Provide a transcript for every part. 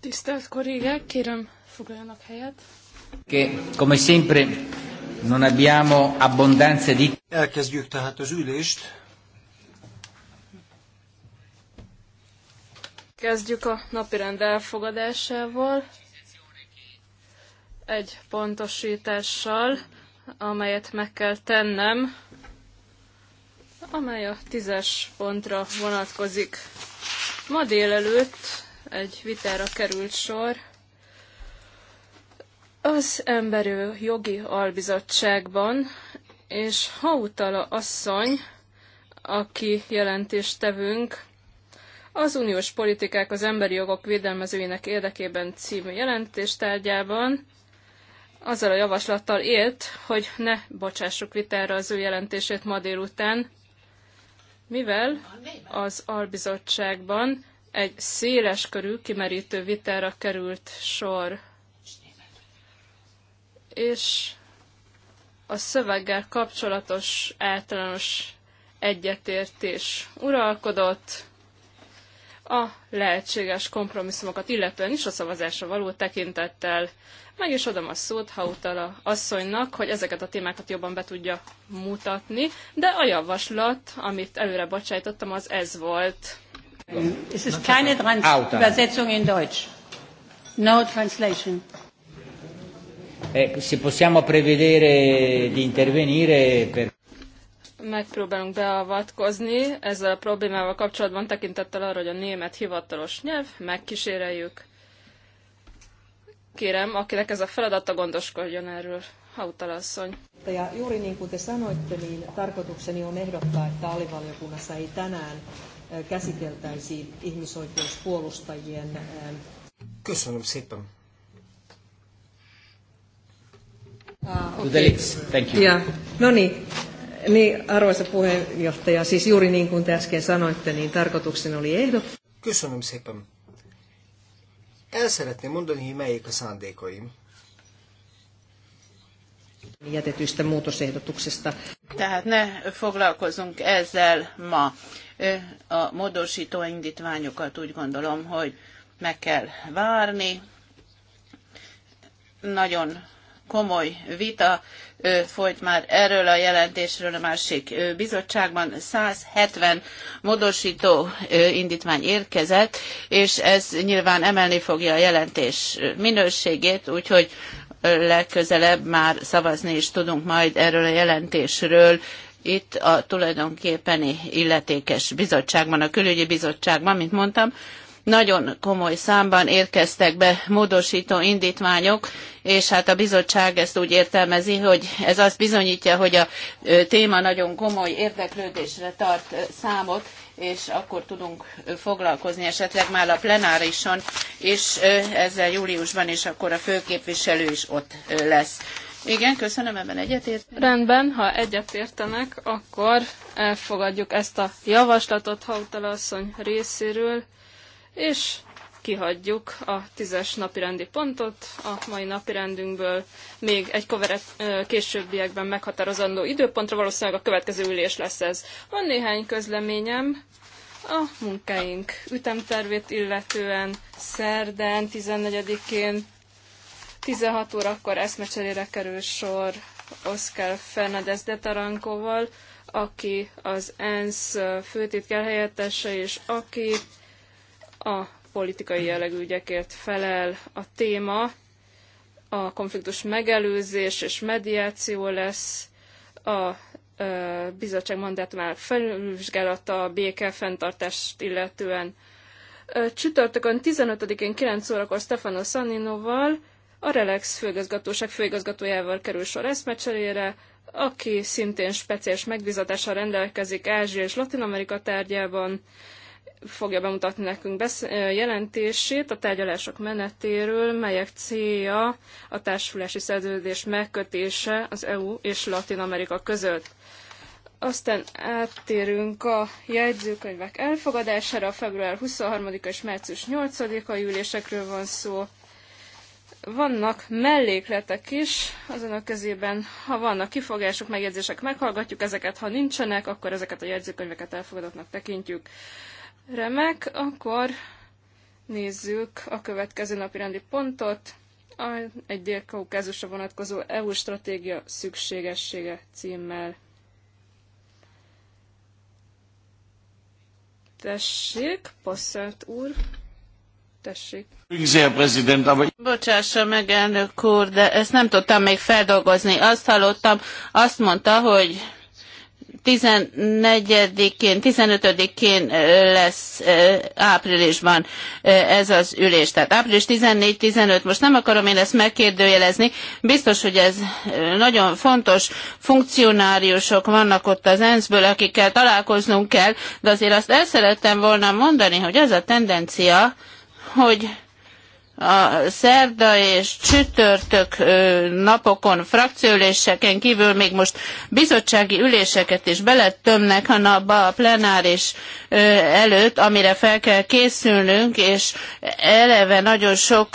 Tisztelt kollégák, kérem foglaljanak helyet. Che, come sempre, non abbiamo abbondanza di... Elkezdjük tehát az ülést. Kezdjük a napirend elfogadásával. Egy pontosítással, amelyet meg kell tennem, amely a tízes pontra vonatkozik. Ma délelőtt egy vitára került sor. Az emberő Jogi Albizottságban, és Hautala asszony, aki tevünk, az uniós politikák az emberi jogok védelmezőinek érdekében című jelentéstárgyában azzal a javaslattal élt, hogy ne bocsássuk vitára az ő jelentését ma délután, mivel az albizottságban egy széles körű kimerítő vitára került sor. És a szöveggel kapcsolatos általános egyetértés uralkodott, a lehetséges kompromisszumokat, illetően is a szavazásra való tekintettel. Meg is adom a szót Hautala asszonynak, hogy ezeket a témákat jobban be tudja mutatni, de a javaslat, amit előre bocsájtottam, az ez volt. Es ist keine Trans Auta. Übersetzung in Deutsch. No translation. Eh, se possiamo prevedere di intervenire per... Megpróbálunk beavatkozni ezzel a problémával kapcsolatban tekintettel arra, hogy a német hivatalos nyelv, megkíséreljük. Kérem, akinek ez a feladata, gondoskodjon erről. Hautala asszony. Ja juuri niin kuin te sanoitte, niin tarkoitukseni on ehdottaa, että alivaliokunnassa ei tänään käsiteltäisiin ihmisoikeuspuolustajien. Eh, Köszönöm szépen. Ah, no niin, niin, arvoisa puheenjohtaja, siis juuri niin kuin te äsken sanoitte, niin tarkoituksen oli ehdot. Köszönöm szépen. El szeretném mondani, hogy melyik a szándékaim. Jätetyistä muutosehdotuksesta. Tehát ne foglalkozunk ezzel ma. Eh, a módosító indítványokat úgy gondolom, hogy meg kell várni. Nagyon komoly vita eh, folyt már erről a jelentésről a másik eh, bizottságban. 170 módosító indítvány érkezett, és ez nyilván emelni fogja a jelentés minőségét, úgyhogy legközelebb már szavazni is tudunk majd erről a jelentésről itt a tulajdonképpen illetékes bizottságban, a külügyi bizottságban, mint mondtam, nagyon komoly számban érkeztek be módosító indítványok, és hát a bizottság ezt úgy értelmezi, hogy ez azt bizonyítja, hogy a téma nagyon komoly érdeklődésre tart számot, és akkor tudunk foglalkozni esetleg már a plenárison, és ezzel júliusban, és akkor a főképviselő is ott lesz. Igen, köszönöm, ebben egyetért. Rendben, ha egyetértenek, akkor elfogadjuk ezt a javaslatot Hautala asszony részéről, és kihagyjuk a tízes napirendi pontot a mai napirendünkből. Még egy koveret, későbbiekben meghatározandó időpontra valószínűleg a következő ülés lesz ez. Van néhány közleményem a munkáink ütemtervét illetően szerdán 14-én 16 órakor eszmecserére kerül sor Oscar Fernández de Tarankóval, aki az ENSZ főtitkár helyettese, és aki a politikai jellegű ügyekért felel a téma. A konfliktus megelőzés és mediáció lesz, a bizottság már felülvizsgálata, a béke fenntartást illetően. Csütörtökön 15-én 9 órakor Stefano Saninoval, a Relax főigazgatóság főigazgatójával kerül sor eszmecserére, aki szintén speciális megbízatással rendelkezik Ázsia és Latin Amerika tárgyában, fogja bemutatni nekünk jelentését a tárgyalások menetéről, melyek célja a társulási szerződés megkötése az EU és Latin Amerika között. Aztán áttérünk a jegyzőkönyvek elfogadására, a február 23-a és március 8-a ülésekről van szó vannak mellékletek is az önök kezében. Ha vannak kifogások, megjegyzések, meghallgatjuk ezeket. Ha nincsenek, akkor ezeket a jegyzőkönyveket elfogadottnak tekintjük. Remek, akkor nézzük a következő napi rendi pontot. A egy délkaukázusra vonatkozó EU stratégia szükségessége címmel. Tessék, passzert úr! tessék. Bocsássa meg, elnök úr, de ezt nem tudtam még feldolgozni. Azt hallottam, azt mondta, hogy 14-én, 15-én lesz áprilisban ez az ülés. Tehát április 14-15, most nem akarom én ezt megkérdőjelezni, biztos, hogy ez nagyon fontos funkcionáriusok vannak ott az ENSZ-ből, akikkel találkoznunk kell, de azért azt el szerettem volna mondani, hogy ez a tendencia, hogy a szerda és csütörtök napokon frakcióüléseken kívül még most bizottsági üléseket is beletömnek a napba a plenáris előtt, amire fel kell készülnünk, és eleve nagyon sok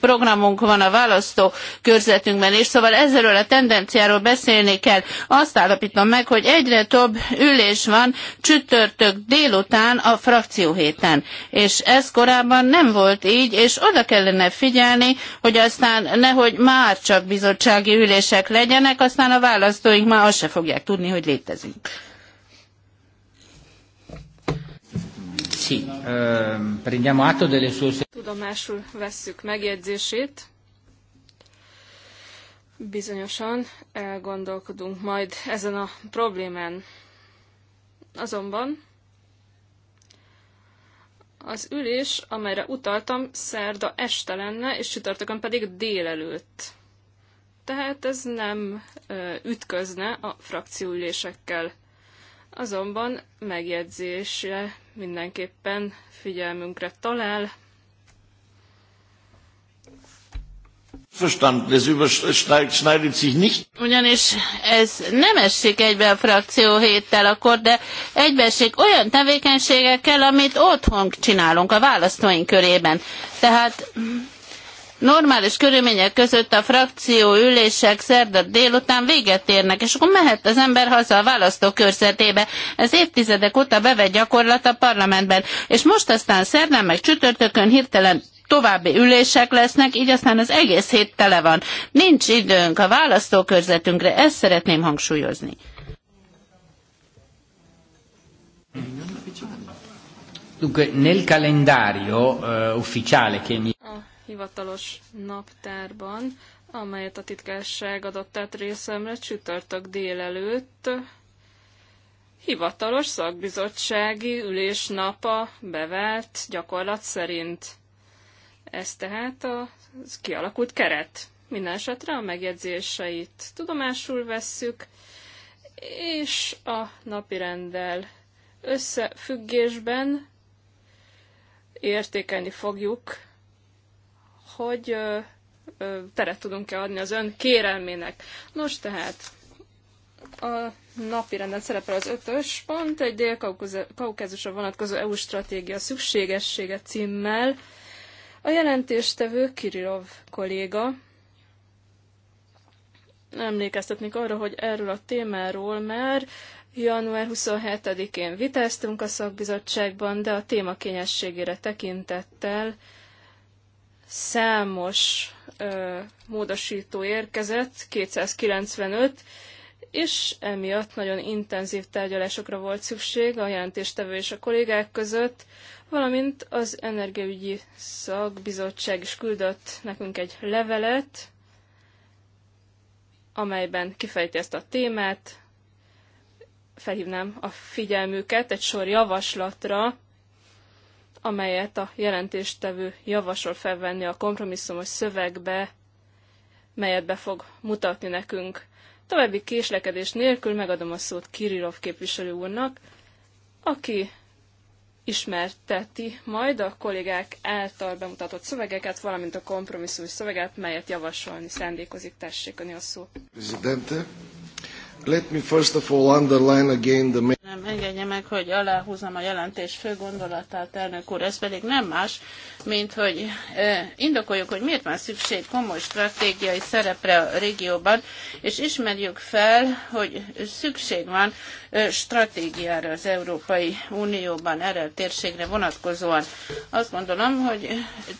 programunk van a választó körzetünkben is, szóval ezzelről a tendenciáról beszélni kell. Azt állapítom meg, hogy egyre több ülés van csütörtök délután a frakcióhéten, és ez korábban nem volt így, és oda kellene figyelni, hogy aztán nehogy már csak bizottsági ülések legyenek, aztán a választóink már azt se fogják tudni, hogy létezünk. Ehm, delle sue... Tudomásul vesszük megjegyzését. Bizonyosan elgondolkodunk majd ezen a problémán. Azonban az ülés, amelyre utaltam, szerda este lenne, és csütörtökön pedig délelőtt. Tehát ez nem ütközne a frakcióülésekkel. Azonban megjegyzése mindenképpen figyelmünkre talál, Verstanden, es überschneidet sich nicht. Ugyanis ez nem essik egybe a frakció héttel akkor, de egybeesik olyan tevékenységekkel, amit otthon csinálunk a választóink körében. Tehát normális körülmények között a frakció ülések szerda délután véget érnek, és akkor mehet az ember haza a választókörzetébe. Ez évtizedek óta bevett gyakorlat a parlamentben, és most aztán szerdán meg csütörtökön hirtelen további ülések lesznek, így aztán az egész hét tele van. Nincs időnk a választókörzetünkre, ezt szeretném hangsúlyozni. Dunque, nel calendario uh, ufficiale che mi... A hivatalos naptárban, amelyet a titkárság adott át részemre csütörtök délelőtt, hivatalos szakbizottsági ülésnapa bevált gyakorlat szerint. Ez tehát a kialakult keret. Minden esetre a megjegyzéseit tudomásul vesszük, és a rendel összefüggésben értékelni fogjuk, hogy ö, ö, teret tudunk-e adni az ön kérelmének. Nos, tehát a napi renden szerepel az ötös pont, egy dél-kaukázusra vonatkozó EU stratégia szükségessége címmel a jelentéstevő Kirillov kolléga emlékeztetnék arra, hogy erről a témáról már január 27-én vitáztunk a szakbizottságban, de a téma kényességére tekintettel számos ö, módosító érkezett, 295, és emiatt nagyon intenzív tárgyalásokra volt szükség a jelentéstevő és a kollégák között, valamint az Energiaügyi Szakbizottság is küldött nekünk egy levelet, amelyben kifejti ezt a témát. Felhívnám a figyelmüket egy sor javaslatra, amelyet a jelentéstevő javasol felvenni a kompromisszumos szövegbe, melyet be fog mutatni nekünk. További késlekedés nélkül megadom a szót Kirilov képviselő úrnak, aki ismerteti majd a kollégák által bemutatott szövegeket, valamint a kompromisszumos szöveget, melyet javasolni szándékozik. Tessék, a szó. Presidente, Let me first of all underline again the main... Nem engedje meg, hogy aláhúzom a jelentés fő gondolatát, elnök úr. Ez pedig nem más, mint hogy eh, indokoljuk, hogy miért van szükség komoly stratégiai szerepre a régióban, és ismerjük fel, hogy szükség van eh, stratégiára az Európai Unióban erre a térségre vonatkozóan. Azt gondolom, hogy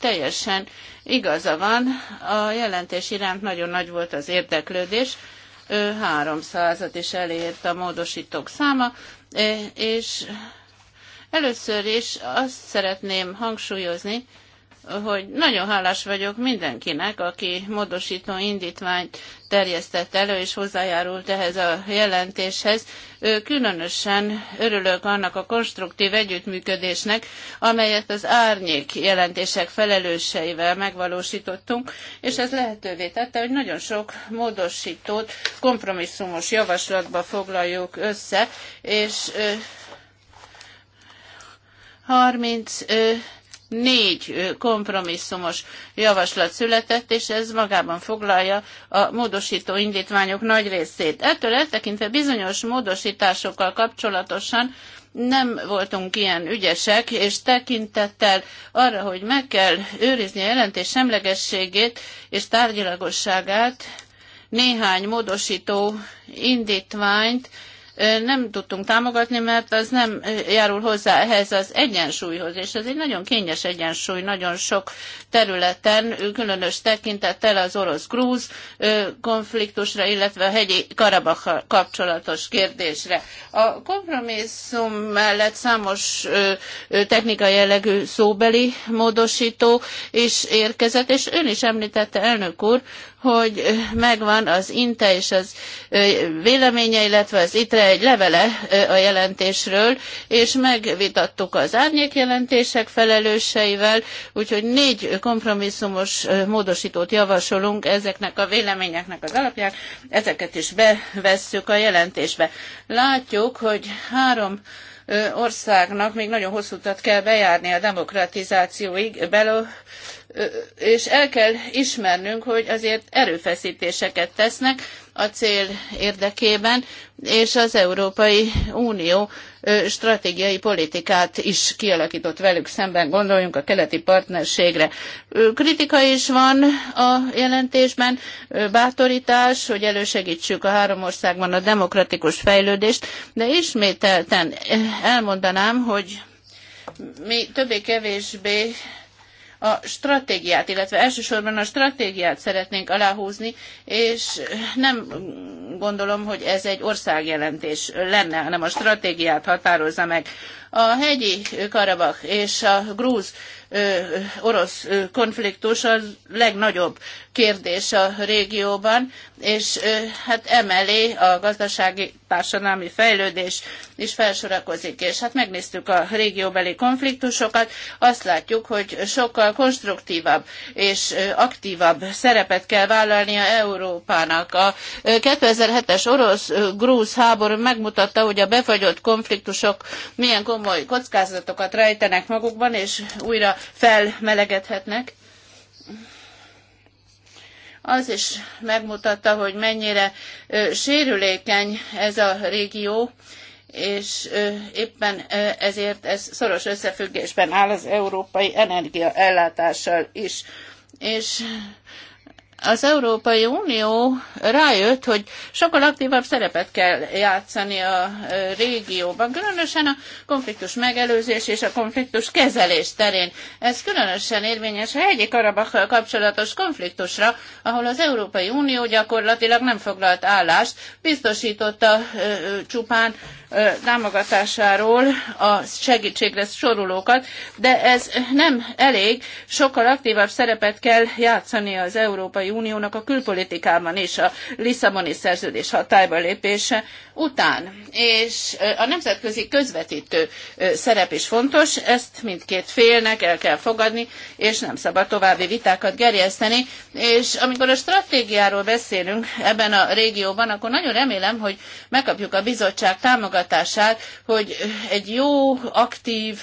teljesen igaza van, a jelentés iránt nagyon nagy volt az érdeklődés, 300-at is elért a módosítók száma, és először is azt szeretném hangsúlyozni, hogy nagyon hálás vagyok mindenkinek, aki módosító indítványt terjesztett elő és hozzájárult ehhez a jelentéshez. Különösen örülök annak a konstruktív együttműködésnek, amelyet az árnyék jelentések felelőseivel megvalósítottunk, és ez lehetővé tette, hogy nagyon sok módosítót kompromisszumos javaslatba foglaljuk össze, és 30 négy kompromisszumos javaslat született, és ez magában foglalja a módosító indítványok nagy részét. Ettől eltekintve bizonyos módosításokkal kapcsolatosan nem voltunk ilyen ügyesek, és tekintettel arra, hogy meg kell őrizni a jelentés semlegességét és tárgyilagosságát, néhány módosító indítványt nem tudtunk támogatni, mert az nem járul hozzá ehhez az egyensúlyhoz, és ez egy nagyon kényes egyensúly nagyon sok területen, különös tekintettel az orosz-grúz konfliktusra, illetve a hegyi Karabakh kapcsolatos kérdésre. A kompromisszum mellett számos technikai jellegű szóbeli módosító is érkezett, és ön is említette, elnök úr, hogy megvan az INTE és az véleménye, illetve az ITRE egy levele a jelentésről, és megvitattuk az árnyékjelentések felelőseivel, úgyhogy négy kompromisszumos módosítót javasolunk ezeknek a véleményeknek az alapján, ezeket is bevesszük a jelentésbe. Látjuk, hogy három országnak még nagyon hosszú utat kell bejárni a demokratizációig. Belo és el kell ismernünk, hogy azért erőfeszítéseket tesznek a cél érdekében, és az Európai Unió stratégiai politikát is kialakított velük szemben, gondoljunk a keleti partnerségre. Kritika is van a jelentésben, bátorítás, hogy elősegítsük a három országban a demokratikus fejlődést, de ismételten elmondanám, hogy mi többé-kevésbé a stratégiát, illetve elsősorban a stratégiát szeretnénk aláhúzni, és nem gondolom, hogy ez egy országjelentés lenne, hanem a stratégiát határozza meg. A hegyi Karabakh és a grúz orosz konfliktus a legnagyobb kérdés a régióban, és hát emellé a gazdasági társadalmi fejlődés is felsorakozik. És hát megnéztük a régióbeli konfliktusokat, azt látjuk, hogy sokkal konstruktívabb és aktívabb szerepet kell vállalnia Európának. A 2007-es orosz-grúz háború megmutatta, hogy a befagyott konfliktusok milyen komoly komoly kockázatokat rejtenek magukban, és újra felmelegedhetnek. Az is megmutatta, hogy mennyire sérülékeny ez a régió, és éppen ezért ez szoros összefüggésben áll az európai energiaellátással is. És az Európai Unió rájött, hogy sokkal aktívabb szerepet kell játszani a e, régióban, különösen a konfliktus megelőzés és a konfliktus kezelés terén. Ez különösen érvényes a hegyi Karabakkal kapcsolatos konfliktusra, ahol az Európai Unió gyakorlatilag nem foglalt állást, biztosította e, e, csupán támogatásáról a segítségre sorulókat, de ez nem elég, sokkal aktívabb szerepet kell játszani az Európai Európai Uniónak a külpolitikában is a Lisszaboni szerződés hatályba lépése után. És a nemzetközi közvetítő szerep is fontos, ezt mindkét félnek el kell fogadni, és nem szabad további vitákat gerjeszteni. És amikor a stratégiáról beszélünk ebben a régióban, akkor nagyon remélem, hogy megkapjuk a bizottság támogatását, hogy egy jó, aktív,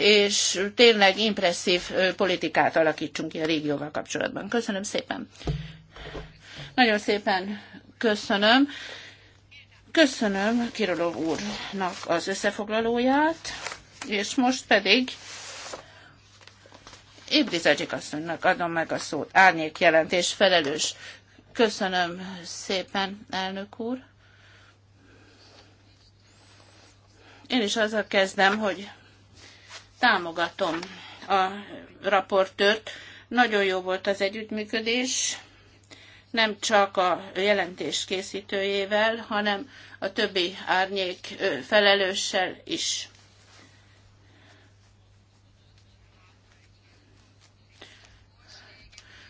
és tényleg impresszív politikát alakítsunk ki a régióval kapcsolatban. Köszönöm szépen. Nagyon szépen köszönöm. Köszönöm Kirolov úrnak az összefoglalóját, és most pedig Ibrizadzsik asszonynak adom meg a szót. Árnyék jelentés felelős. Köszönöm szépen, elnök úr. Én is azzal kezdem, hogy Támogatom a raportőrt. Nagyon jó volt az együttműködés, nem csak a jelentés készítőjével, hanem a többi árnyék felelőssel is.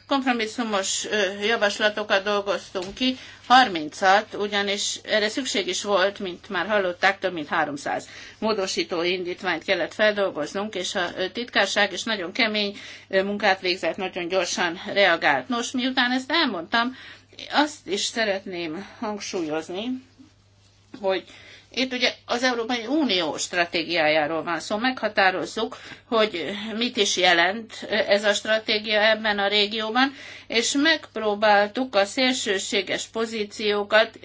kompromisszumos javaslatokat dolgoztunk ki, 36, ugyanis erre szükség is volt, mint már hallották, több mint 300 módosító indítványt kellett feldolgoznunk, és a titkárság is nagyon kemény munkát végzett, nagyon gyorsan reagált. Nos, miután ezt elmondtam, azt is szeretném hangsúlyozni, hogy itt ugye az Európai Unió stratégiájáról van szó, szóval meghatározzuk, hogy mit is jelent ez a stratégia ebben a régióban, és megpróbáltuk a szélsőséges pozíciókat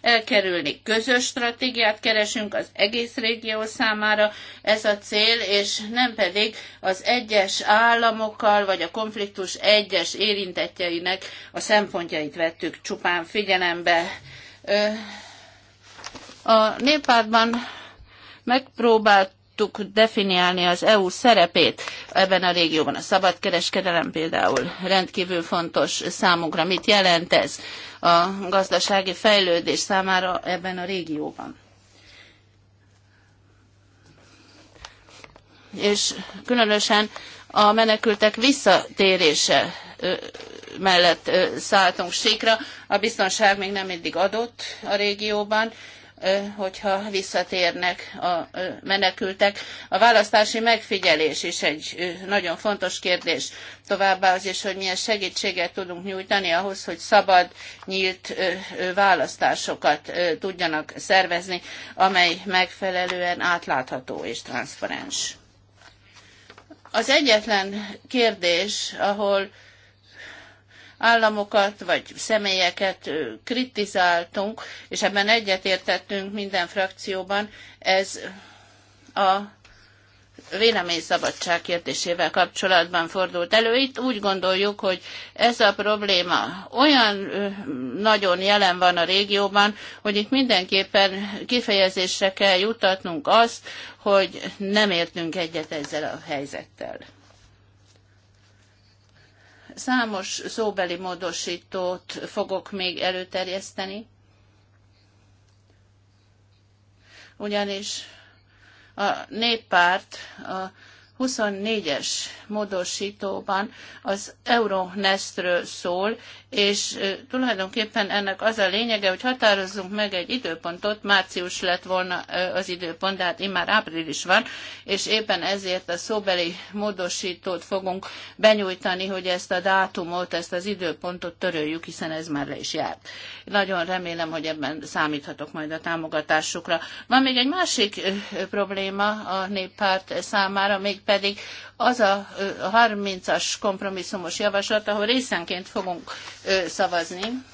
elkerülni. Közös stratégiát keresünk az egész régió számára, ez a cél, és nem pedig az egyes államokkal, vagy a konfliktus egyes érintetjeinek a szempontjait vettük csupán figyelembe a néppártban megpróbáltuk definiálni az EU szerepét ebben a régióban. A szabadkereskedelem például rendkívül fontos számunkra. Mit jelent ez a gazdasági fejlődés számára ebben a régióban? És különösen a menekültek visszatérése mellett szálltunk síkra. A biztonság még nem mindig adott a régióban, hogyha visszatérnek a menekültek. A választási megfigyelés is egy nagyon fontos kérdés. Továbbá az is, hogy milyen segítséget tudunk nyújtani ahhoz, hogy szabad, nyílt választásokat tudjanak szervezni, amely megfelelően átlátható és transzparens. Az egyetlen kérdés, ahol államokat vagy személyeket kritizáltunk, és ebben egyetértettünk minden frakcióban, ez a véleményszabadság kérdésével kapcsolatban fordult elő. Itt úgy gondoljuk, hogy ez a probléma olyan nagyon jelen van a régióban, hogy itt mindenképpen kifejezésre kell jutatnunk azt, hogy nem értünk egyet ezzel a helyzettel. Számos szóbeli módosítót fogok még előterjeszteni, ugyanis a néppárt a 24-es módosítóban az Euronestről szól, és tulajdonképpen ennek az a lényege, hogy határozzunk meg egy időpontot, március lett volna az időpont, de hát immár április van, és éppen ezért a szóbeli módosítót fogunk benyújtani, hogy ezt a dátumot, ezt az időpontot töröljük, hiszen ez már le is járt. Nagyon remélem, hogy ebben számíthatok majd a támogatásukra. Van még egy másik probléma a néppárt számára, mégpedig az a 30-as kompromisszumos javaslat, ahol részenként fogunk szavazni.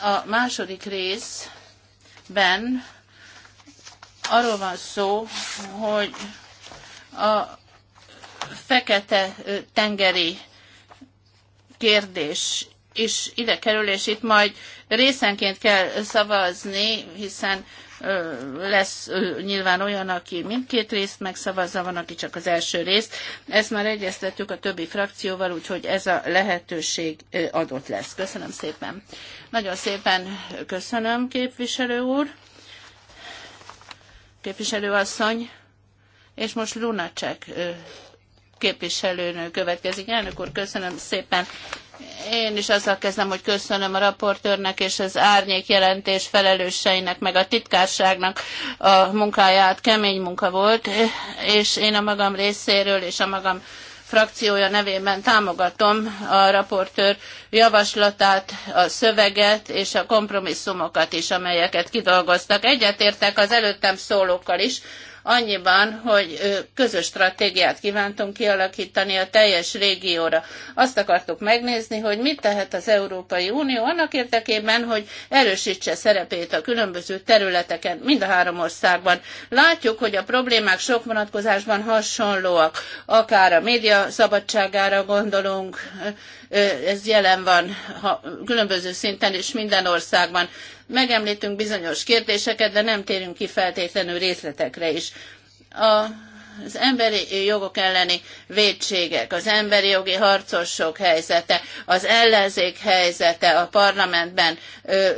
A második részben arról van szó, hogy a fekete tengeri kérdés is ide kerül, és itt majd részenként kell szavazni, hiszen lesz nyilván olyan, aki mindkét részt megszavazza, van, aki csak az első részt. Ezt már egyeztettük a többi frakcióval, úgyhogy ez a lehetőség adott lesz. Köszönöm szépen. Nagyon szépen köszönöm, képviselő úr, képviselő asszony, és most Lunacek képviselőnő következik. Elnök úr, köszönöm szépen. Én is azzal kezdem, hogy köszönöm a raportőrnek és az árnyék jelentés felelőseinek, meg a titkárságnak a munkáját. Kemény munka volt, és én a magam részéről és a magam frakciója nevében támogatom a raportőr javaslatát, a szöveget és a kompromisszumokat is, amelyeket kidolgoztak. Egyetértek az előttem szólókkal is, annyiban, hogy közös stratégiát kívántunk kialakítani a teljes régióra. Azt akartuk megnézni, hogy mit tehet az Európai Unió annak érdekében, hogy erősítse szerepét a különböző területeken, mind a három országban. Látjuk, hogy a problémák sok vonatkozásban hasonlóak, akár a média szabadságára gondolunk, ez jelen van különböző szinten és minden országban megemlítünk bizonyos kérdéseket, de nem térünk ki feltétlenül részletekre is. A az emberi jogok elleni védségek, az emberi jogi harcosok helyzete, az ellenzék helyzete a parlamentben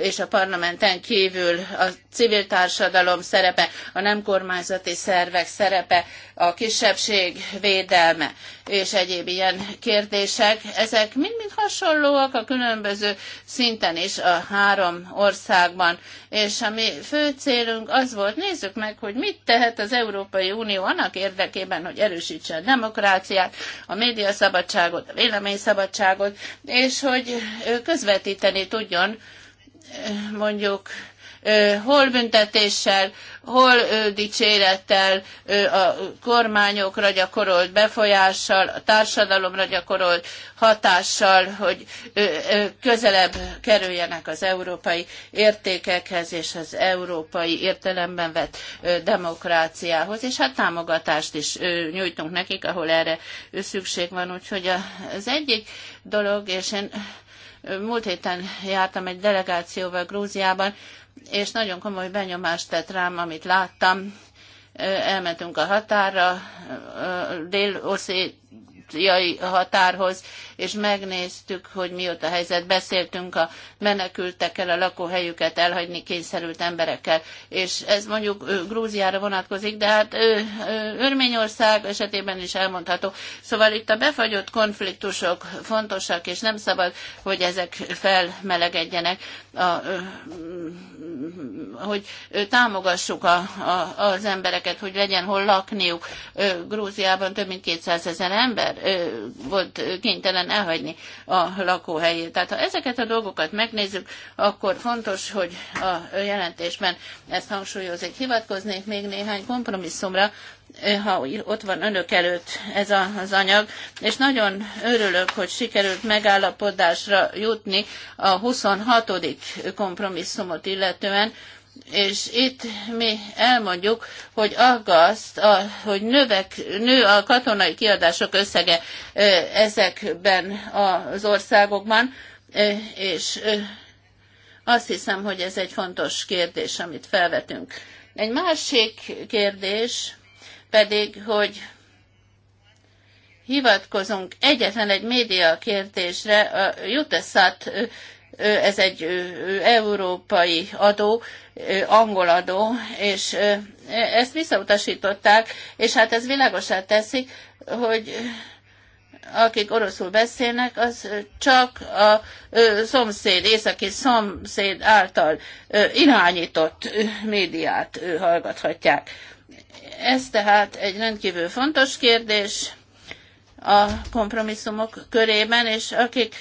és a parlamenten kívül, a civil társadalom szerepe, a nem kormányzati szervek szerepe, a kisebbség védelme és egyéb ilyen kérdések, ezek mind-mind hasonlóak a különböző szinten is a három országban. És a mi fő célunk az volt, nézzük meg, hogy mit tehet az Európai Unió annak érdekében, érdekében, hogy erősítse a demokráciát, a médiaszabadságot, a véleményszabadságot, és hogy közvetíteni tudjon eh, mondjuk hol büntetéssel, hol dicsérettel, a kormányokra gyakorolt befolyással, a társadalomra gyakorolt hatással, hogy közelebb kerüljenek az európai értékekhez és az európai értelemben vett demokráciához, és hát támogatást is nyújtunk nekik, ahol erre szükség van. Úgyhogy az egyik dolog, és én múlt héten jártam egy delegációval Grúziában, és nagyon komoly benyomást tett rám, amit láttam. Elmentünk a határa, dél líbiai határhoz, és megnéztük, hogy mi ott a helyzet. Beszéltünk a menekültekkel, a lakóhelyüket elhagyni kényszerült emberekkel, és ez mondjuk Grúziára vonatkozik, de hát Örményország esetében is elmondható. Szóval itt a befagyott konfliktusok fontosak, és nem szabad, hogy ezek felmelegedjenek, a, hogy támogassuk a, a, az embereket, hogy legyen hol lakniuk. Grúziában több mint 200 ezer ember volt kénytelen elhagyni a lakóhelyét. Tehát ha ezeket a dolgokat megnézzük, akkor fontos, hogy a jelentésben ezt hangsúlyozik. Hivatkoznék még néhány kompromisszumra, ha ott van önök előtt ez az anyag, és nagyon örülök, hogy sikerült megállapodásra jutni a 26. kompromisszumot illetően, és itt mi elmondjuk, hogy aggaszt, a, hogy növek, nő a katonai kiadások összege ezekben az országokban, és azt hiszem, hogy ez egy fontos kérdés, amit felvetünk. Egy másik kérdés pedig, hogy hivatkozunk egyetlen egy média kérdésre, a Juteszat ez egy európai adó, angol adó, és e, ezt visszautasították, és hát ez világosá teszik, hogy akik oroszul beszélnek, az csak a szomszéd, északi szomszéd által irányított médiát hallgathatják. Ez tehát egy rendkívül fontos kérdés a kompromisszumok körében, és akik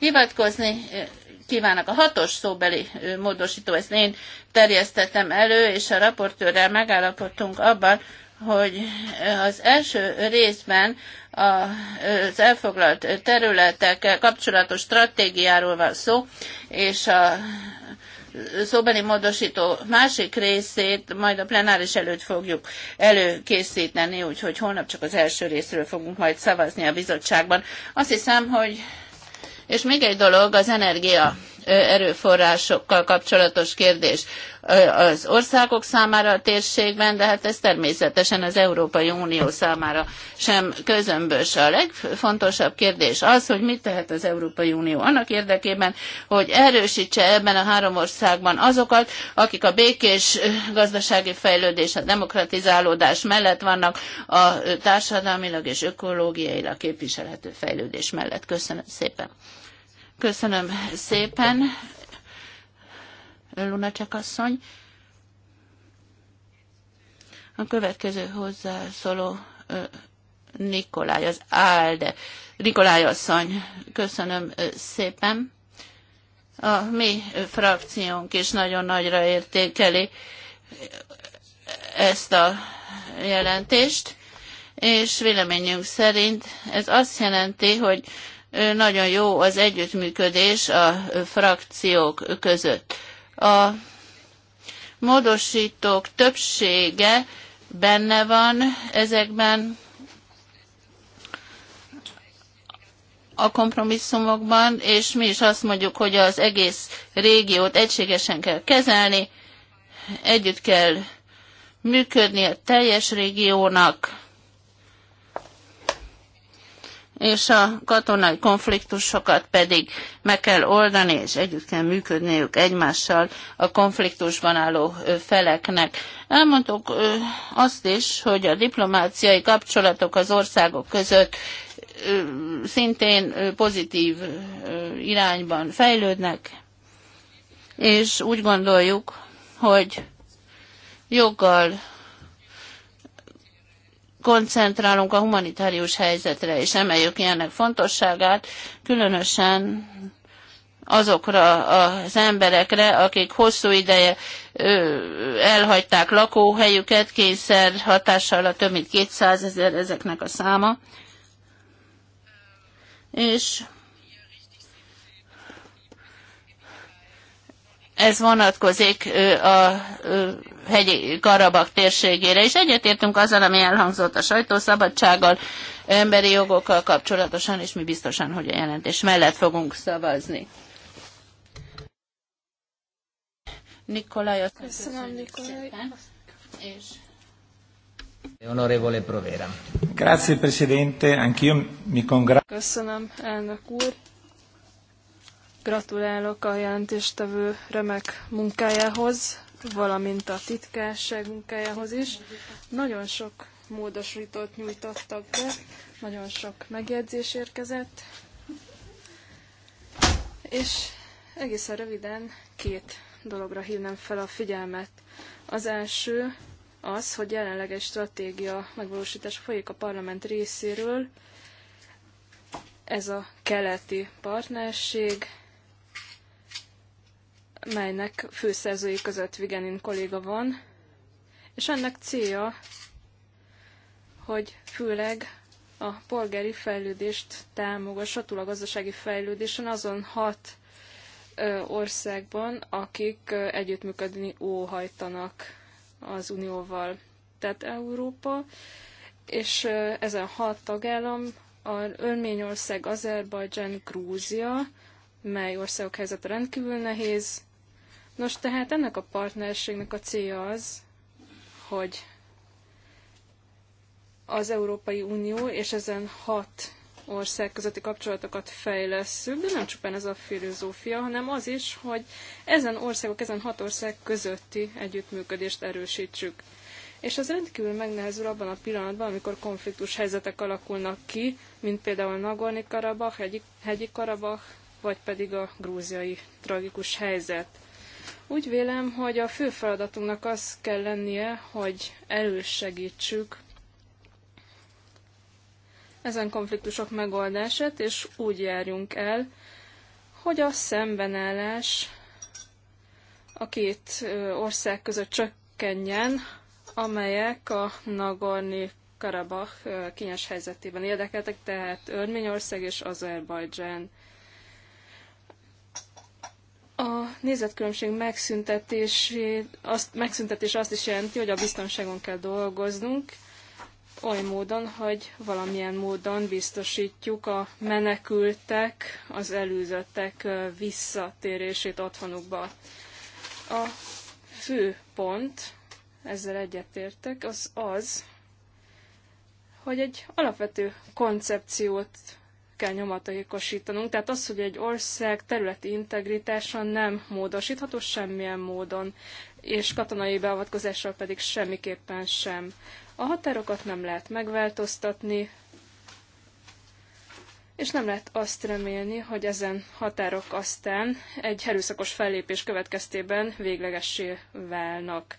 hivatkozni kívánnak. A hatos szóbeli módosító, ezt én terjesztettem elő, és a raportőrrel megállapodtunk abban, hogy az első részben az elfoglalt területekkel kapcsolatos stratégiáról van szó, és a szóbeli módosító másik részét majd a plenáris előtt fogjuk előkészíteni, úgyhogy holnap csak az első részről fogunk majd szavazni a bizottságban. Azt hiszem, hogy és még egy dolog, az energia erőforrásokkal kapcsolatos kérdés az országok számára a térségben, de hát ez természetesen az Európai Unió számára sem közömbös. A legfontosabb kérdés az, hogy mit tehet az Európai Unió annak érdekében, hogy erősítse ebben a három országban azokat, akik a békés gazdasági fejlődés, a demokratizálódás mellett vannak, a társadalmilag és ökológiailag képviselhető fejlődés mellett. Köszönöm szépen. Köszönöm szépen, Lunacek asszony. A következő hozzászóló Nikolaj, az Álde. Nikolaj asszony, köszönöm szépen. A mi frakciónk is nagyon nagyra értékeli ezt a jelentést, és véleményünk szerint ez azt jelenti, hogy nagyon jó az együttműködés a frakciók között. A módosítók többsége benne van ezekben a kompromisszumokban, és mi is azt mondjuk, hogy az egész régiót egységesen kell kezelni, együtt kell működni a teljes régiónak, és a katonai konfliktusokat pedig meg kell oldani, és együtt kell működniük egymással a konfliktusban álló feleknek. Elmondtuk azt is, hogy a diplomáciai kapcsolatok az országok között szintén pozitív irányban fejlődnek, és úgy gondoljuk, hogy joggal koncentrálunk a humanitárius helyzetre, és emeljük ennek fontosságát, különösen azokra az emberekre, akik hosszú ideje elhagyták lakóhelyüket, kényszer hatással a több mint 200 ezer ezeknek a száma. És ez vonatkozik a hegyi Karabak térségére, és egyetértünk azzal, ami elhangzott a sajtószabadsággal, emberi jogokkal kapcsolatosan, és mi biztosan, hogy a jelentés mellett fogunk szavazni. Nikolaj, köszönöm, Nikolaj. És... Onorevole Provera. Grazie Presidente, anch'io mi congratulo. Köszönöm, elnök úr. Gratulálok a jelentéstevő remek munkájához, valamint a titkárság munkájához is. Nagyon sok módosítót nyújtottak be, nagyon sok megjegyzés érkezett, és egészen röviden két dologra hívnám fel a figyelmet. Az első az, hogy jelenleg egy stratégia megvalósítás folyik a parlament részéről, ez a keleti partnerség, melynek főszerzői között Vigenin kolléga van, és ennek célja, hogy főleg a polgári fejlődést támogassa, túl a gazdasági fejlődésen azon hat országban, akik együttműködni óhajtanak az Unióval. Tehát Európa, és ezen hat tagállam, a Örményország, Azerbajdzsán, Grúzia, mely országok helyzete rendkívül nehéz, Nos, tehát ennek a partnerségnek a célja az, hogy az Európai Unió és ezen hat ország közötti kapcsolatokat fejlesszük, de nem csupán ez a filozófia, hanem az is, hogy ezen országok, ezen hat ország közötti együttműködést erősítsük. És az rendkívül megnehezül abban a pillanatban, amikor konfliktus helyzetek alakulnak ki, mint például Nagorni Karabach, hegyi, hegyi Karabach, vagy pedig a grúziai tragikus helyzet. Úgy vélem, hogy a fő feladatunknak az kell lennie, hogy elősegítsük ezen konfliktusok megoldását, és úgy járjunk el, hogy a szembenállás a két ország között csökkenjen, amelyek a Nagorni Karabach kényes helyzetében érdekeltek, tehát Örményország és Azerbajdzsán. A nézetkülönbség azt, megszüntetés azt is jelenti, hogy a biztonságon kell dolgoznunk, oly módon, hogy valamilyen módon biztosítjuk a menekültek, az előzöttek visszatérését otthonukba. A fő pont, ezzel egyetértek, az az, hogy egy alapvető koncepciót kell nyomatékosítanunk. Tehát az, hogy egy ország területi integritása nem módosítható semmilyen módon, és katonai beavatkozással pedig semmiképpen sem. A határokat nem lehet megváltoztatni, és nem lehet azt remélni, hogy ezen határok aztán egy erőszakos fellépés következtében véglegessé válnak.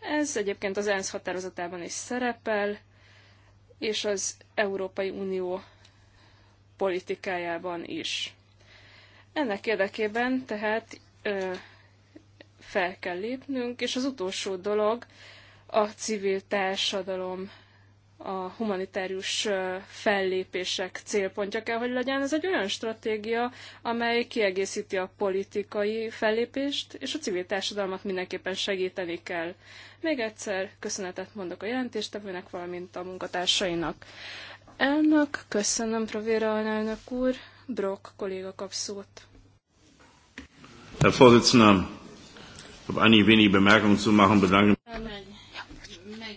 Ez egyébként az ENSZ határozatában is szerepel, és az Európai Unió politikájában is. Ennek érdekében tehát ö, fel kell lépnünk, és az utolsó dolog a civil társadalom, a humanitárius fellépések célpontja kell, hogy legyen. Ez egy olyan stratégia, amely kiegészíti a politikai fellépést, és a civil társadalmat mindenképpen segíteni kell. Még egyszer köszönetet mondok a jelentéstevőnek, valamint a munkatársainak. Elnök, köszönöm, Provéra alelnök úr. Brock kolléga kap szót. Herr Vorsitzender, ich habe einige wenige Bemerkungen zu machen. Bedanke mich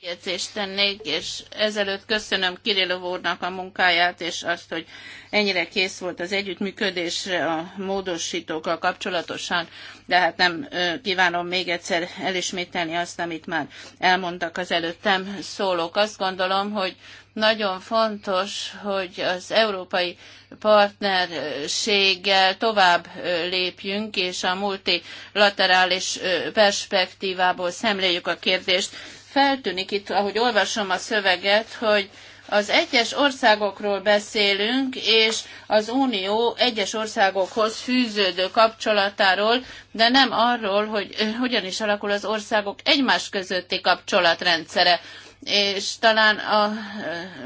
megjegyzést tennék, és ezelőtt köszönöm Kirillov úrnak a munkáját, és azt, hogy ennyire kész volt az együttműködésre a módosítókkal kapcsolatosan, de hát nem kívánom még egyszer elismételni azt, amit már elmondtak az előttem szólók. Azt gondolom, hogy nagyon fontos, hogy az európai partnerséggel tovább lépjünk, és a multilaterális perspektívából szemléljük a kérdést feltűnik itt, ahogy olvasom a szöveget, hogy az egyes országokról beszélünk, és az Unió egyes országokhoz fűződő kapcsolatáról, de nem arról, hogy hogyan is alakul az országok egymás közötti kapcsolatrendszere. És talán a,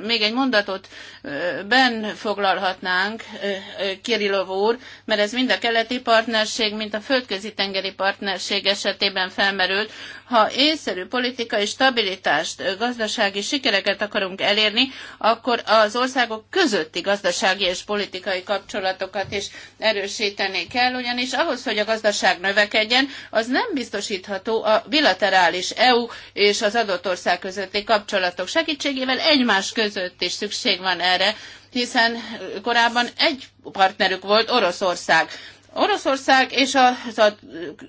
még egy mondatot ben foglalhatnánk, Kirilov úr, mert ez mind a keleti partnerség, mint a földközi tengeri partnerség esetében felmerült. Ha észszerű politikai stabilitást, gazdasági sikereket akarunk elérni, akkor az országok közötti gazdasági és politikai kapcsolatokat is erősíteni kell, ugyanis ahhoz, hogy a gazdaság növekedjen, az nem biztosítható a bilaterális EU és az adott ország közötti kapcsolatok segítségével egymás között is szükség van erre erre, hiszen korábban egy partnerük volt Oroszország. Oroszország, és az, a,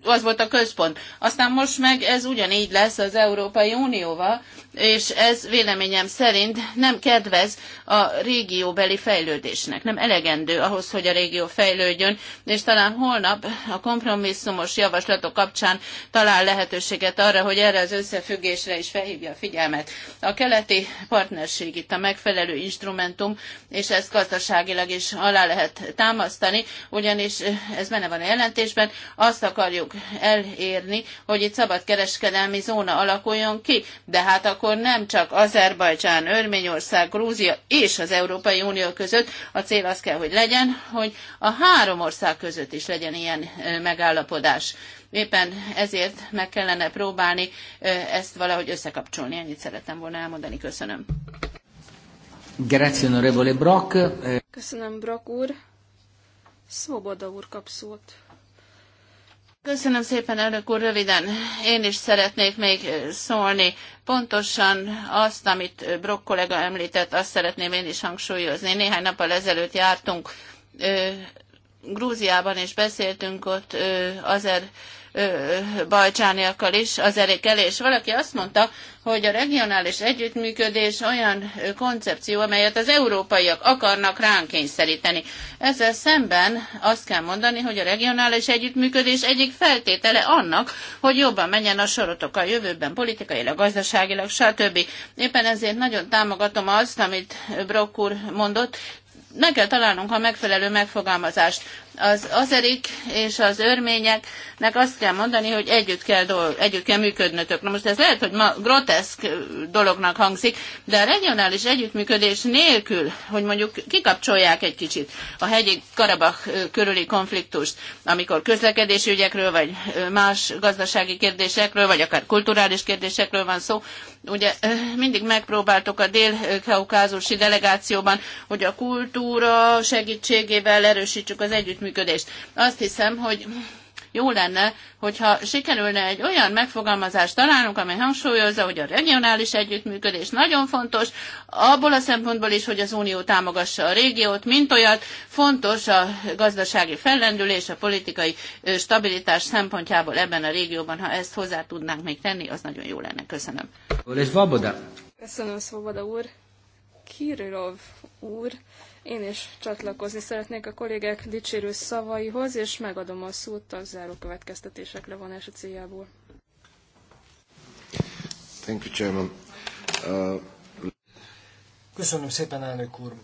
az volt a központ. Aztán most meg ez ugyanígy lesz az Európai Unióval, és ez véleményem szerint nem kedvez a régióbeli fejlődésnek, nem elegendő ahhoz, hogy a régió fejlődjön, és talán holnap a kompromisszumos javaslatok kapcsán talál lehetőséget arra, hogy erre az összefüggésre is felhívja a figyelmet. A keleti partnerség itt a megfelelő instrumentum, és ezt gazdaságilag is alá lehet támasztani, ugyanis ez benne van a jelentésben, azt akarjuk elérni, hogy itt szabadkereskedelmi zóna alakuljon ki, de hát akkor akkor nem csak Azerbajcsán, Örményország, Grúzia és az Európai Unió között, a cél az kell, hogy legyen, hogy a három ország között is legyen ilyen megállapodás. Éppen ezért meg kellene próbálni ezt valahogy összekapcsolni. Ennyit szerettem volna elmondani. Köszönöm. Köszönöm, Brock úr. Svoboda úr kap szót. Köszönöm szépen, elnök úr, röviden. Én is szeretnék még szólni. Pontosan azt, amit Brock kollega említett, azt szeretném én is hangsúlyozni. Néhány nappal ezelőtt jártunk Grúziában, és beszéltünk ott azért bajcsániakkal is az elékel, és valaki azt mondta, hogy a regionális együttműködés olyan koncepció, amelyet az európaiak akarnak ránk kényszeríteni. Ezzel szemben azt kell mondani, hogy a regionális együttműködés egyik feltétele annak, hogy jobban menjen a sorotok a jövőben, politikailag, gazdaságilag, stb. Éppen ezért nagyon támogatom azt, amit Brokkur mondott, meg kell találnunk a megfelelő megfogalmazást az azerik és az örményeknek azt kell mondani, hogy együtt kell, dolg, együtt kell működnötök. Na most ez lehet, hogy ma groteszk dolognak hangzik, de a regionális együttműködés nélkül, hogy mondjuk kikapcsolják egy kicsit a hegyi Karabach körüli konfliktust, amikor közlekedési ügyekről, vagy más gazdasági kérdésekről, vagy akár kulturális kérdésekről van szó, ugye mindig megpróbáltok a dél-kaukázusi delegációban, hogy a kultúra segítségével erősítsük az együttműködést, együttműködést. Azt hiszem, hogy jó lenne, hogyha sikerülne egy olyan megfogalmazást találnunk, amely hangsúlyozza, hogy a regionális együttműködés nagyon fontos, abból a szempontból is, hogy az Unió támogassa a régiót, mint olyat, fontos a gazdasági fellendülés, a politikai stabilitás szempontjából ebben a régióban, ha ezt hozzá tudnánk még tenni, az nagyon jó lenne. Köszönöm. Köszönöm, Svoboda úr. Kirilov úr én is csatlakozni szeretnék a kollégák dicsérő szavaihoz, és megadom a szót a záró következtetések levonása céljából. Thank you, Chairman. Uh... Köszönöm szépen, elnök úr.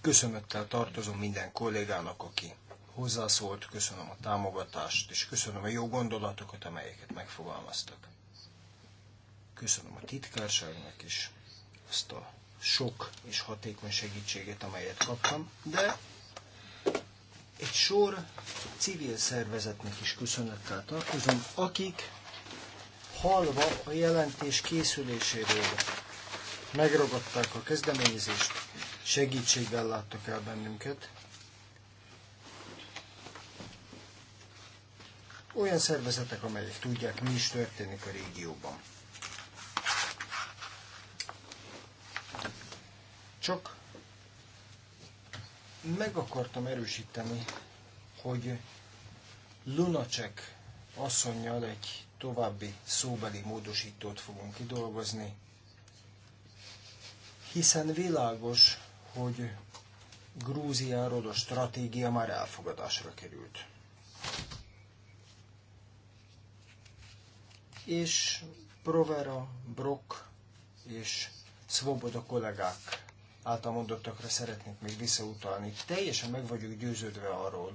Köszönöttel tartozom minden kollégának, aki hozzászólt, köszönöm a támogatást, és köszönöm a jó gondolatokat, amelyeket megfogalmaztak. Köszönöm a titkárságnak is azt a sok és hatékony segítséget, amelyet kaptam, de egy sor civil szervezetnek is köszönettel tartozom, akik halva a jelentés készüléséről megragadták a kezdeményezést, segítséggel láttak el bennünket. Olyan szervezetek, amelyek tudják, mi is történik a régióban. Csak meg akartam erősíteni, hogy Lunacek asszonynal egy további szóbeli módosítót fogunk kidolgozni, hiszen világos, hogy Grúziáról a stratégia már elfogadásra került. És Provera, Brock és Svoboda kollégák által mondottakra szeretnék még visszautalni. Teljesen meg vagyok győződve arról,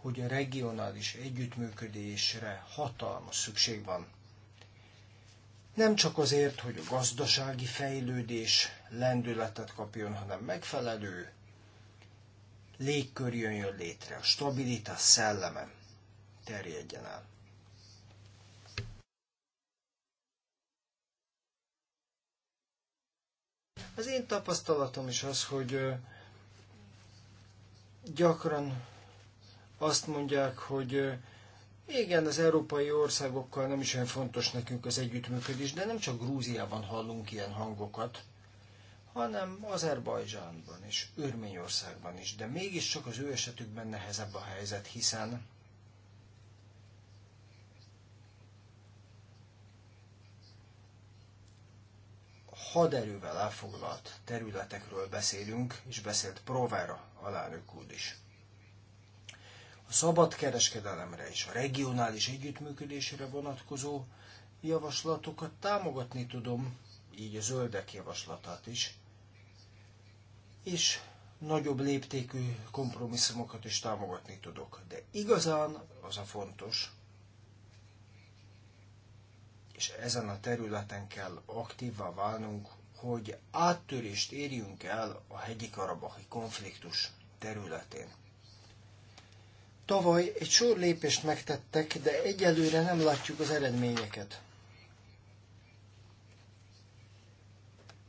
hogy a regionális együttműködésre hatalmas szükség van. Nem csak azért, hogy a gazdasági fejlődés lendületet kapjon, hanem megfelelő légkör jön létre, a stabilitás szelleme terjedjen el. Az én tapasztalatom is az, hogy gyakran azt mondják, hogy igen, az európai országokkal nem is olyan fontos nekünk az együttműködés, de nem csak Grúziában hallunk ilyen hangokat, hanem Azerbajdzsánban és Örményországban is. De mégiscsak az ő esetükben nehezebb a helyzet, hiszen haderővel elfoglalt területekről beszélünk, és beszélt Provera alelnök úr is. A szabad kereskedelemre és a regionális együttműködésre vonatkozó javaslatokat támogatni tudom, így a zöldek javaslatát is, és nagyobb léptékű kompromisszumokat is támogatni tudok. De igazán az a fontos, és ezen a területen kell aktívvá válnunk, hogy áttörést érjünk el a hegyi karabahi konfliktus területén. Tavaly egy sor lépést megtettek, de egyelőre nem látjuk az eredményeket.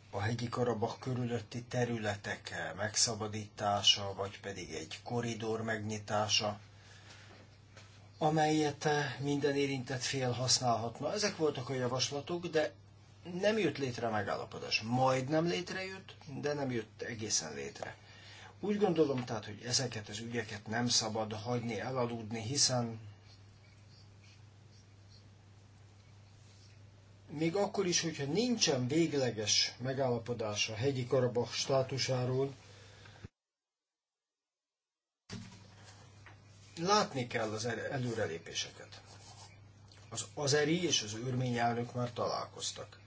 a hegyi karabak körülötti területek megszabadítása, vagy pedig egy koridor megnyitása amelyet eh, minden érintett fél használhatna. Ezek voltak a javaslatok, de nem jött létre a megállapodás. Majd nem létrejött, de nem jött egészen létre. Úgy gondolom tehát, hogy ezeket az ügyeket nem szabad hagyni elaludni, hiszen még akkor is, hogyha nincsen végleges megállapodás a hegyi Karabach státusáról, Látni kell az e- előrelépéseket. Az azeri és az örmény elnök már találkoztak.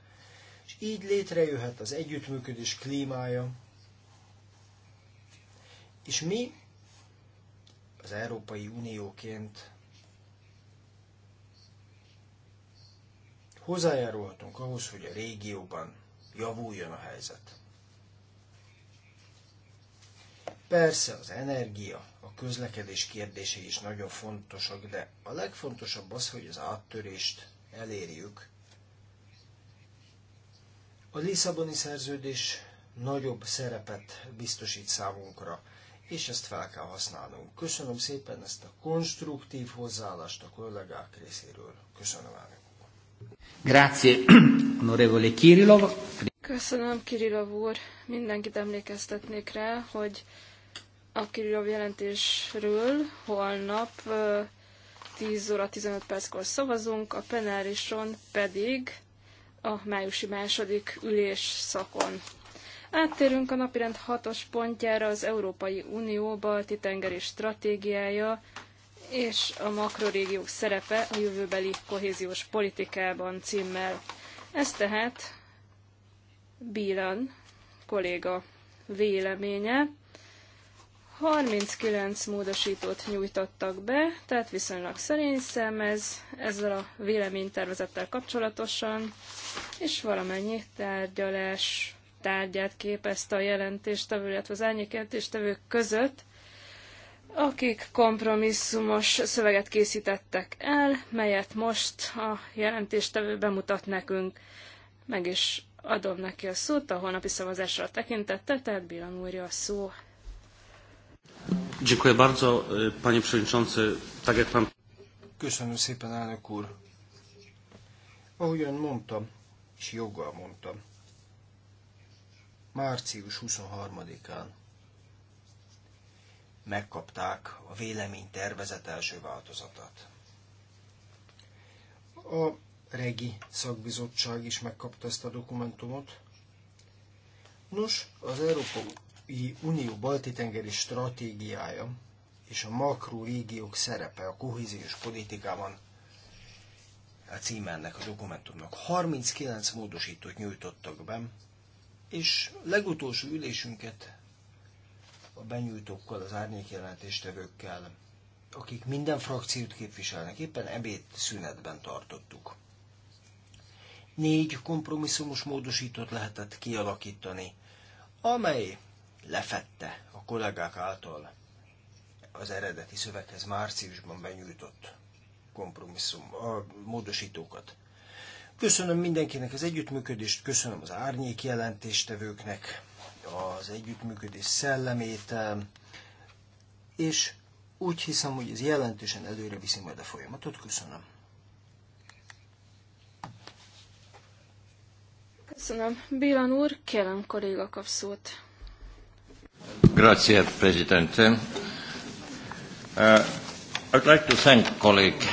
És így létrejöhet az együttműködés klímája, és mi az Európai Unióként hozzájárulhatunk ahhoz, hogy a régióban javuljon a helyzet. Persze az energia, a közlekedés kérdése is nagyon fontosak, de a legfontosabb az, hogy az áttörést elérjük. A Lisszaboni szerződés nagyobb szerepet biztosít számunkra, és ezt fel kell használnunk. Köszönöm szépen ezt a konstruktív hozzáállást a kollégák részéről. Köszönöm elnök. Grazie, onorevole Kirilov. Köszönöm, Kirilov úr. Mindenkit emlékeztetnék rá, hogy a Kirillov jelentésről holnap 10 óra 15 perckor szavazunk, a plenárison pedig a májusi második ülés szakon. Áttérünk a napirend hatos pontjára az Európai Unió balti tengeri stratégiája és a makrorégiók szerepe a jövőbeli kohéziós politikában címmel. Ez tehát Bílan kolléga véleménye. 39 módosítót nyújtottak be, tehát viszonylag szerény szem ez ezzel a véleménytervezettel kapcsolatosan, és valamennyi tárgyalás tárgyát képezte a jelentéstevő, illetve az árnyékjelentéstevők között, akik kompromisszumos szöveget készítettek el, melyet most a jelentéstevő bemutat nekünk. Meg is adom neki a szót a holnapi szavazásra tekintette, tehát Bilan úrja a szó. Dziękuję bardzo, panie przewodniczący. Tak jak pan... Köszönöm szépen, elnök úr. Ahogyan mondtam, és joggal mondtam, március 23-án megkapták a vélemény tervezet első változatát. A Regi szakbizottság is megkapta ezt a dokumentumot. Nos, az Európa Európai Unió balti-tengeri stratégiája és a makrorégiók szerepe a kohéziós politikában a címe ennek a dokumentumnak. 39 módosítót nyújtottak be, és legutolsó ülésünket a benyújtókkal, az árnyékjelentéstevőkkel, akik minden frakciót képviselnek, éppen ebéd szünetben tartottuk. Négy kompromisszumos módosítót lehetett kialakítani, amely lefette a kollégák által az eredeti szöveghez márciusban benyújtott kompromisszum, a módosítókat. Köszönöm mindenkinek az együttműködést, köszönöm az árnyék jelentéstevőknek az együttműködés szellemét, és úgy hiszem, hogy ez jelentősen előre viszi majd a folyamatot. Köszönöm. Köszönöm. Bélan úr, kérem kolléga kap szót. Grazie, Presidente. Uh, I'd like to thank colleague.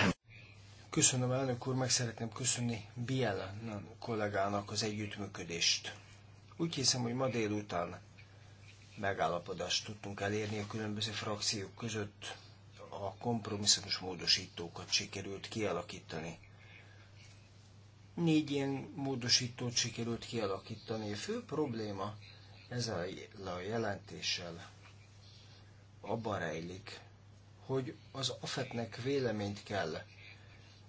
Köszönöm, elnök úr, meg szeretném köszönni Biel kollégának az együttműködést. Úgy hiszem, hogy ma délután megállapodást tudtunk elérni a különböző frakciók között, a kompromisszumos módosítókat sikerült kialakítani. Négy ilyen módosítót sikerült kialakítani. A fő probléma ezzel a jelentéssel abban rejlik, hogy az AFET-nek véleményt kell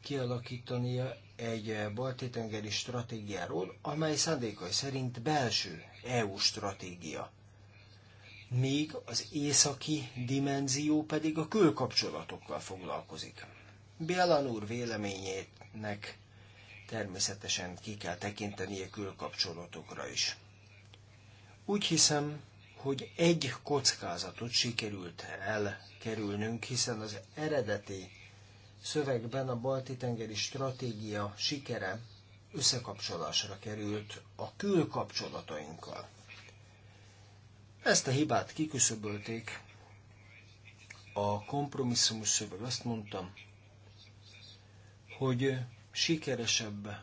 kialakítania egy balti-tengeri stratégiáról, amely szándékai szerint belső EU stratégia. Míg az északi dimenzió pedig a külkapcsolatokkal foglalkozik. Bielan úr véleményének természetesen ki kell tekintenie külkapcsolatokra is. Úgy hiszem, hogy egy kockázatot sikerült elkerülnünk, hiszen az eredeti szövegben a Balti-tengeri stratégia sikere összekapcsolásra került a külkapcsolatainkkal. Ezt a hibát kiküszöbölték. A kompromisszumos szöveg azt mondtam, hogy sikeresebb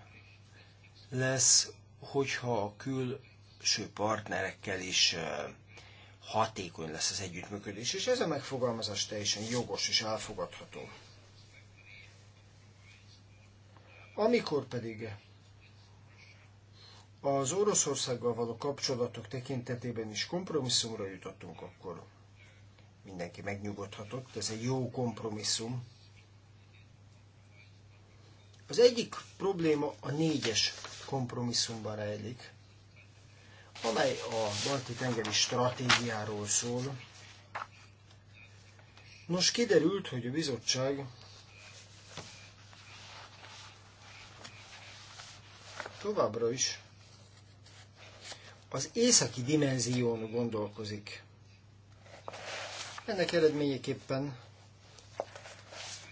lesz, hogyha a kül külső partnerekkel is hatékony lesz az együttműködés, és ez a megfogalmazás teljesen jogos és elfogadható. Amikor pedig az Oroszországgal való kapcsolatok tekintetében is kompromisszumra jutottunk, akkor mindenki megnyugodhatott, ez egy jó kompromisszum. Az egyik probléma a négyes kompromisszumban rejlik, amely a Balti-tengeri stratégiáról szól. Nos, kiderült, hogy a bizottság továbbra is az északi dimenzión gondolkozik. Ennek eredményeképpen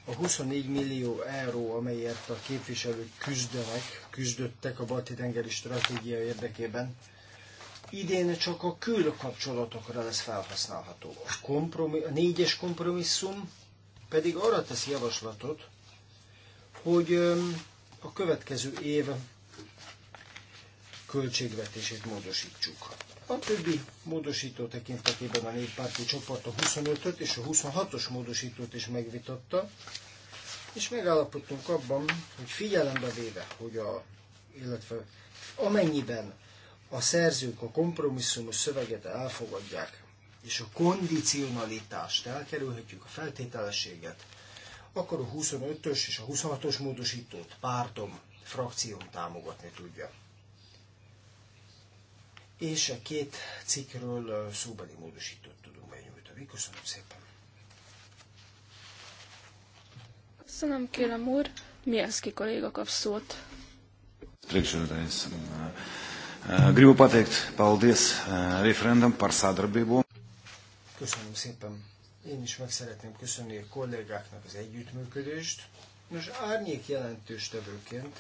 a 24 millió euró, amelyért a képviselők küzdenek, küzdöttek a balti tengeri stratégia érdekében, idén csak a külkapcsolatokra lesz felhasználható. A, kompromis, a négyes kompromisszum pedig arra tesz javaslatot, hogy a következő év költségvetését módosítsuk. A többi módosító tekintetében a néppárti csoport a 25-öt és a 26-os módosítót is megvitatta, és megállapodtunk abban, hogy figyelembe véve, hogy a, illetve amennyiben a szerzők a kompromisszumos szöveget elfogadják, és a kondicionalitást elkerülhetjük, a feltételességet, akkor a 25-ös és a 26-os módosítót pártom, frakcióm támogatni tudja. És a két cikkről szóbeli módosítót tudunk benyújtani. Köszönöm szépen. Köszönöm, kérem úr. ki kolléga kap szót. Stricture Eh, gribu pateikt, paldies eh, referendum par szádarbéból. Köszönöm szépen. Én is meg szeretném köszönni a kollégáknak az együttműködést. Most árnyék jelentős tevőként,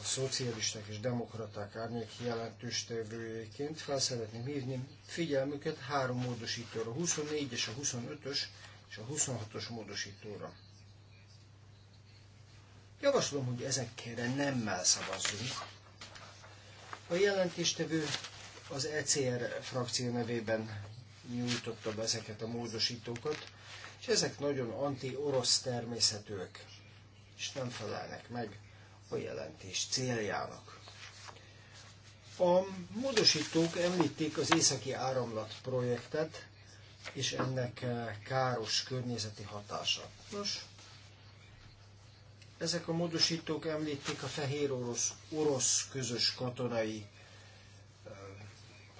a szocialisták és demokraták árnyék jelentős tevőjeként fel szeretném hívni figyelmüket három módosítóra, a 24-es, a 25-ös és a 26-os módosítóra. Javaslom, hogy ezekre nemmel szavazzunk, a jelentéstevő az ECR frakció nevében nyújtotta be ezeket a módosítókat, és ezek nagyon anti-orosz természetűek, és nem felelnek meg a jelentés céljának. A módosítók említik az északi áramlat projektet, és ennek eh, káros környezeti hatása. Nos, ezek a módosítók említik a fehér orosz, orosz közös katonai uh,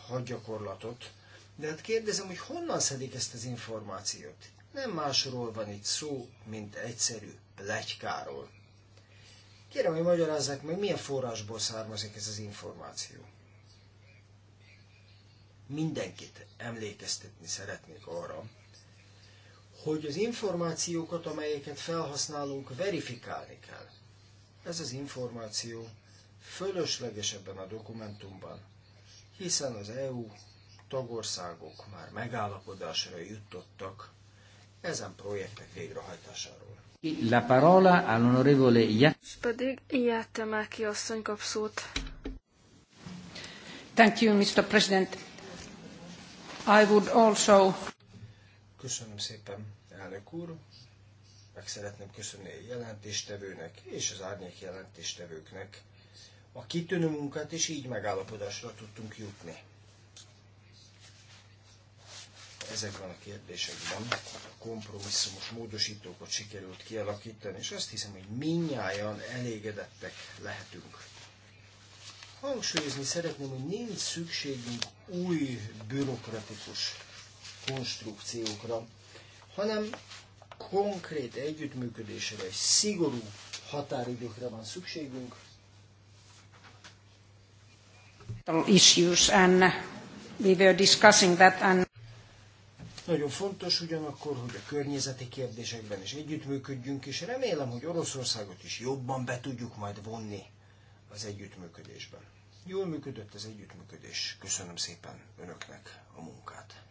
hadgyakorlatot. De hát kérdezem, hogy honnan szedik ezt az információt? Nem másról van itt szó, mint egyszerű plegykáról. Kérem, hogy magyarázzák meg, milyen forrásból származik ez az információ. Mindenkit emlékeztetni szeretnék arra, hogy az információkat, amelyeket felhasználunk, verifikálni kell. Ez az információ fölösleges ebben a dokumentumban, hiszen az EU tagországok már megállapodásra jutottak ezen projektek végrehajtásáról. La parola all'onorevole Jat... pedig Jattemáki asszony kap szót. Thank you, Mr. President. I would also... Köszönöm szépen, elnök úr. Meg szeretném köszönni a jelentéstevőnek és az árnyék jelentéstevőknek a kitűnő munkát, és így megállapodásra tudtunk jutni. Ezekben a kérdésekben a kompromisszumos módosítókat sikerült kialakítani, és azt hiszem, hogy minnyáján elégedettek lehetünk hangsúlyozni szeretném, hogy nincs szükségünk új bürokratikus konstrukciókra, hanem konkrét együttműködésre, és szigorú határidőkre van szükségünk. Issues and we were discussing that and nagyon fontos ugyanakkor, hogy a környezeti kérdésekben is együttműködjünk, és remélem, hogy Oroszországot is jobban be tudjuk majd vonni az együttműködésben. Jól működött az együttműködés. Köszönöm szépen önöknek a munkát.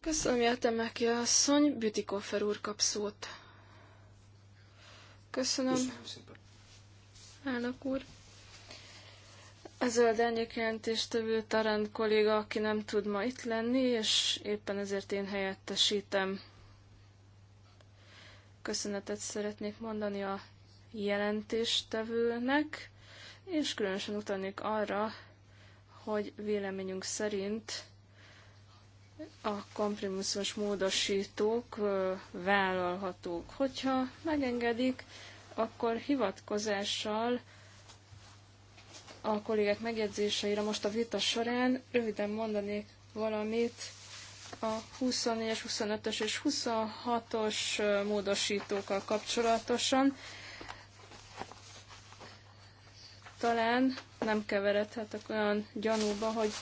Köszönöm, Jatemeki asszony. Bütikofer úr kap szót. Köszönöm. Köszönöm Elnök úr. Az zöld elnyékjelentéstevő Tarant kolléga, aki nem tud ma itt lenni, és éppen ezért én helyettesítem. Köszönetet szeretnék mondani a jelentéstevőnek, és különösen utalnék arra, hogy véleményünk szerint a komprimuszos módosítók vállalhatók. Hogyha megengedik, akkor hivatkozással a kollégák megjegyzéseire most a vita során röviden mondanék valamit a 24-es, 25-ös és 26-os módosítókkal kapcsolatosan. Talán nem keveredhetek olyan gyanúba, hogy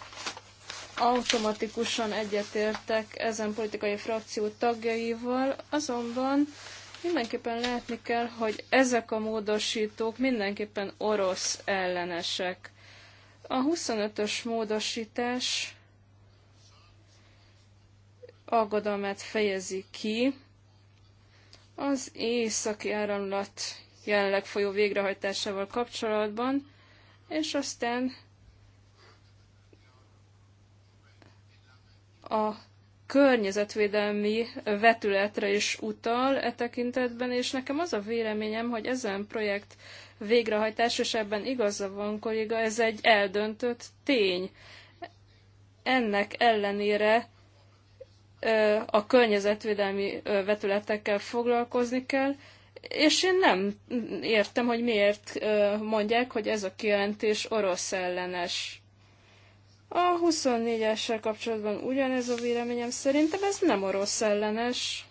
automatikusan egyetértek ezen politikai frakció tagjaival, azonban mindenképpen látni kell, hogy ezek a módosítók mindenképpen orosz ellenesek. A 25-ös módosítás aggodalmát fejezi ki az északi áramlat jelenleg folyó végrehajtásával kapcsolatban, és aztán a környezetvédelmi vetületre is utal e tekintetben, és nekem az a véleményem, hogy ezen projekt végrehajtás, és ebben igaza van kolléga, ez egy eldöntött tény. Ennek ellenére a környezetvédelmi vetületekkel foglalkozni kell, és én nem értem, hogy miért mondják, hogy ez a kijelentés orosz ellenes. A 24-essel kapcsolatban ugyanez a véleményem szerintem ez nem orosz ellenes.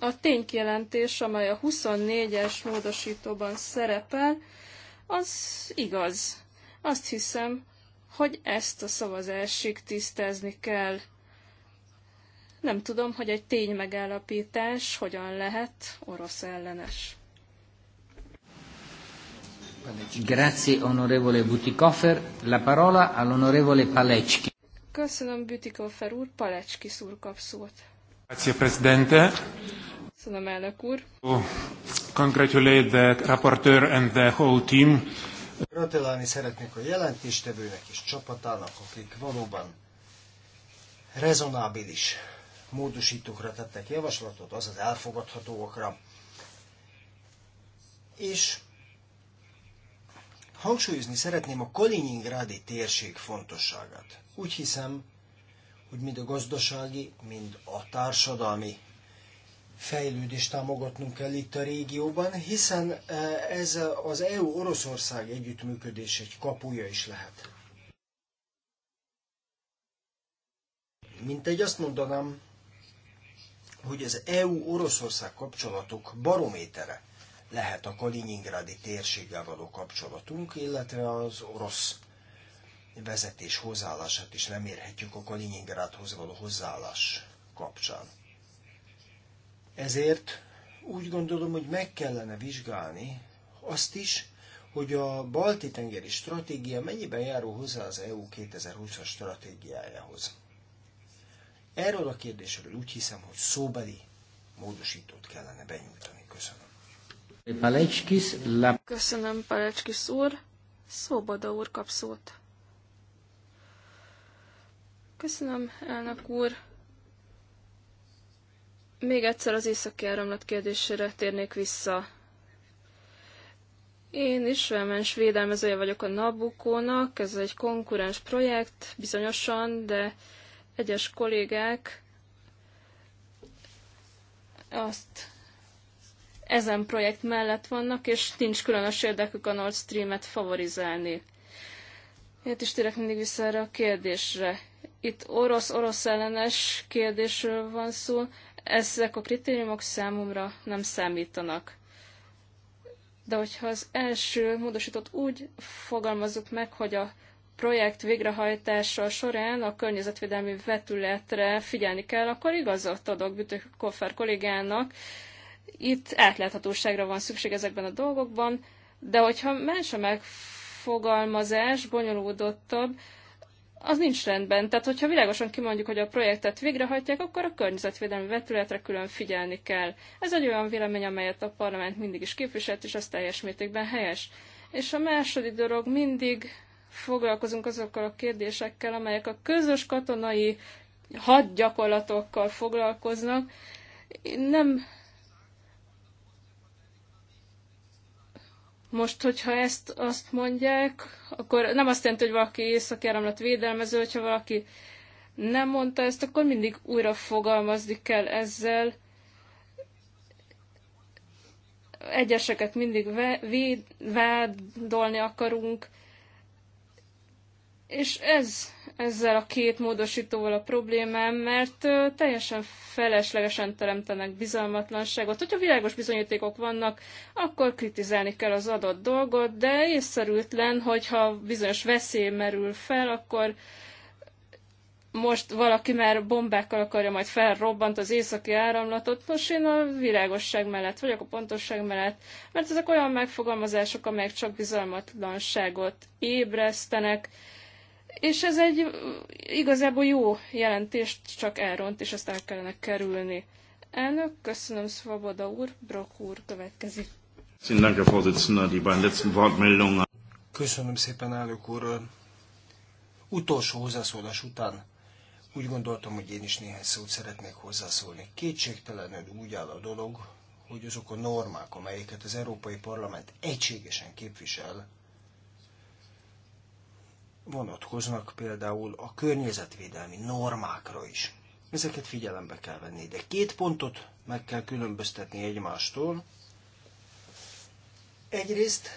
A ténykielentés, amely a 24-es módosítóban szerepel, az igaz. Azt hiszem, hogy ezt a szavazásig tisztázni kell. Nem tudom, hogy egy tény megállapítás hogyan lehet orosz ellenes. Grazie onorevole Butikoffer. La parola all'onorevole Palecki. Köszönöm Butikoffer úr, Palecski úr kap szót. Grazie Presidente. Köszönöm elnök úr. Congratulate the rapporteur and the whole team. Gratulálni szeretnék a jelentéstevőnek és csapatának, akik valóban rezonábilis módosítókra tettek javaslatot, azaz elfogadhatóakra. És hangsúlyozni szeretném a Kaliningrádi térség fontosságát. Úgy hiszem, hogy mind a gazdasági, mind a társadalmi fejlődést támogatnunk kell itt a régióban, hiszen e, ez az EU-Oroszország együttműködés egy kapuja is lehet. Mint egy azt mondanám, hogy az EU-Oroszország kapcsolatok barométere – lehet a Kaliningrádi térséggel való kapcsolatunk, illetve az orosz vezetés hozzáállását is érhetjük a Kaliningrádhoz való hozzáállás kapcsán. Ezért úgy gondolom, hogy meg kellene vizsgálni azt is, hogy a Balti-tengeri stratégia mennyiben járul hozzá az EU 2020-as stratégiájához. Erről a kérdésről úgy hiszem, hogy szóbeli módosítót kellene benyújtani. Köszönöm, Palecskis úr. Szóboda úr kap szót. Köszönöm, elnök úr. Még egyszer az északi áramlat kérdésére térnék vissza. Én is Velmens védelmezője vagyok a Nabukónak, ez egy konkurens projekt, bizonyosan, de egyes kollégák azt ezen projekt mellett vannak, és nincs különös érdekük a Nord Stream-et favorizálni. Itt is térek mindig vissza erre a kérdésre. Itt orosz-orosz ellenes kérdésről van szó. Ezek a kritériumok számomra nem számítanak. De hogyha az első módosított úgy fogalmazzuk meg, hogy a projekt végrehajtása során a környezetvédelmi vetületre figyelni kell, akkor igazat adok Bütökoffer kollégának, itt átláthatóságra van szükség ezekben a dolgokban, de hogyha más a megfogalmazás, bonyolódottabb, az nincs rendben. Tehát, hogyha világosan kimondjuk, hogy a projektet végrehajtják, akkor a környezetvédelmi vetületre külön figyelni kell. Ez egy olyan vélemény, amelyet a parlament mindig is képviselt, és az teljes mértékben helyes. És a második dolog, mindig foglalkozunk azokkal a kérdésekkel, amelyek a közös katonai hadgyakorlatokkal foglalkoznak. Nem Most, hogyha ezt azt mondják, akkor nem azt jelenti, hogy valaki északi áramlat védelmező, hogyha valaki nem mondta ezt, akkor mindig újra fogalmazni kell ezzel. Egyeseket mindig véd, vádolni akarunk, és ez ezzel a két módosítóval a problémám, mert teljesen feleslegesen teremtenek bizalmatlanságot. Hogyha világos bizonyítékok vannak, akkor kritizálni kell az adott dolgot, de észszerűtlen, hogyha bizonyos veszély merül fel, akkor most valaki már bombákkal akarja majd felrobbant az északi áramlatot, most én a világosság mellett vagyok, a pontosság mellett, mert ezek olyan megfogalmazások, amelyek csak bizalmatlanságot ébresztenek, és ez egy igazából jó jelentést csak elront, és ezt el kellene kerülni. Elnök, köszönöm Svoboda úr, Brok úr következik. Köszönöm szépen, elnök úr. Utolsó hozzászólás után úgy gondoltam, hogy én is néhány szót szeretnék hozzászólni. Kétségtelenül úgy áll a dolog, hogy azok a normák, amelyeket az Európai Parlament egységesen képvisel, vonatkoznak például a környezetvédelmi normákra is. Ezeket figyelembe kell venni, de két pontot meg kell különböztetni egymástól. Egyrészt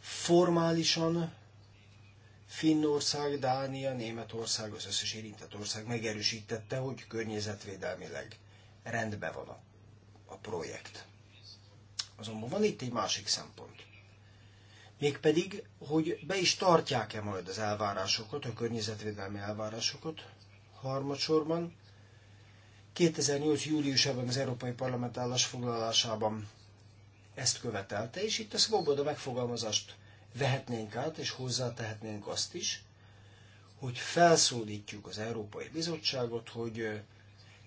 formálisan Finnország, Dánia, Németország, az összes érintett ország megerősítette, hogy környezetvédelmileg rendben van a, a projekt. Azonban van itt egy másik szempont mégpedig, hogy be is tartják-e majd az elvárásokat, a környezetvédelmi elvárásokat harmadsorban. 2008. júliusában az Európai Parlament állásfoglalásában ezt követelte, és itt a szvoboda megfogalmazást vehetnénk át, és hozzátehetnénk azt is, hogy felszólítjuk az Európai Bizottságot, hogy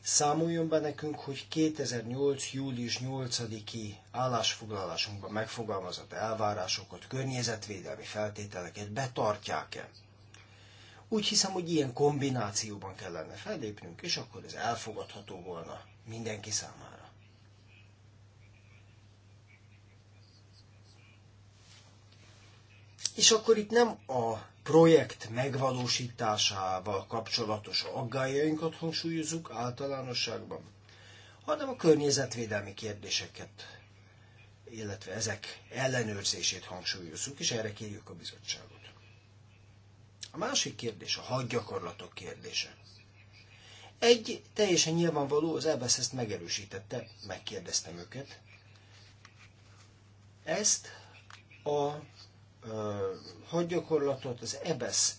Számoljon be nekünk, hogy 2008. július 8-i állásfoglalásunkban megfogalmazott elvárásokat, környezetvédelmi feltételeket betartják-e? Úgy hiszem, hogy ilyen kombinációban kellene fellépnünk, és akkor ez elfogadható volna mindenki számára. És akkor itt nem a projekt megvalósításával kapcsolatos aggájainkat hangsúlyozunk általánosságban, hanem a környezetvédelmi kérdéseket, illetve ezek ellenőrzését hangsúlyozzuk, és erre kérjük a bizottságot. A másik kérdés a hadgyakorlatok kérdése. Egy teljesen nyilvánvaló, az Elbesz ezt megerősítette, megkérdeztem őket. Ezt a hadgyakorlatot az EBESZ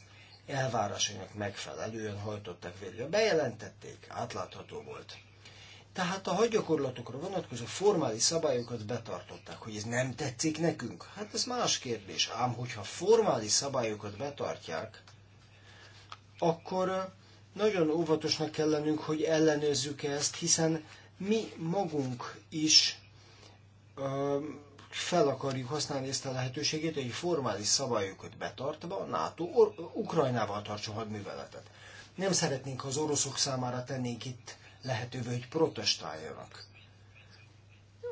elvárásainak megfelelően hajtották végre. Bejelentették, átlátható volt. Tehát a hadgyakorlatokra vonatkozó formális szabályokat betartották, hogy ez nem tetszik nekünk. Hát ez más kérdés. Ám hogyha formális szabályokat betartják, akkor nagyon óvatosnak kell lennünk, hogy ellenőrzzük -e ezt, hiszen mi magunk is um, fel akarjuk használni ezt a lehetőségét, hogy formális szabályokat betartva a NATO Ukrajnával tartsa hadműveletet. Nem szeretnénk, ha az oroszok számára tennénk itt lehetővé, hogy protestáljanak.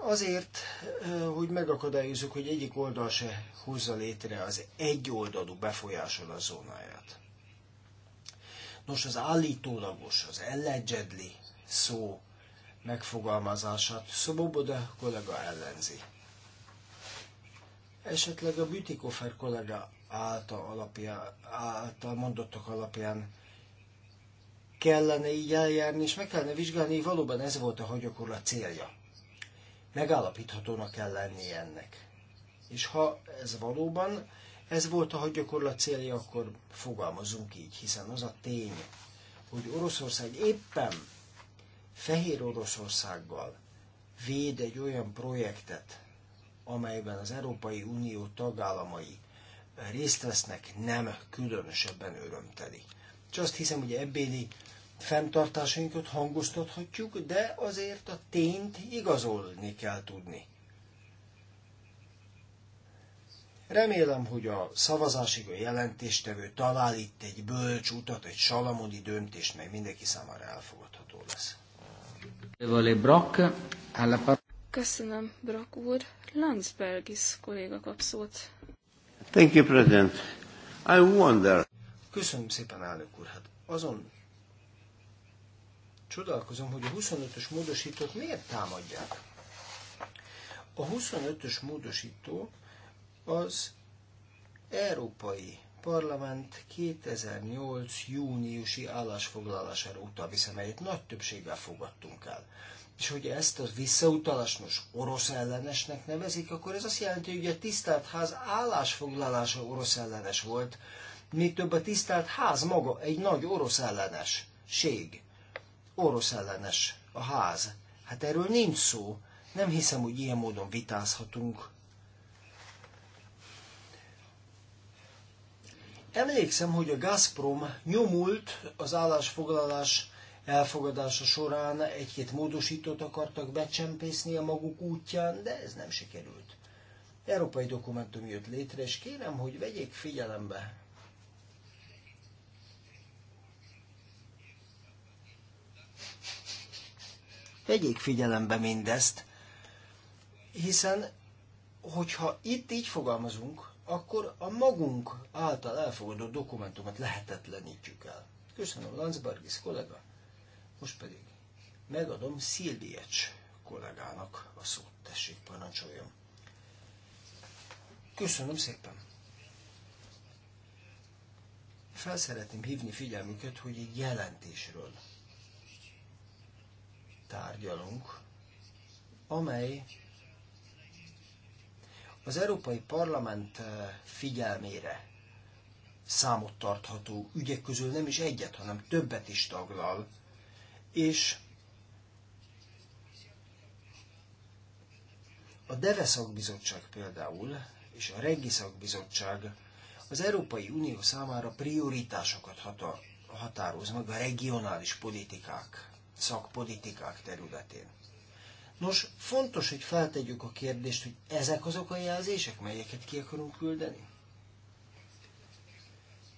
Azért, hogy megakadályozzuk, hogy egyik oldal se húzza létre az egyoldalú a zónáját. Nos, az állítólagos, az allegedly szó megfogalmazását Szoboboda kollega ellenzi esetleg a Bütikofer kollega által, alapja, által mondottak alapján kellene így eljárni, és meg kellene vizsgálni, valóban ez volt a hagyakorlat célja. Megállapíthatónak kell lenni ennek. És ha ez valóban ez volt a hagyakorlat célja, akkor fogalmazunk így, hiszen az a tény, hogy Oroszország éppen Fehér Oroszországgal véd egy olyan projektet, amelyben az Európai Unió tagállamai részt vesznek, nem különösebben örömteli. És azt hiszem, hogy ebbéli fenntartásainkat hangoztathatjuk, de azért a tényt igazolni kell tudni. Remélem, hogy a szavazásig a jelentéstevő talál itt egy bölcs utat, egy salamodi döntést, mely mindenki számára elfogadható lesz. Brock, Köszönöm, Brock úr. Landsbergis kolléga kap szót. Thank you, President. I wonder... Köszönöm szépen, elnök úr. Hát azon csodálkozom, hogy a 25-ös módosítót miért támadják. A 25-ös módosító az Európai Parlament 2008. júniusi állásfoglalására utal vissza, melyet nagy többséggel fogadtunk el és hogy ezt a visszautalást most orosz ellenesnek nevezik, akkor ez azt jelenti, hogy a tisztelt ház állásfoglalása orosz ellenes volt, még több a tisztelt ház maga egy nagy orosz ellenes ség. Orosz ellenes a ház. Hát erről nincs szó. Nem hiszem, hogy ilyen módon vitázhatunk. Emlékszem, hogy a Gazprom nyomult az állásfoglalás elfogadása során egy-két módosítót akartak becsempészni a maguk útján, de ez nem sikerült. Európai dokumentum jött létre, és kérem, hogy vegyék figyelembe, Vegyék figyelembe mindezt, hiszen hogyha itt így fogalmazunk, akkor a magunk által elfogadott dokumentumot lehetetlenítjük el. Köszönöm, Lanzbergis kollega. Most pedig megadom Szildiec kollégának a szót. Tessék, parancsoljon. Köszönöm szépen. Fel szeretném hívni figyelmüket, hogy egy jelentésről tárgyalunk, amely az Európai Parlament eh, figyelmére számot tartható ügyek közül nem is egyet, hanem többet is taglal, és a DEVE szakbizottság például, és a Regi szakbizottság az Európai Unió számára prioritásokat határoz meg a regionális politikák, szakpolitikák területén. Nos, fontos, hogy feltegyük a kérdést, hogy ezek azok a jelzések, melyeket ki akarunk küldeni?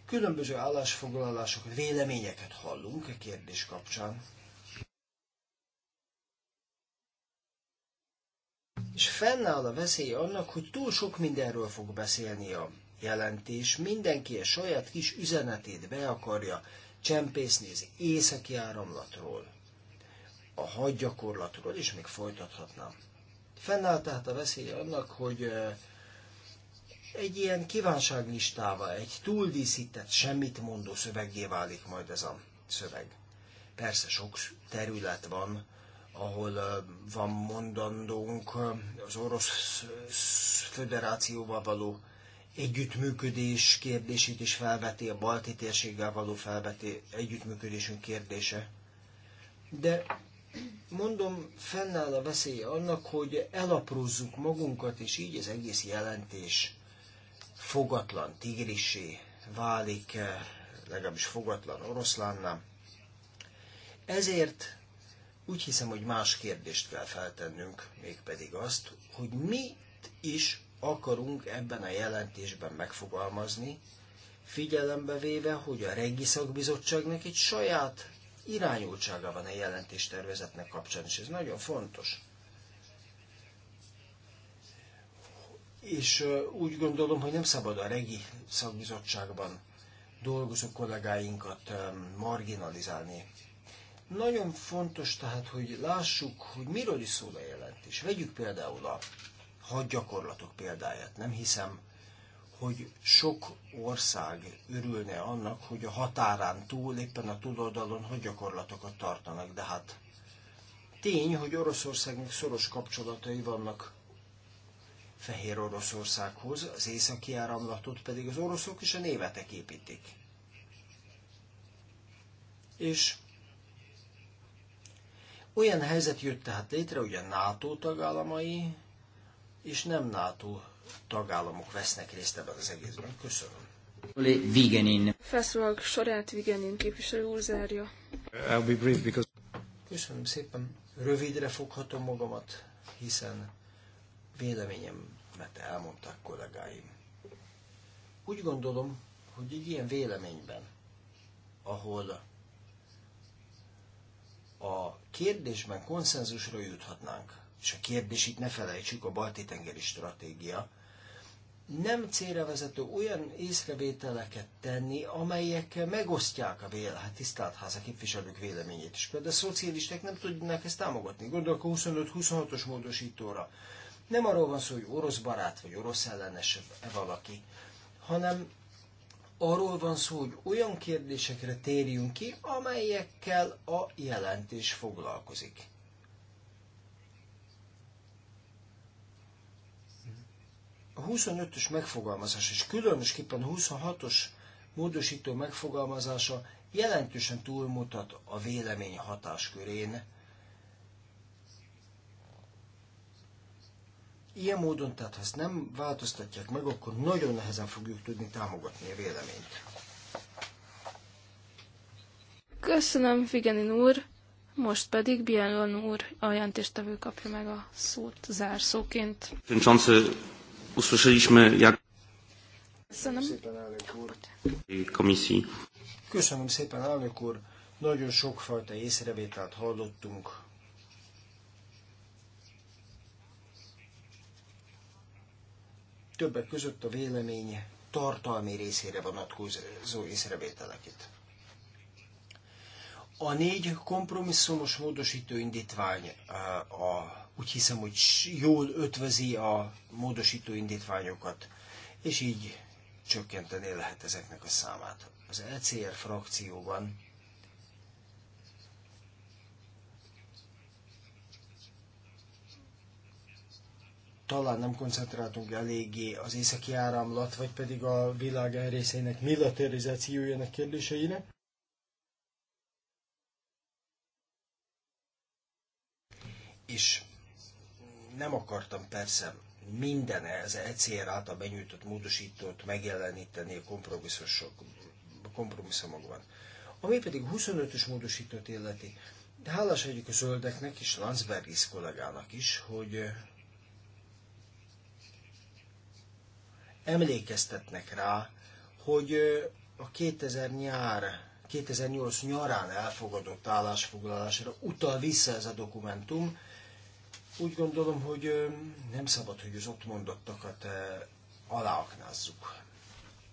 Különböző állásfoglalásokat, véleményeket hallunk a e kérdés kapcsán, és fennáll a veszély annak, hogy túl sok mindenről fog beszélni a jelentés, mindenki a saját kis üzenetét be akarja csempészni az északi áramlatról, a hadgyakorlatról, és még folytathatnám. Fennáll tehát a veszély annak, hogy egy ilyen kívánságlistával, egy túldíszített, semmit mondó szöveggé válik majd ez a szöveg. Persze sok terület van, ahol van mondandónk az Orosz Föderációval való együttműködés kérdését is felveti, a balti térséggel való felveti együttműködésünk kérdése. De mondom, fennáll a veszélye annak, hogy elaprózzuk magunkat, és így az egész jelentés fogatlan tigrisé válik, legalábbis fogatlan oroszlánnám. Ezért úgy hiszem, hogy más kérdést kell feltennünk, mégpedig azt, hogy mit is akarunk ebben a jelentésben megfogalmazni, figyelembe véve, hogy a Regi Szakbizottságnak egy saját irányultsága van a jelentéstervezetnek kapcsán, és ez nagyon fontos. És úgy gondolom, hogy nem szabad a Regi Szakbizottságban dolgozó kollégáinkat marginalizálni nagyon fontos tehát, hogy lássuk, hogy miről is szól a jelentés. Vegyük például a hadgyakorlatok példáját. Nem hiszem, hogy sok ország örülne annak, hogy a határán túl, éppen a túloldalon hadgyakorlatokat tartanak, de hát tény, hogy Oroszországnak szoros kapcsolatai vannak Fehér Oroszországhoz, az északi áramlatot pedig az oroszok és a németek építik. És olyan helyzet jött tehát létre, hogy a NATO tagállamai és nem NATO tagállamok vesznek részt ebben az egészben. Köszönöm. Vigenin. Felszólalok sorát Vigenin képviselő úr zárja. I'll be brief because... Köszönöm szépen. Rövidre foghatom magamat, hiszen véleményemet elmondták kollégáim. Úgy gondolom, hogy egy ilyen véleményben, ahol a kérdésben konszenzusra juthatnánk, és a kérdés itt ne felejtsük, a balti-tengeri stratégia, nem célra vezető olyan észrevételeket tenni, amelyek megosztják a vélemény, hát tisztelt háza képviselők véleményét is. Például a szocialisták nem tudnak ezt támogatni. Gondolok a 25-26-os módosítóra. Nem arról van szó, hogy orosz barát vagy orosz ellenes -e valaki, hanem Arról van szó, hogy olyan kérdésekre térjünk ki, amelyekkel a jelentés foglalkozik. A 25-ös megfogalmazás, és különösképpen a 26-os módosító megfogalmazása jelentősen túlmutat a vélemény hatáskörén, Ilyen módon, tehát ha ezt nem változtatják meg, akkor nagyon nehezen fogjuk tudni támogatni a véleményt. Köszönöm, Figenin úr! Most pedig Bielon úr a jelentéstevő kapja meg a szót zárszóként. Köszönöm szépen, elnök úr! Köszönöm szépen, elnök úr! Nagyon sokfajta észrevételt hallottunk többek között a vélemény tartalmi részére vonatkozó észrevételeket. A négy kompromisszumos módosító indítvány eh, a, úgy hiszem, hogy jól ötvözi a módosító indítványokat, és így csökkenteni lehet ezeknek a számát. Az ECR frakcióban talán nem koncentráltunk eléggé az északi áramlat, vagy pedig a világ részeinek militarizációjának kérdéseire. És nem akartam persze minden ez egy célra er által benyújtott módosítót megjeleníteni a kompromisszumokban. Ami pedig 25-ös módosítót illeti, de hálás vagyok a zöldeknek és Landsbergis kollégának is, hogy emlékeztetnek rá, hogy a 2000 nyár, 2008 nyarán elfogadott állásfoglalásra utal vissza ez a dokumentum. Úgy gondolom, hogy nem szabad, hogy az ott mondottakat aláaknázzuk.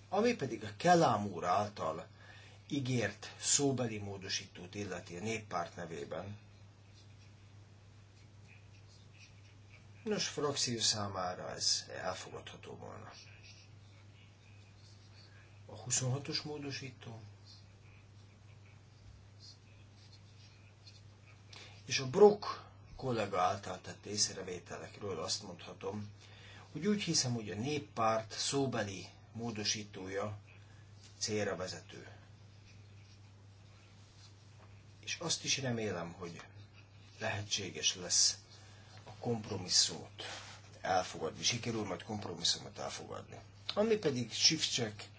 Ami pedig a Kelám úr által ígért szóbeli módosítót illeti a néppárt nevében. Nos, frakció számára ez elfogadható volna. A 26-os módosító. És a Brock kollega által tett észrevételekről azt mondhatom, hogy úgy hiszem, hogy a néppárt szóbeli módosítója célra vezető. És azt is remélem, hogy lehetséges lesz a kompromisszót elfogadni, sikerül majd kompromisszumot elfogadni. Ami pedig Sivcsek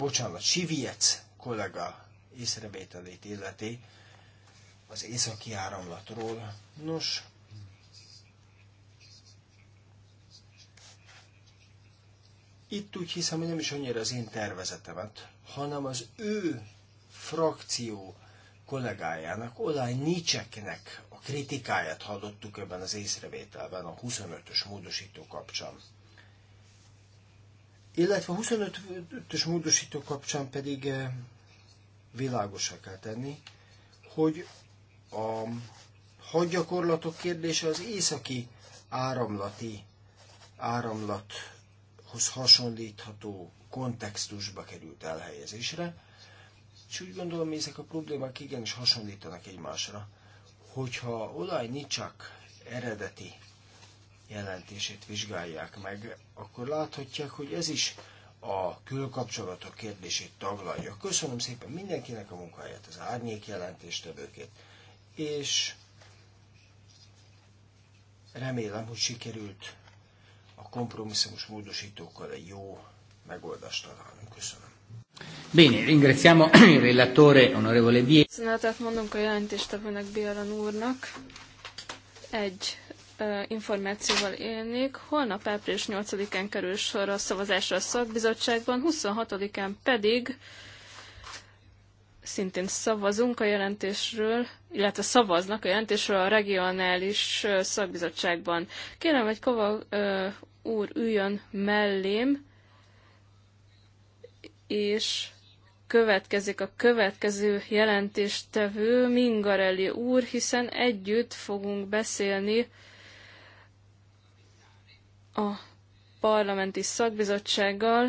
bocsánat, Siviec kollega észrevételét illeti az északi áramlatról. Nos, itt úgy hiszem, hogy nem is annyira az én tervezetemet, hanem az ő frakció kollégájának, Olaj Nicseknek a kritikáját hallottuk ebben az észrevételben a 25-ös módosító kapcsán illetve a 25-ös módosító kapcsán pedig eh, világosá kell tenni, hogy a hadgyakorlatok kérdése az északi áramlati áramlathoz hasonlítható kontextusba került elhelyezésre, és úgy gondolom, hogy ezek a problémák igenis hasonlítanak egymásra. Hogyha olaj nicsak eredeti jelentését vizsgálják meg, akkor láthatják, hogy ez is a külkapcsolatok kérdését taglalja. Köszönöm szépen mindenkinek a munkáját, az árnyék jelentéstevőkét, és remélem, hogy sikerült a kompromisszumos módosítókkal egy jó megoldást találni. Köszönöm. Bene, ringraziamo il relatore, onorevole Bie. Köszönetet mondunk a jelentéstevőnek Bielan úrnak. Egy információval élnék. Holnap április 8-án kerül sor a szavazásra a szakbizottságban, 26-án pedig szintén szavazunk a jelentésről, illetve szavaznak a jelentésről a regionális szakbizottságban. Kérem, hogy Kova úr üljön mellém, és következik a következő jelentéstevő, Mingarelli úr, hiszen együtt fogunk beszélni a parlamenti szakbizottsággal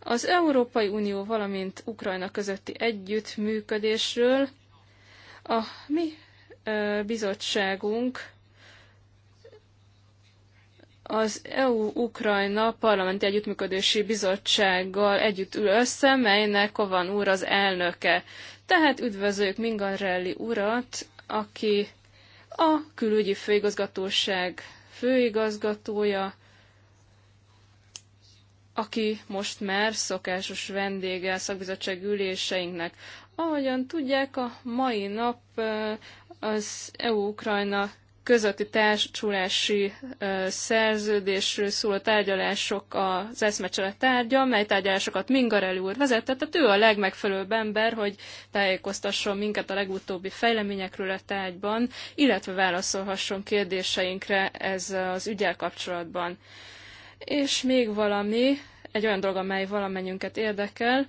az Európai Unió, valamint Ukrajna közötti együttműködésről. A mi bizottságunk az EU-Ukrajna Parlamenti Együttműködési Bizottsággal együtt ül össze, melynek van úr az elnöke. Tehát üdvözöljük Mingarelli urat, aki a külügyi főigazgatóság főigazgatója, aki most már szokásos vendége a szakbizottság üléseinknek. Ahogyan tudják, a mai nap eh, az EU-Ukrajna közötti társulási szerződésről szóló tárgyalások az eszmecsele tárgya, mely tárgyalásokat Mingarelli úr vezetett, tehát ő a legmegfelelőbb ember, hogy tájékoztasson minket a legutóbbi fejleményekről a tárgyban, illetve válaszolhasson kérdéseinkre ez az ügyel kapcsolatban. És még valami, egy olyan dolog, amely valamennyünket érdekel,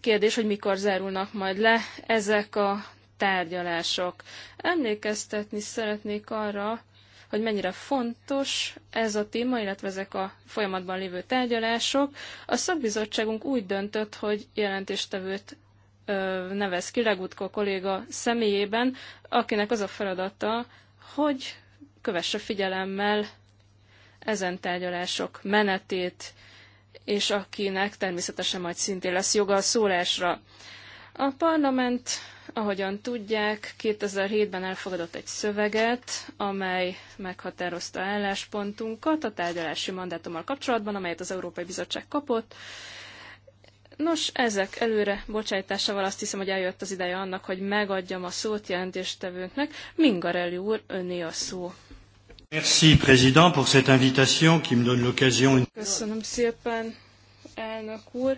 kérdés, hogy mikor zárulnak majd le ezek a tárgyalások. Emlékeztetni szeretnék arra, hogy mennyire fontos ez a téma, illetve ezek a folyamatban lévő tárgyalások. A szakbizottságunk úgy döntött, hogy jelentéstevőt nevez ki Legutko kolléga személyében, akinek az a feladata, hogy kövesse figyelemmel ezen tárgyalások menetét, és akinek természetesen majd szintén lesz joga a szólásra. A parlament Ahogyan tudják, 2007-ben elfogadott egy szöveget, amely meghatározta álláspontunkat a tárgyalási mandátummal kapcsolatban, amelyet az Európai Bizottság kapott. Nos, ezek előre bocsájtásával azt hiszem, hogy eljött az ideje annak, hogy megadjam a szót jelentéstevőnknek. Mingarelli úr, öné a szó. Merci, président, pour cette invitation qui me donne l'occasion. Köszönöm szépen, elnök úr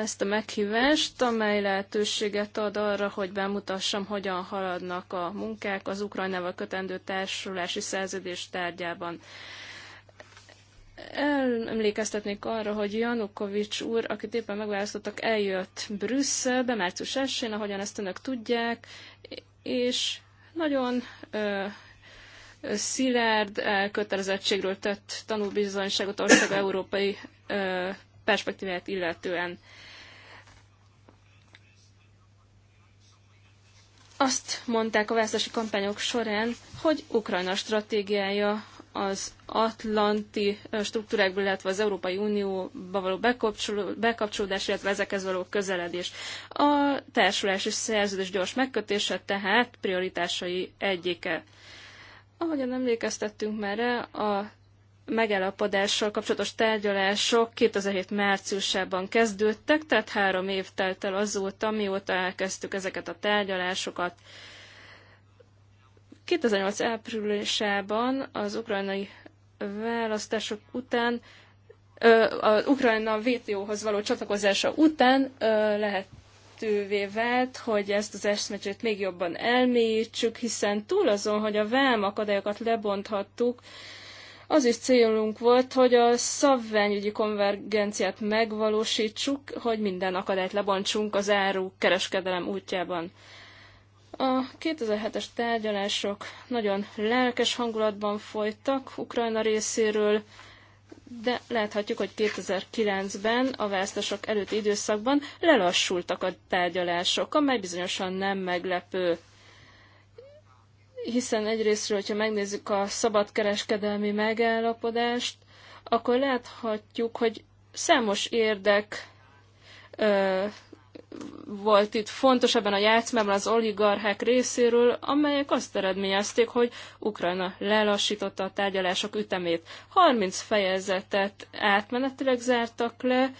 ezt a meghívást, amely lehetőséget ad arra, hogy bemutassam, hogyan haladnak a munkák az Ukrajnával kötendő társulási szerződés tárgyában. Emlékeztetnék arra, hogy Janukovics úr, akit éppen megválasztottak, eljött Brüsszelbe március 1-én, ahogyan ezt önök tudják, és nagyon ö, szilárd elkötelezettségről tett tanúbizonyságot ország európai ö, perspektíváját illetően. Azt mondták a választási kampányok során, hogy Ukrajna stratégiája az atlanti struktúrákból, illetve az Európai Unióba való bekapcsolódás, illetve ezekhez való közeledés. A társulási szerződés gyors megkötése tehát prioritásai egyike. Ahogyan emlékeztettünk már a megállapodással kapcsolatos tárgyalások 2007 márciusában kezdődtek, tehát három év telt el azóta, mióta elkezdtük ezeket a tárgyalásokat. 2008 áprilisában az ukrajnai választások után, az Ukrajna VTO-hoz való csatlakozása után lehet lehetővé vált, hogy ezt az eszmecsét még jobban elmélyítsük, hiszen túl azon, hogy a vám akadályokat lebonthattuk, az is célunk volt, hogy a szabványügyi konvergenciát megvalósítsuk, hogy minden akadályt lebontsunk az áru kereskedelem útjában. A 2007-es tárgyalások nagyon lelkes hangulatban folytak Ukrajna részéről, de láthatjuk, hogy 2009-ben a választások előtti időszakban lelassultak a tárgyalások, amely bizonyosan nem meglepő hiszen egyrésztről, hogyha megnézzük a szabadkereskedelmi megállapodást, akkor láthatjuk, hogy számos érdek ö, volt itt fontos ebben a játszmában az oligarchák részéről, amelyek azt eredményezték, hogy Ukrajna lelassította a tárgyalások ütemét. 30 fejezetet átmenetileg zártak le,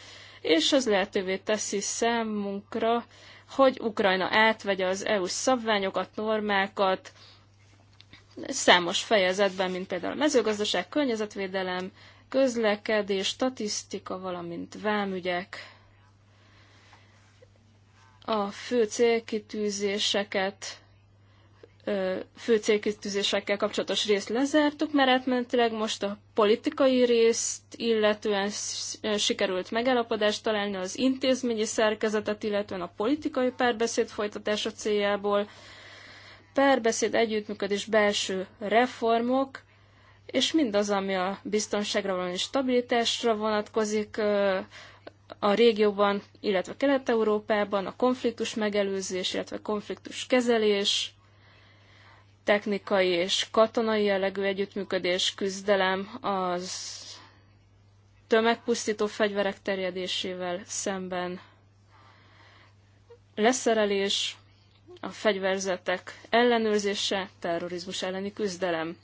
és az lehetővé teszi számunkra, hogy Ukrajna átvegye az EU szabványokat, normákat, számos fejezetben, mint például a mezőgazdaság, környezetvédelem, közlekedés, statisztika, valamint vámügyek. A fő célkitűzéseket fő célkitűzésekkel kapcsolatos részt lezártuk, mert átmentileg most a politikai részt, illetően sikerült megállapodást találni az intézményi szerkezetet, illetően a politikai párbeszéd folytatása céljából, párbeszéd, együttműködés, belső reformok, és mindaz, ami a biztonságra és stabilitásra vonatkozik a régióban, illetve Kelet-Európában, a konfliktus megelőzés, illetve konfliktus kezelés, technikai és katonai jellegű együttműködés, küzdelem az tömegpusztító fegyverek terjedésével szemben, leszerelés, a fegyverzetek ellenőrzése, terrorizmus elleni küzdelem.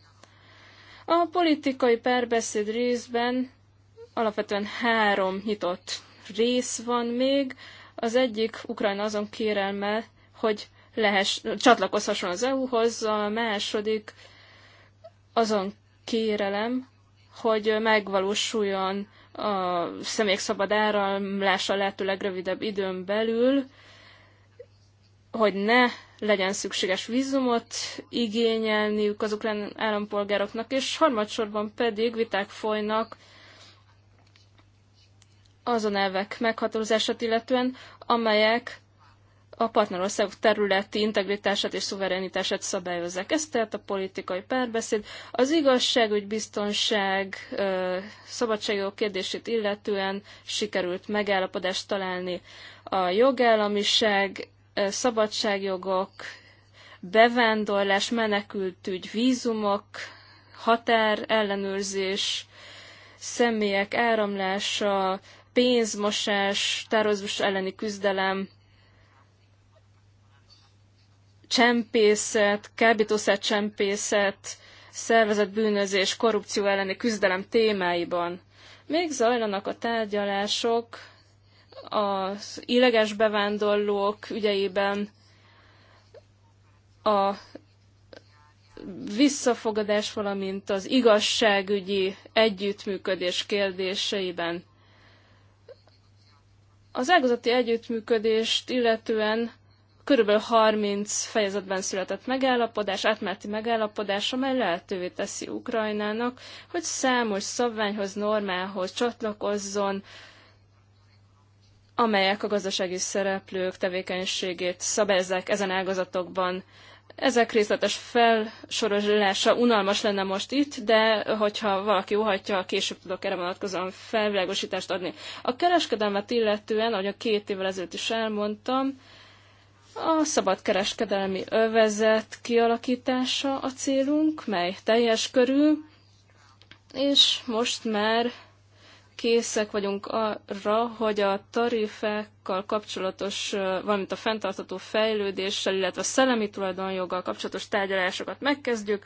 A politikai párbeszéd részben alapvetően három nyitott rész van még. Az egyik Ukrajna azon kérelme, hogy lehess, csatlakozhasson az EU-hoz, a második azon kérelem, hogy megvalósuljon a személyek szabad áramlása lehető legrövidebb időn belül, hogy ne legyen szükséges vízumot igényelniük az ukrán állampolgároknak, és harmadsorban pedig viták folynak azon elvek meghatározását illetően, amelyek a partnerország területi integritását és szuverenitását szabályozzák. Ez tehát a politikai párbeszéd. Az igazságügy, biztonság, szabadságok kérdését illetően sikerült megállapodást találni. A jogállamiság szabadságjogok, bevándorlás, menekültügy, vízumok, határ ellenőrzés, személyek áramlása, pénzmosás, terrorizmus elleni küzdelem, csempészet, kábítószercsempészet, szervezett bűnözés, korrupció elleni küzdelem témáiban. Még zajlanak a tárgyalások az illeges bevándorlók ügyeiben a visszafogadás, valamint az igazságügyi együttműködés kérdéseiben. Az ágazati együttműködést illetően körülbelül 30 fejezetben született megállapodás, átmeneti megállapodás, amely lehetővé teszi Ukrajnának, hogy számos szabványhoz, normához csatlakozzon, amelyek a gazdasági szereplők tevékenységét szabályozzák ezen ágazatokban. Ezek részletes felsorolása unalmas lenne most itt, de hogyha valaki óhatja, később tudok erre vonatkozóan felvilágosítást adni. A kereskedelmet illetően, ahogy a két évvel ezelőtt is elmondtam, a szabad kereskedelmi övezet kialakítása a célunk, mely teljes körül, és most már készek vagyunk arra, hogy a tarifákkal kapcsolatos, valamint a fenntartató fejlődéssel, illetve a szellemi tulajdonjoggal kapcsolatos tárgyalásokat megkezdjük.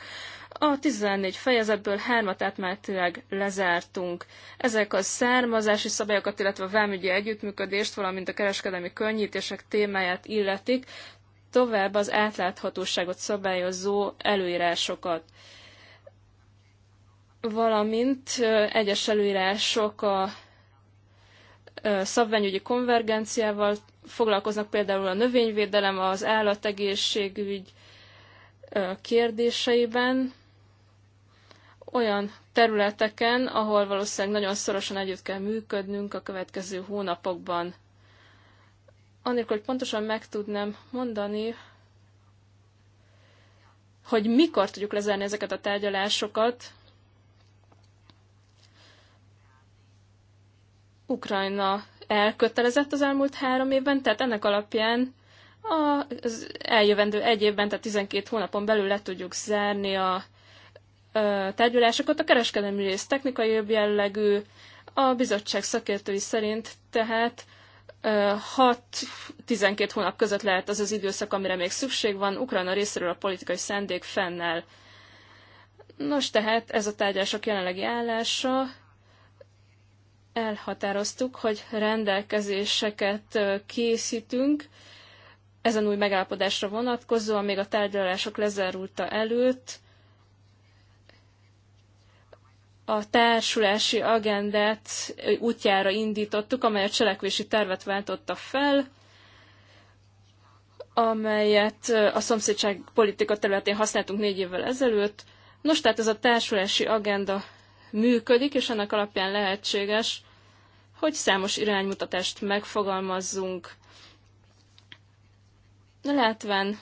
A 14 fejezetből hármat átmenetileg lezártunk. Ezek a származási szabályokat, illetve a vámügyi együttműködést, valamint a kereskedelmi könnyítések témáját illetik, tovább az átláthatóságot szabályozó előírásokat valamint egyes előírások a szabványügyi konvergenciával foglalkoznak például a növényvédelem, az állategészségügy kérdéseiben, olyan területeken, ahol valószínűleg nagyon szorosan együtt kell működnünk a következő hónapokban. Annélkül, hogy pontosan meg tudnám mondani, hogy mikor tudjuk lezárni ezeket a tárgyalásokat, Ukrajna elkötelezett az elmúlt három évben, tehát ennek alapján az eljövendő egy évben, tehát 12 hónapon belül le tudjuk zárni a tárgyalásokat. A kereskedelmi rész technikai jobb jellegű, a bizottság szakértői szerint tehát 6-12 hónap között lehet az az időszak, amire még szükség van. Ukrajna részéről a politikai szendék fennel. Nos, tehát ez a tárgyások jelenlegi állása elhatároztuk, hogy rendelkezéseket készítünk ezen új megállapodásra vonatkozóan, még a tárgyalások lezárulta előtt, a társulási agendát útjára indítottuk, amely a cselekvési tervet váltotta fel, amelyet a szomszédság politika területén használtunk négy évvel ezelőtt. Nos, tehát ez a társulási agenda működik, és ennek alapján lehetséges, hogy számos iránymutatást megfogalmazzunk, látván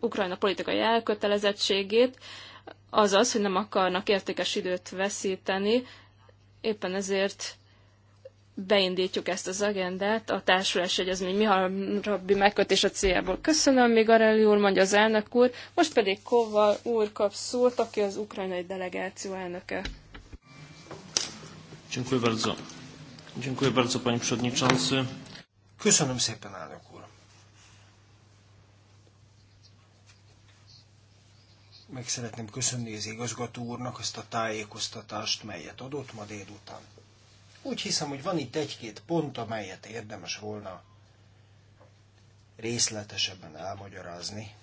Ukrajna politikai elkötelezettségét, azaz, hogy nem akarnak értékes időt veszíteni, éppen ezért beindítjuk ezt az agendát, a társulás egyezmény megkötés a céljából. Köszönöm, még Arelli úr, mondja az elnök úr, most pedig Kovval úr kap szót, aki az ukrajnai delegáció elnöke. Dziękuję bardzo. Dziękuję bardzo, panie przewodniczący. Köszönöm szépen, elnök úr. Meg szeretném köszönni az igazgató úrnak azt a tájékoztatást, melyet adott ma délután. Úgy hiszem, hogy van itt egy-két pont, amelyet érdemes volna részletesebben elmagyarázni.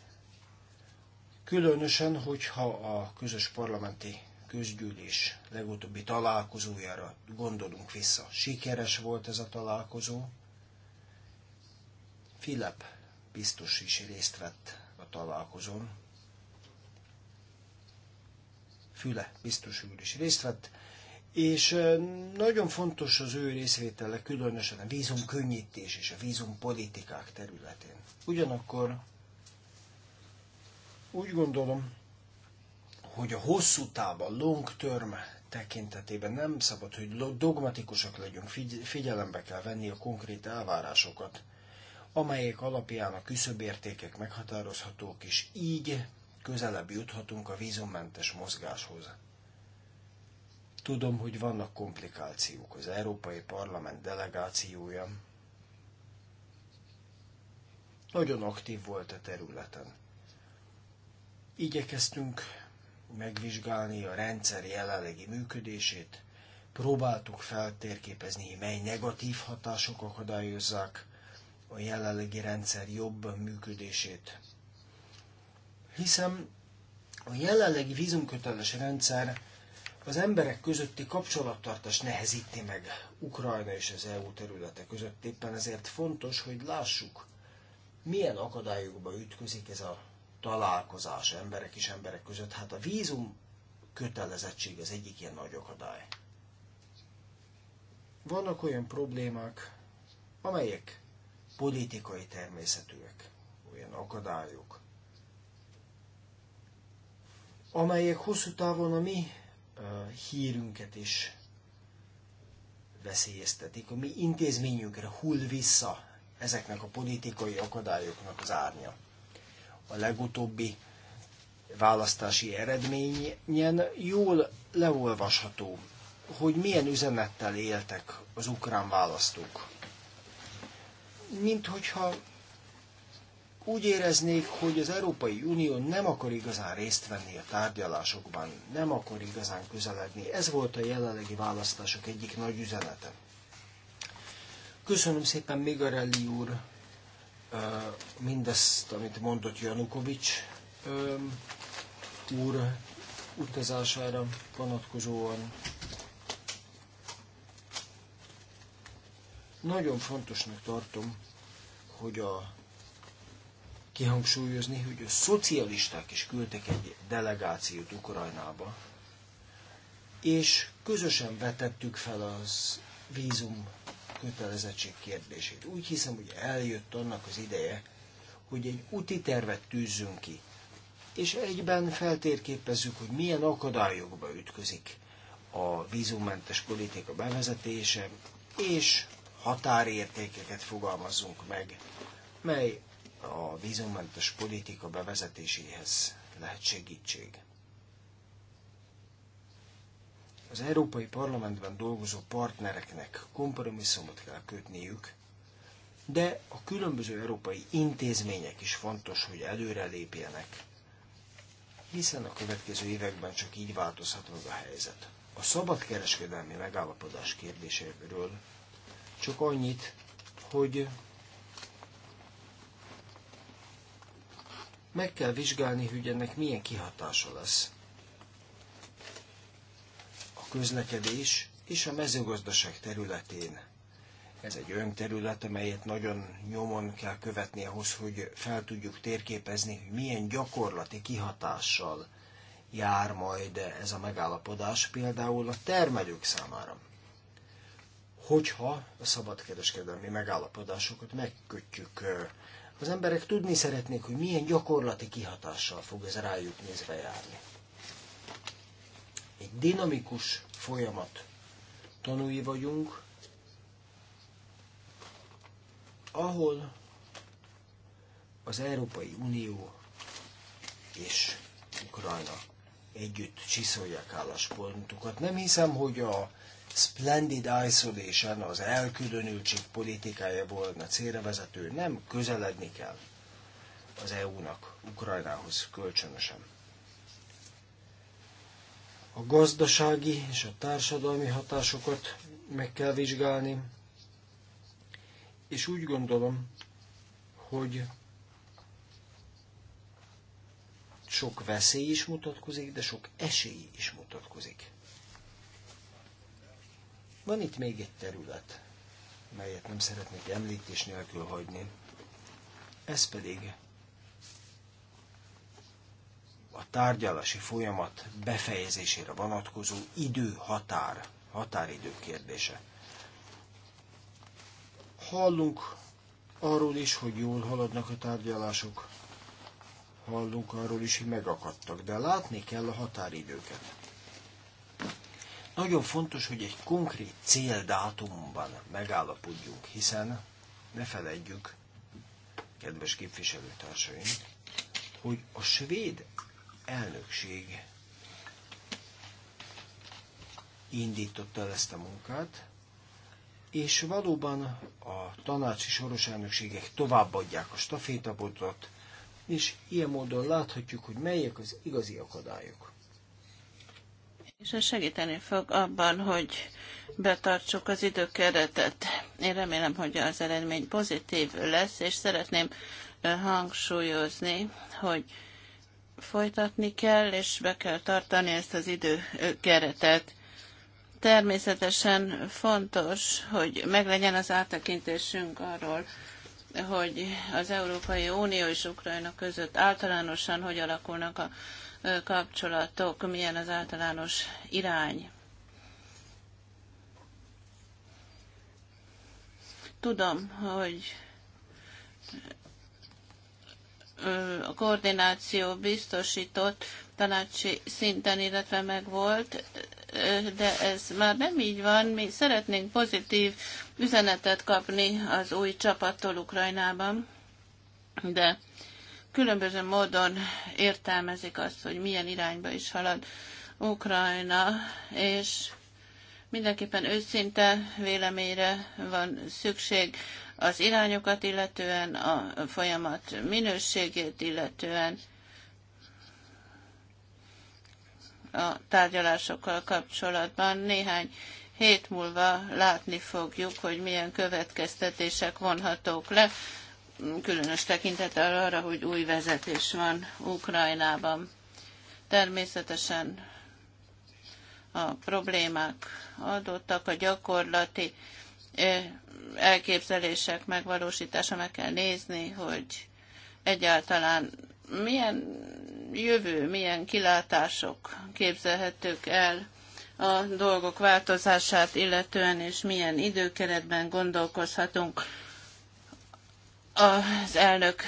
Különösen, hogyha a közös parlamenti közgyűlés legutóbbi találkozójára gondolunk vissza. Sikeres volt ez a találkozó. Filip biztos is részt vett a találkozón. Füle biztos úr is részt vett, és nagyon fontos az ő részvétele, különösen a vízum könnyítés és a vízum politikák területén. Ugyanakkor úgy gondolom, hogy a hosszú távban, long term tekintetében nem szabad, hogy dogmatikusak legyünk, figyelembe kell venni a konkrét elvárásokat, amelyek alapján a küszöbértékek meghatározhatók, és így közelebb juthatunk a vízummentes mozgáshoz. Tudom, hogy vannak komplikációk. Az Európai Parlament delegációja nagyon aktív volt a területen. Igyekeztünk megvizsgálni a rendszer jelenlegi működését, próbáltuk feltérképezni, mely negatív hatások akadályozzák a jelenlegi rendszer jobb működését. Hiszen a jelenlegi vízumköteles rendszer az emberek közötti kapcsolattartás nehezíti meg Ukrajna és az EU területe között. Éppen ezért fontos, hogy lássuk, milyen akadályokba ütközik ez a találkozás emberek és emberek között. Hát a vízum kötelezettség az egyik ilyen nagy akadály. Vannak olyan problémák, amelyek politikai természetűek, olyan akadályok, amelyek hosszú távon a mi uh, hírünket is veszélyeztetik, a mi intézményünkre hull vissza ezeknek a politikai akadályoknak az árnya a legutóbbi választási eredményen jól leolvasható, hogy milyen üzenettel éltek az ukrán választók. Mint hogyha úgy éreznék, hogy az Európai Unió nem akar igazán részt venni a tárgyalásokban, nem akar igazán közeledni. Ez volt a jelenlegi választások egyik nagy üzenete. Köszönöm szépen Migarelli úr mindezt, amit mondott Janukovics úr utazására vonatkozóan. Nagyon fontosnak tartom, hogy a kihangsúlyozni, hogy a szocialisták is küldtek egy delegációt Ukrajnába, és közösen vetettük fel az vízum kötelezettség kérdését. Úgy hiszem, hogy eljött annak az ideje, hogy egy úti tervet tűzzünk ki, és egyben feltérképezzük, hogy milyen akadályokba ütközik a vízummentes politika bevezetése, és határértékeket fogalmazzunk meg, mely a vízummentes politika bevezetéséhez lehet segítség. az Európai Parlamentben dolgozó partnereknek kompromisszumot kell kötniük, de a különböző európai intézmények is fontos, hogy előrelépjenek, hiszen a következő években csak így változhat meg a helyzet. A szabadkereskedelmi megállapodás kérdéséről csak annyit, hogy meg kell vizsgálni, hogy ennek milyen kihatása lesz közlekedés és a mezőgazdaság területén. Ez egy olyan terület, amelyet nagyon nyomon kell követni ahhoz, hogy fel tudjuk térképezni, hogy milyen gyakorlati kihatással jár majd ez a megállapodás például a termelők számára. Hogyha a szabadkereskedelmi megállapodásokat megkötjük, az emberek tudni szeretnék, hogy milyen gyakorlati kihatással fog ez rájuk nézve járni egy dinamikus folyamat tanúi vagyunk, ahol az Európai Unió és Ukrajna együtt csiszolják álláspontukat. Nem hiszem, hogy a Splendid Isolation, az elkülönültség politikája volna célra vezető, nem közeledni kell az EU-nak Ukrajnához kölcsönösen a gazdasági és a társadalmi hatásokat meg kell vizsgálni, és úgy gondolom, hogy sok veszély is mutatkozik, de sok esély is mutatkozik. Van itt még egy terület, melyet nem szeretnék említés nélkül hagyni. Ez pedig a tárgyalási folyamat befejezésére vonatkozó időhatár, határidő kérdése. Hallunk arról is, hogy jól haladnak a tárgyalások, hallunk arról is, hogy megakadtak, de látni kell a határidőket. Nagyon fontos, hogy egy konkrét céldátumban megállapodjunk, hiszen ne feledjük, kedves képviselőtársaim, hogy a svéd elnökség indította el ezt a munkát, és valóban a tanácsi soros elnökségek továbbadják a stafétabotot, és ilyen módon láthatjuk, hogy melyek az igazi akadályok. És ez segíteni fog abban, hogy betartsuk az időkeretet. Én remélem, hogy az eredmény pozitív lesz, és szeretném hangsúlyozni, hogy folytatni kell, és be kell tartani ezt az időkeretet. Természetesen fontos, hogy meglegyen az áttekintésünk arról, hogy az Európai Unió és Ukrajna között általánosan hogy alakulnak a kapcsolatok, milyen az általános irány. Tudom, hogy a koordináció biztosított tanácsi szinten, illetve megvolt, de ez már nem így van. Mi szeretnénk pozitív üzenetet kapni az új csapattól Ukrajnában, de különböző módon értelmezik azt, hogy milyen irányba is halad Ukrajna, és mindenképpen őszinte véleményre van szükség az irányokat illetően, a folyamat minőségét illetően, a tárgyalásokkal kapcsolatban. Néhány hét múlva látni fogjuk, hogy milyen következtetések vonhatók le, különös tekintettel arra, hogy új vezetés van Ukrajnában. Természetesen a problémák adottak, a gyakorlati eh, elképzelések megvalósítása, meg kell nézni, hogy egyáltalán milyen jövő, milyen kilátások képzelhetők el a dolgok változását illetően, és milyen időkeretben gondolkozhatunk az elnök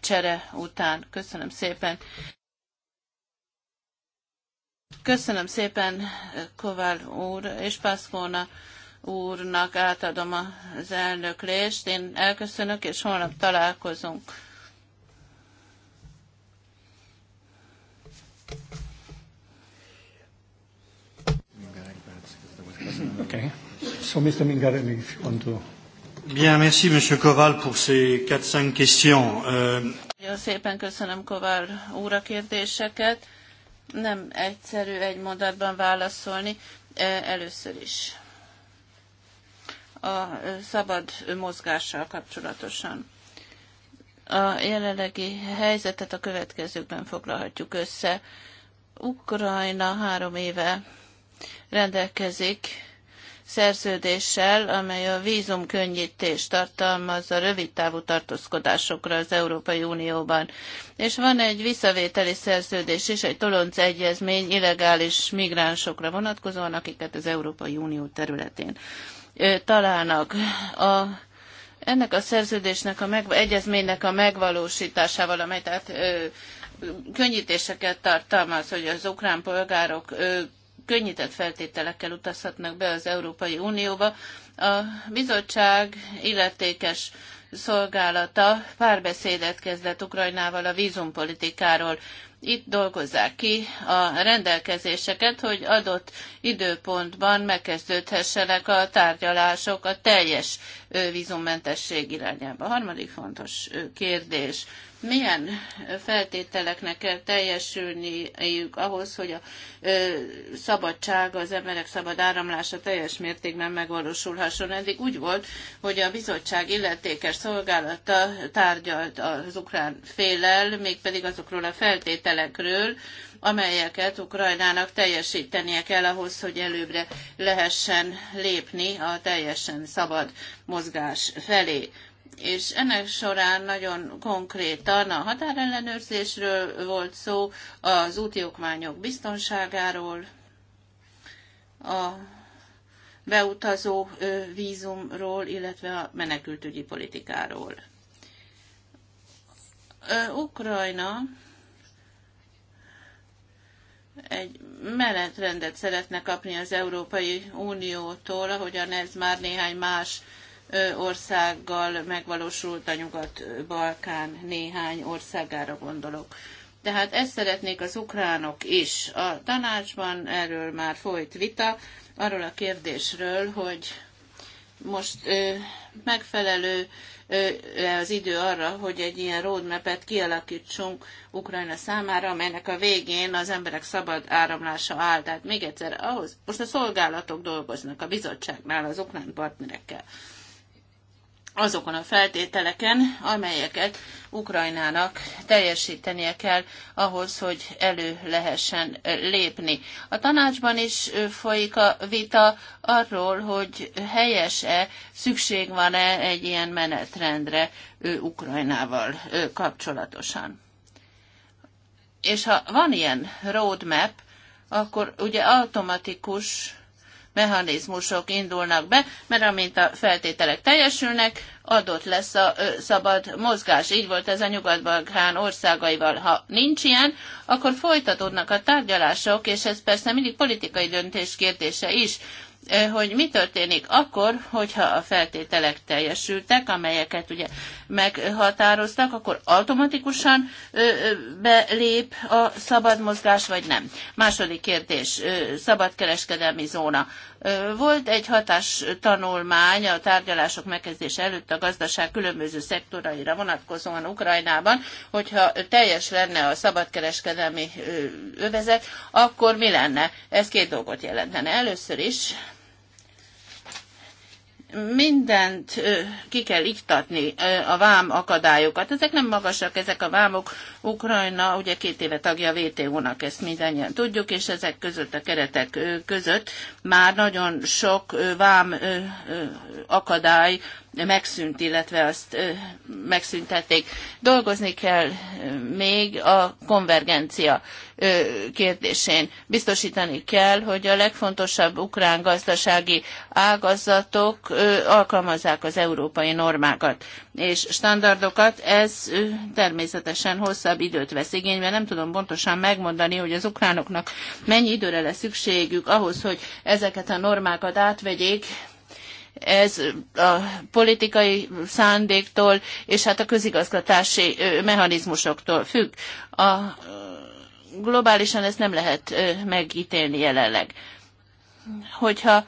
csere után. Köszönöm szépen. Köszönöm szépen Kovál úr és Pászkóna úrnak átadom az elnöklést. Én elköszönök, és holnap találkozunk. Okay. Mingarelli, if Bien, merci, Monsieur Koval, pour ces 4-5 questions. Jó euh, szépen köszönöm Koval úr a kérdéseket. Nem egyszerű egy mondatban válaszolni. Először is a szabad mozgással kapcsolatosan. A jelenlegi helyzetet a következőkben foglalhatjuk össze. Ukrajna három éve rendelkezik szerződéssel, amely a vízumkönnyítést tartalmazza rövidtávú tartózkodásokra az Európai Unióban. És van egy visszavételi szerződés is, egy tolonc egyezmény illegális migránsokra vonatkozóan, akiket az Európai Unió területén találnak. A, ennek a szerződésnek, a meg, egyezménynek a megvalósításával, amely tehát ö, könnyítéseket tartalmaz, hogy az ukrán polgárok ö, könnyített feltételekkel utazhatnak be az Európai Unióba. A bizottság illetékes szolgálata párbeszédet kezdett Ukrajnával a vízumpolitikáról itt dolgozzák ki a rendelkezéseket, hogy adott időpontban megkezdődhessenek a tárgyalások a teljes vízummentesség irányába. A harmadik fontos kérdés milyen feltételeknek kell teljesülniük ahhoz, hogy a szabadság, az emberek szabad áramlása teljes mértékben megvalósulhasson. Eddig úgy volt, hogy a bizottság illetékes szolgálata tárgyalt az ukrán félel, mégpedig azokról a feltételekről, amelyeket Ukrajnának teljesítenie kell ahhoz, hogy előbbre lehessen lépni a teljesen szabad mozgás felé és ennek során nagyon konkrétan a határellenőrzésről volt szó, az úti okmányok biztonságáról, a beutazó vízumról, illetve a menekültügyi politikáról. Ukrajna egy menetrendet szeretne kapni az Európai Uniótól, ahogyan ez már néhány más országgal megvalósult a Nyugat-Balkán néhány országára gondolok. Tehát ezt szeretnék az ukránok is. A tanácsban erről már folyt vita, arról a kérdésről, hogy most ö, megfelelő ö, az idő arra, hogy egy ilyen roadmap kialakítsunk Ukrajna számára, amelynek a végén az emberek szabad áramlása áll. Tehát még egyszer, ahhoz, most a szolgálatok dolgoznak a bizottságnál az ukrán partnerekkel azokon a feltételeken, amelyeket Ukrajnának teljesítenie kell ahhoz, hogy elő lehessen lépni. A tanácsban is folyik a vita arról, hogy helyes-e, szükség van-e egy ilyen menetrendre ő Ukrajnával kapcsolatosan. És ha van ilyen roadmap, akkor ugye automatikus mechanizmusok indulnak be, mert amint a feltételek teljesülnek, adott lesz a szabad mozgás. Így volt ez a Nyugat-Balkán országaival. Ha nincs ilyen, akkor folytatódnak a tárgyalások, és ez persze mindig politikai döntés kérdése is, Eh, hogy mi történik akkor, hogyha a feltételek teljesültek, amelyeket ugye meghatároztak, akkor automatikusan belép a szabad mozgás, vagy nem? Második kérdés, kereskedelmi zóna. Volt egy hatás tanulmány a tárgyalások megkezdése előtt a gazdaság különböző szektoraira vonatkozóan Ukrajnában, hogyha teljes lenne a szabadkereskedelmi övezet, akkor mi lenne? Ez két dolgot jelentene. Először is mindent ki kell iktatni, a vám akadályokat. Ezek nem magasak, ezek a vámok. Ukrajna ugye két éve tagja a WTO-nak, ezt mindannyian tudjuk, és ezek között a keretek között már nagyon sok vám akadály megszűnt, illetve azt megszüntették. Dolgozni kell még a konvergencia kérdésén. Biztosítani kell, hogy a legfontosabb ukrán gazdasági ágazatok alkalmazzák az európai normákat és standardokat. Ez természetesen hosszabb időt vesz igénybe. Nem tudom pontosan megmondani, hogy az ukránoknak mennyi időre lesz szükségük ahhoz, hogy ezeket a normákat átvegyék, ez a politikai szándéktól és hát a közigazgatási mechanizmusoktól függ. A, globálisan ezt nem lehet megítélni jelenleg. Hogyha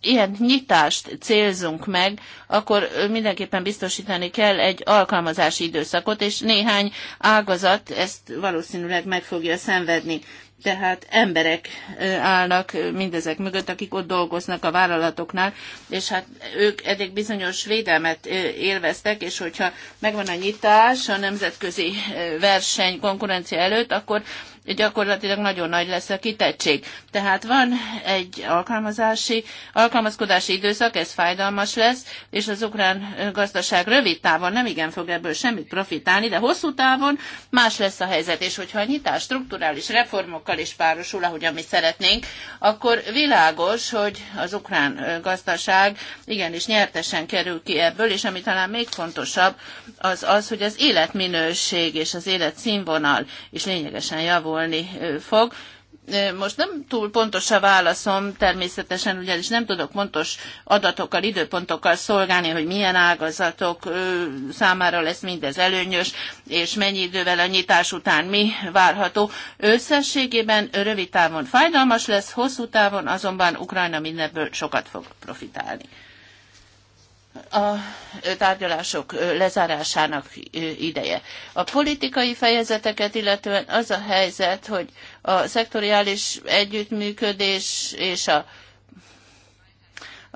ilyen nyitást célzunk meg, akkor mindenképpen biztosítani kell egy alkalmazási időszakot, és néhány ágazat ezt valószínűleg meg fogja szenvedni tehát emberek állnak mindezek mögött, akik ott dolgoznak a vállalatoknál, és hát ők eddig bizonyos védelmet élveztek, és hogyha megvan a nyitás a nemzetközi verseny konkurencia előtt, akkor gyakorlatilag nagyon nagy lesz a kitettség. Tehát van egy alkalmazási, alkalmazkodási időszak, ez fájdalmas lesz, és az ukrán gazdaság rövid távon nem igen fog ebből semmit profitálni, de hosszú távon más lesz a helyzet, és hogyha a nyitás strukturális reformokkal is párosul, ahogy amit szeretnénk, akkor világos, hogy az ukrán gazdaság igenis nyertesen kerül ki ebből, és ami talán még fontosabb, az az, hogy az életminőség és az életszínvonal is lényegesen javul szólni fog. Most nem túl pontos a válaszom, természetesen ugyanis nem tudok pontos adatokkal, időpontokkal szolgálni, hogy milyen ágazatok számára lesz mindez előnyös, és mennyi idővel a nyitás után mi várható. Összességében rövid távon fájdalmas lesz, hosszú távon azonban Ukrajna mindenből sokat fog profitálni a tárgyalások lezárásának ideje. A politikai fejezeteket illetően az a helyzet, hogy a szektoriális együttműködés és a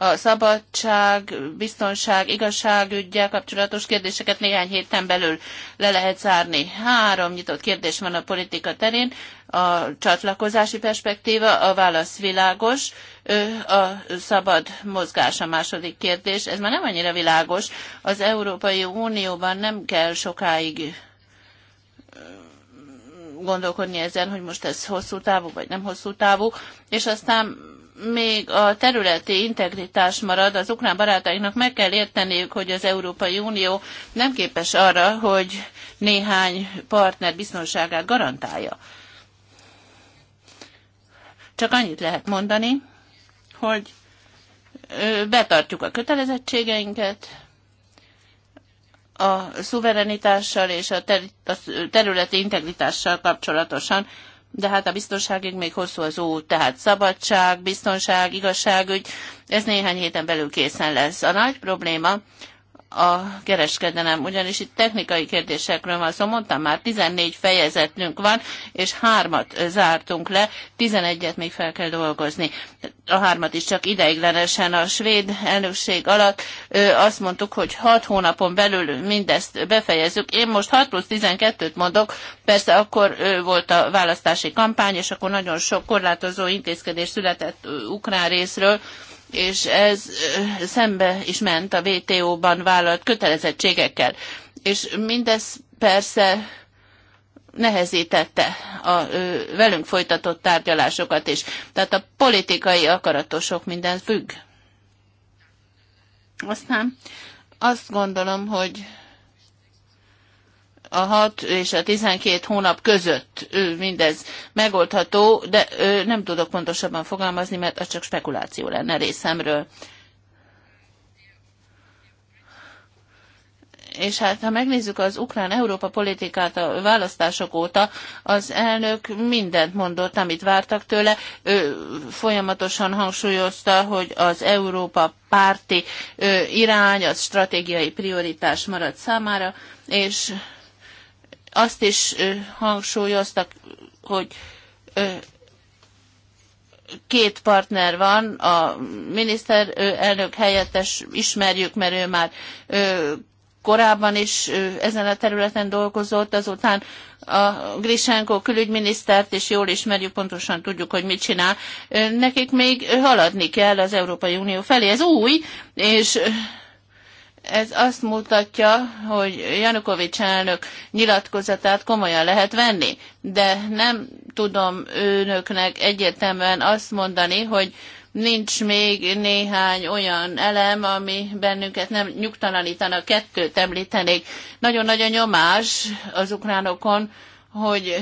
a szabadság, biztonság, igazságügyel kapcsolatos kérdéseket néhány héten belül le lehet zárni. Három nyitott kérdés van a politika terén. A csatlakozási perspektíva, a válasz világos, a szabad mozgás a második kérdés. Ez már nem annyira világos. Az Európai Unióban nem kell sokáig gondolkodni ezen, hogy most ez hosszú távú vagy nem hosszú távú, és aztán még a területi integritás marad, az ukrán barátainknak meg kell érteniük, hogy az Európai Unió nem képes arra, hogy néhány partner biztonságát garantálja. Csak annyit lehet mondani, hogy betartjuk a kötelezettségeinket, a szuverenitással és a, ter- a területi integritással kapcsolatosan, de hát a biztonságig még hosszú az út, tehát szabadság, biztonság, igazságügy, ez néhány héten belül készen lesz. A nagy probléma a kereskedelem, ugyanis itt technikai kérdésekről van szó, szóval mondtam már, 14 fejezetünk van, és hármat zártunk le, 11-et még fel kell dolgozni. A hármat is csak ideiglenesen a svéd elnökség alatt azt mondtuk, hogy 6 hónapon belül mindezt befejezzük. Én most 6 plusz 12-t mondok, persze akkor volt a választási kampány, és akkor nagyon sok korlátozó intézkedés született ukrán részről, és ez szembe is ment a WTO-ban vállalt kötelezettségekkel. És mindez persze nehezítette a velünk folytatott tárgyalásokat is. Tehát a politikai akaratosok minden függ. Aztán azt gondolom, hogy a 6 és a 12 hónap között mindez megoldható, de nem tudok pontosabban fogalmazni, mert az csak spekuláció lenne részemről. és hát ha megnézzük az ukrán-európa politikát a választások óta, az elnök mindent mondott, amit vártak tőle. Ő folyamatosan hangsúlyozta, hogy az Európa párti irány, az stratégiai prioritás maradt számára, és azt is hangsúlyoztak, hogy két partner van, a miniszterelnök helyettes ismerjük, mert ő már korábban is ezen a területen dolgozott, azután a Grisenko külügyminisztert is jól ismerjük, pontosan tudjuk, hogy mit csinál. Nekik még haladni kell az Európai Unió felé. Ez új, és ez azt mutatja, hogy Janukovics elnök nyilatkozatát komolyan lehet venni, de nem tudom önöknek egyértelműen azt mondani, hogy nincs még néhány olyan elem, ami bennünket nem nyugtalanítanak. Kettőt említenék. Nagyon nagy a nyomás az ukránokon, hogy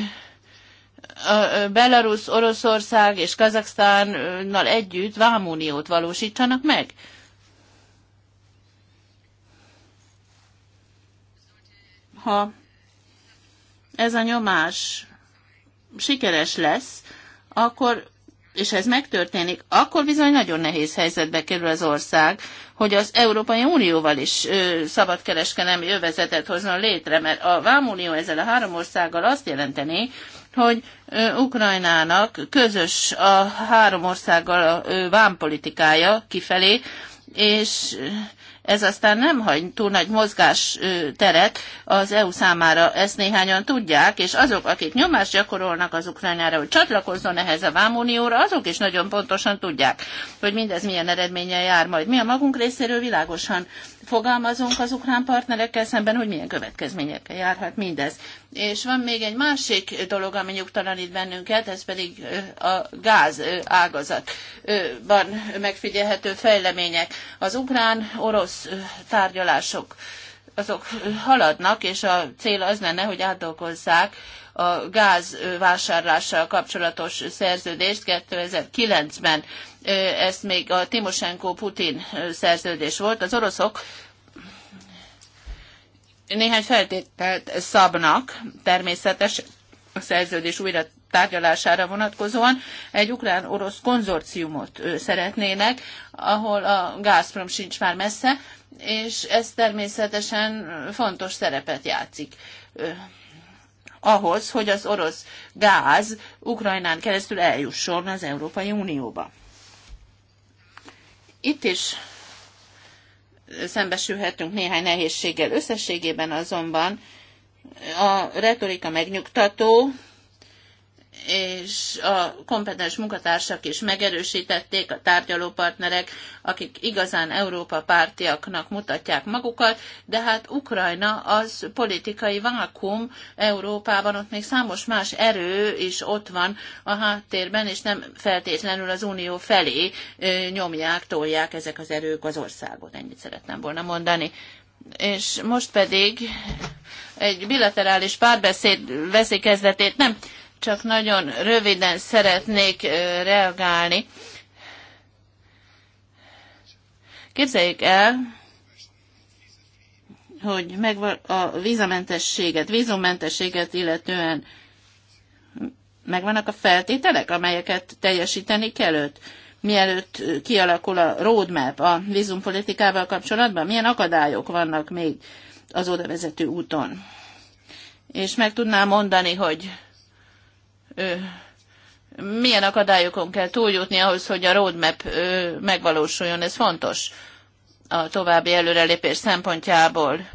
Belarus, Oroszország és Kazaksztánnal együtt vámuniót valósítsanak meg ha ez a nyomás sikeres lesz, akkor és ez megtörténik, akkor bizony nagyon nehéz helyzetbe kerül az ország, hogy az Európai Unióval is szabadkereskedelmi övezetet hozzon létre, mert a Vámunió ezzel a három országgal azt jelenteni, hogy ö, Ukrajnának közös a három országgal a ö, vámpolitikája kifelé, és ez aztán nem hagy túl nagy mozgás teret az EU számára, ezt néhányan tudják, és azok, akik nyomást gyakorolnak az Ukrajnára, hogy csatlakozzon ehhez a Vámunióra, azok is nagyon pontosan tudják, hogy mindez milyen eredménye jár majd. Mi a magunk részéről világosan fogalmazunk az ukrán partnerekkel szemben, hogy milyen következményekkel járhat mindez. És van még egy másik dolog, ami nyugtalanít bennünket, ez pedig a gáz ágazatban megfigyelhető fejlemények. Az ukrán-orosz tárgyalások azok haladnak, és a cél az lenne, hogy átdolgozzák a gáz vásárlással kapcsolatos szerződést 2009-ben. Ez még a timoshenko putin szerződés volt. Az oroszok néhány feltételt szabnak természetes a szerződés újra tárgyalására vonatkozóan egy ukrán-orosz konzorciumot szeretnének, ahol a Gazprom sincs már messze, és ez természetesen fontos szerepet játszik ahhoz, hogy az orosz gáz Ukrajnán keresztül eljusson az Európai Unióba. Itt is szembesülhetünk néhány nehézséggel. Összességében azonban a retorika megnyugtató, és a kompetens munkatársak is megerősítették, a tárgyalópartnerek, akik igazán Európa pártiaknak mutatják magukat, de hát Ukrajna az politikai vákum Európában, ott még számos más erő is ott van a háttérben, és nem feltétlenül az Unió felé nyomják, tolják ezek az erők az országot. Ennyit szerettem volna mondani és most pedig egy bilaterális párbeszéd veszi kezdetét. Nem, csak nagyon röviden szeretnék reagálni. Képzeljük el, hogy megvan a vízamentességet, vízummentességet illetően megvannak a feltételek, amelyeket teljesíteni kell őt, mielőtt kialakul a roadmap a vízumpolitikával kapcsolatban, milyen akadályok vannak még az odavezető úton. És meg tudnám mondani, hogy milyen akadályokon kell túljutni ahhoz, hogy a roadmap megvalósuljon. Ez fontos a további előrelépés szempontjából.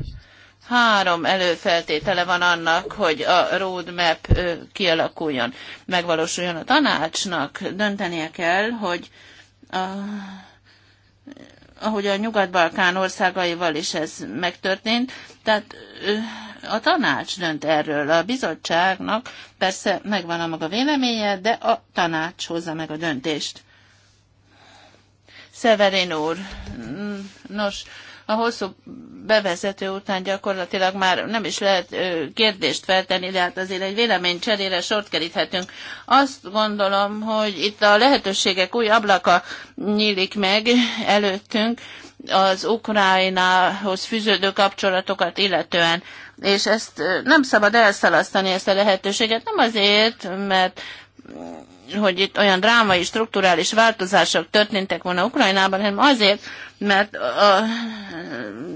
Három előfeltétele van annak, hogy a roadmap kialakuljon, megvalósuljon a tanácsnak. Döntenie kell, hogy a, ahogy a Nyugat-Balkán országaival is ez megtörtént, tehát a tanács dönt erről. A bizottságnak persze megvan a maga véleménye, de a tanács hozza meg a döntést. Szeverén úr, nos, a hosszú bevezető után gyakorlatilag már nem is lehet kérdést feltenni, de hát azért egy cserére sort keríthetünk. Azt gondolom, hogy itt a lehetőségek új ablaka nyílik meg előttünk, az Ukrajnához fűződő kapcsolatokat illetően. És ezt nem szabad elszalasztani, ezt a lehetőséget, nem azért, mert mm, hogy itt olyan drámai, strukturális változások történtek volna Ukrajnában, hanem azért, mert a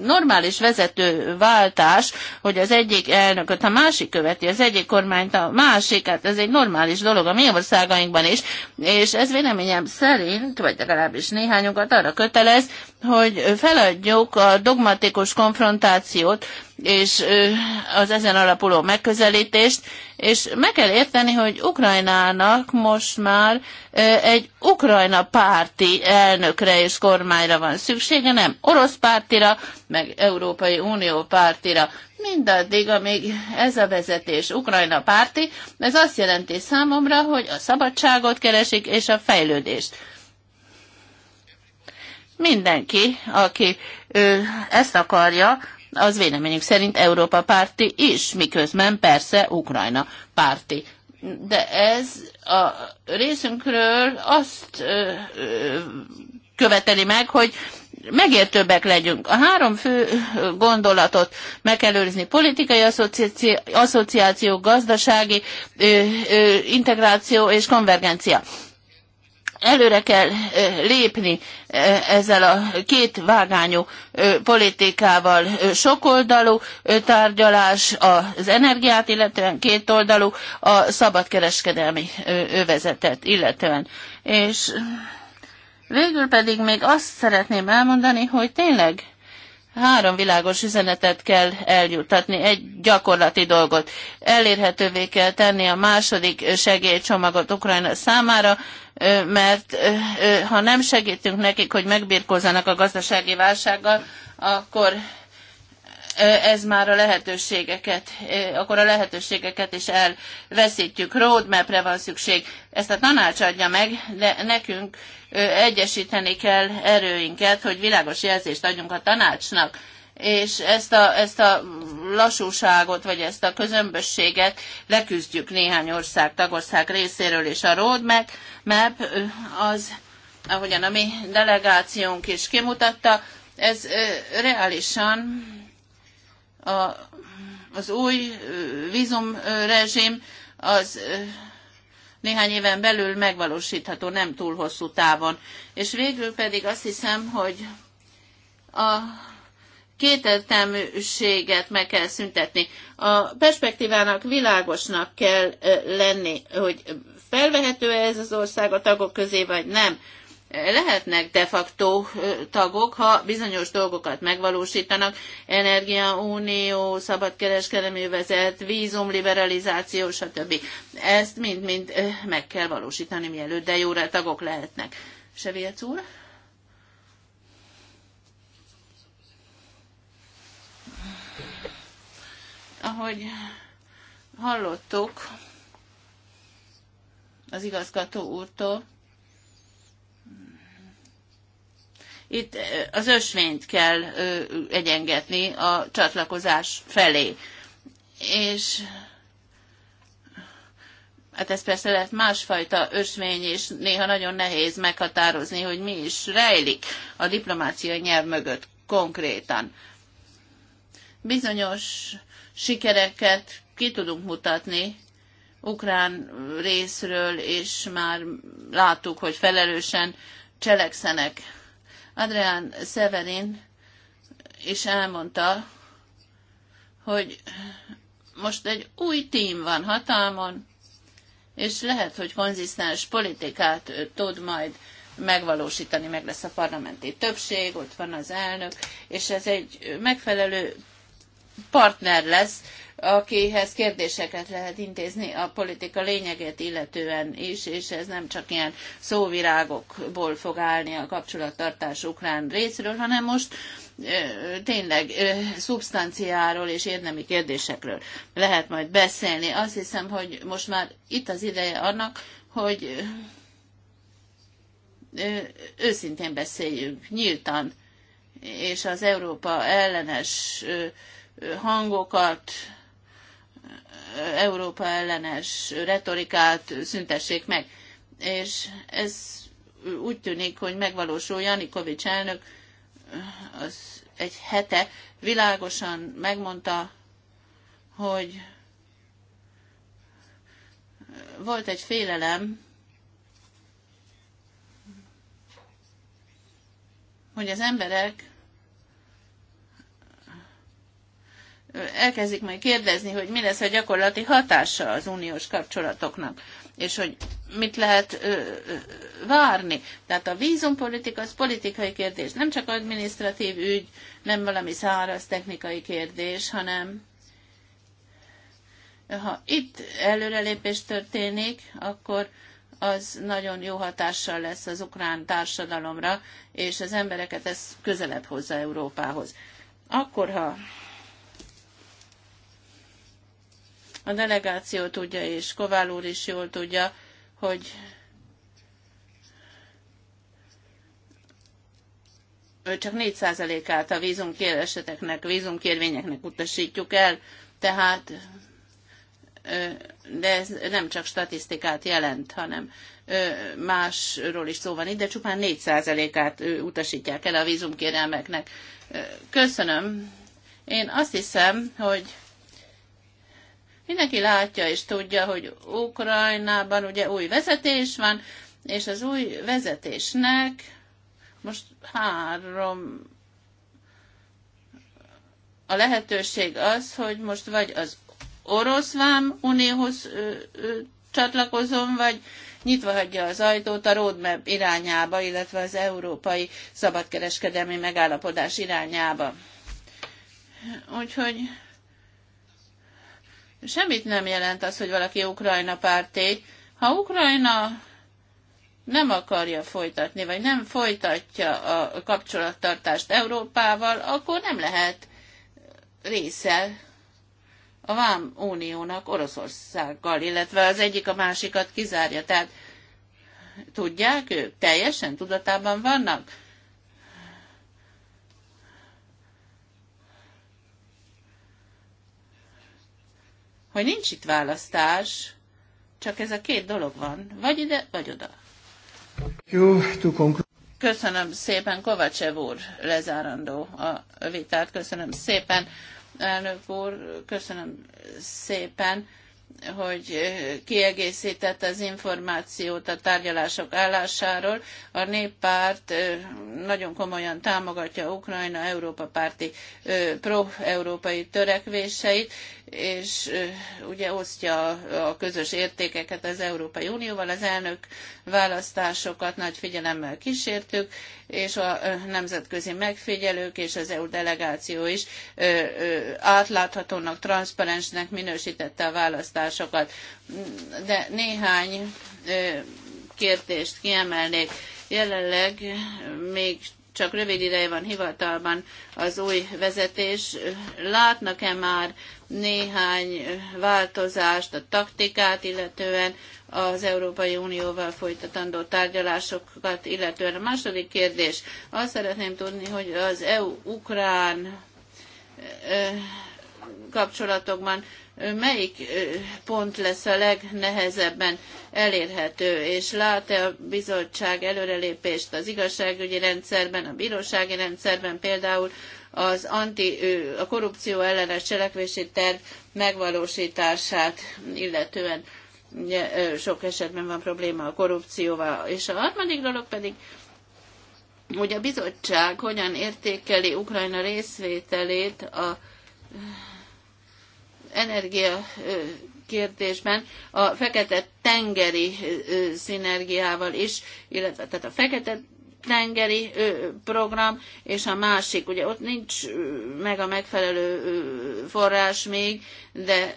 normális vezető váltás, hogy az egyik elnököt a másik követi, az egyik kormányt a másik, hát ez egy normális dolog a mi országainkban is, és ez véleményem szerint, vagy legalábbis néhányokat arra kötelez, hogy feladjuk a dogmatikus konfrontációt, és az ezen alapuló megközelítést, és meg kell érteni, hogy Ukrajnának most már egy Ukrajna párti elnökre és kormányra van szükség, szüksége, nem orosz pártira, meg Európai Unió pártira. Mindaddig, amíg ez a vezetés Ukrajna párti, ez azt jelenti számomra, hogy a szabadságot keresik és a fejlődést. Mindenki, aki ő, ezt akarja, az véleményük szerint Európa párti is, miközben persze Ukrajna párti. De ez a részünkről azt ö, ö, követeli meg, hogy megértőbbek legyünk. A három fő gondolatot meg kell őrizni. Politikai asszociáció, asszociáció gazdasági ö, ö, integráció és konvergencia előre kell lépni ezzel a két vágányú politikával. Sokoldalú tárgyalás az energiát, illetően kétoldalú a szabadkereskedelmi övezetet, illetően. És Végül pedig még azt szeretném elmondani, hogy tényleg három világos üzenetet kell eljuttatni, egy gyakorlati dolgot. Elérhetővé kell tenni a második segélycsomagot Ukrajna számára, mert ha nem segítünk nekik, hogy megbírkozzanak a gazdasági válsággal, akkor ez már a lehetőségeket, akkor a lehetőségeket is elveszítjük. Roadmapre van szükség. Ezt a tanács adja meg, de nekünk egyesíteni kell erőinket, hogy világos jelzést adjunk a tanácsnak és ezt a, ezt a lassúságot, vagy ezt a közömbösséget leküzdjük néhány ország, tagország részéről, és a roadmap map az, ahogyan a mi delegációnk is kimutatta, ez reálisan a, az új vízumrezsim az néhány éven belül megvalósítható, nem túl hosszú távon. És végül pedig azt hiszem, hogy a kétértelműséget meg kell szüntetni. A perspektívának világosnak kell lenni, hogy felvehető -e ez az ország a tagok közé, vagy nem lehetnek de facto tagok, ha bizonyos dolgokat megvalósítanak, energiaunió, szabadkereskedelmi vezet, vízumliberalizáció, stb. Ezt mind-mind meg kell valósítani, mielőtt de jóra tagok lehetnek. Seviec úr? Ahogy hallottuk az igazgató úrtól, Itt az ösvényt kell egyengetni a csatlakozás felé. És Hát ez persze lehet másfajta ösvény, és néha nagyon nehéz meghatározni, hogy mi is rejlik a diplomáciai nyelv mögött konkrétan. Bizonyos sikereket ki tudunk mutatni ukrán részről, és már láttuk, hogy felelősen cselekszenek Adrián Severin is elmondta, hogy most egy új tím van hatalmon, és lehet, hogy konzisztens politikát tud majd megvalósítani, meg lesz a parlamenti többség, ott van az elnök, és ez egy megfelelő partner lesz akihez kérdéseket lehet intézni a politika lényegét illetően is, és ez nem csak ilyen szóvirágokból fog állni a kapcsolattartás ukrán részről, hanem most tényleg szubstanciáról és érdemi kérdésekről lehet majd beszélni. Azt hiszem, hogy most már itt az ideje annak, hogy őszintén beszéljünk, nyíltan, és az Európa ellenes hangokat Európa ellenes retorikát szüntessék meg. És ez úgy tűnik, hogy megvalósul Janikovics elnök az egy hete világosan megmondta, hogy volt egy félelem, hogy az emberek elkezdik majd kérdezni, hogy mi lesz a gyakorlati hatása az uniós kapcsolatoknak, és hogy mit lehet ö, ö, várni. Tehát a vízumpolitika az politikai kérdés, nem csak administratív ügy, nem valami száraz technikai kérdés, hanem ha itt előrelépés történik, akkor az nagyon jó hatással lesz az ukrán társadalomra, és az embereket ez közelebb hozza Európához. Akkor, ha A delegáció tudja, és Kovál úr is jól tudja, hogy ő csak 4%-át a vízumkéreseteknek, vízumkérvényeknek utasítjuk el, tehát de ez nem csak statisztikát jelent, hanem másról is szó van itt, de csupán 4%-át utasítják el a vízumkérelmeknek. Köszönöm. Én azt hiszem, hogy Mindenki látja és tudja, hogy Ukrajnában ugye új vezetés van, és az új vezetésnek most három a lehetőség az, hogy most vagy az oroszvám unióhoz csatlakozom, vagy nyitva hagyja az ajtót a roadmap irányába, illetve az európai szabadkereskedelmi megállapodás irányába. Úgyhogy semmit nem jelent az, hogy valaki Ukrajna pártégy. Ha Ukrajna nem akarja folytatni, vagy nem folytatja a kapcsolattartást Európával, akkor nem lehet része a Vám Uniónak Oroszországgal, illetve az egyik a másikat kizárja. Tehát tudják ők, teljesen tudatában vannak hogy nincs itt választás, csak ez a két dolog van, vagy ide, vagy oda. Jó, Köszönöm szépen, Kovacsev úr, lezárandó a vitát. Köszönöm szépen, elnök úr, köszönöm szépen hogy eh, kiegészített az információt a tárgyalások állásáról. A néppárt eh, nagyon komolyan támogatja Ukrajna Európa párti eh, pro-európai törekvéseit, és ugye osztja a közös értékeket az Európai Unióval, az elnök választásokat nagy figyelemmel kísértük, és a nemzetközi megfigyelők és az EU delegáció is átláthatónak, transzparensnek minősítette a választ választásokat, de néhány kérdést kiemelnék. Jelenleg még csak rövid ideje van hivatalban az új vezetés. Látnak-e már néhány változást a taktikát, illetően az Európai Unióval folytatandó tárgyalásokat, illetően a második kérdés. Azt szeretném tudni, hogy az EU-Ukrán kapcsolatokban melyik pont lesz a legnehezebben elérhető, és lát-e a bizottság előrelépést az igazságügyi rendszerben, a bírósági rendszerben például az anti, a korrupció ellenes cselekvési terv megvalósítását illetően ugye, sok esetben van probléma a korrupcióval. És a harmadik dolog pedig, hogy a bizottság hogyan értékeli Ukrajna részvételét a energia kérdésben a fekete tengeri szinergiával is, illetve tehát a fekete tengeri program, és a másik, ugye ott nincs meg a megfelelő forrás még, de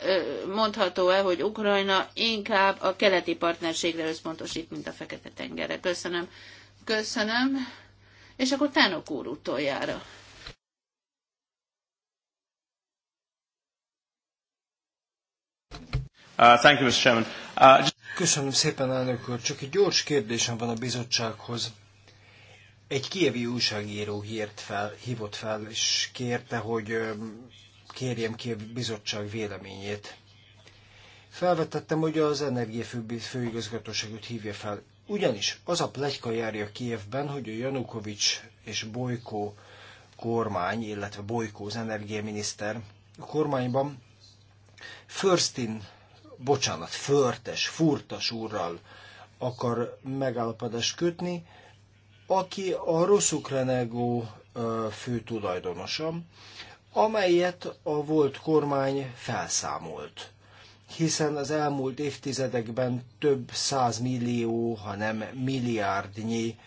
mondható-e, hogy Ukrajna inkább a keleti partnerségre összpontosít, mint a Fekete-tengerre. Köszönöm. Köszönöm. És akkor Tánok úr utoljára. Uh, thank you, Mr. Chairman. Uh, just... Köszönöm szépen, elnök úr. Csak egy gyors kérdésem van a bizottsághoz. Egy kievi újságíró hírt fel, hívott fel, és kérte, hogy um, kérjem ki a bizottság véleményét. Felvetettem, hogy az főigazgatóságot hívja fel. Ugyanis az a plegyka járja Kievben, hogy a Janukovics és Bojko kormány, illetve Bojko az energiaminiszter a kormányban Förstin bocsánat, Förtes, Furtas úrral akar megállapodást kötni, aki a fő tulajdonosa, amelyet a volt kormány felszámolt hiszen az elmúlt évtizedekben több száz millió, ha nem milliárdnyi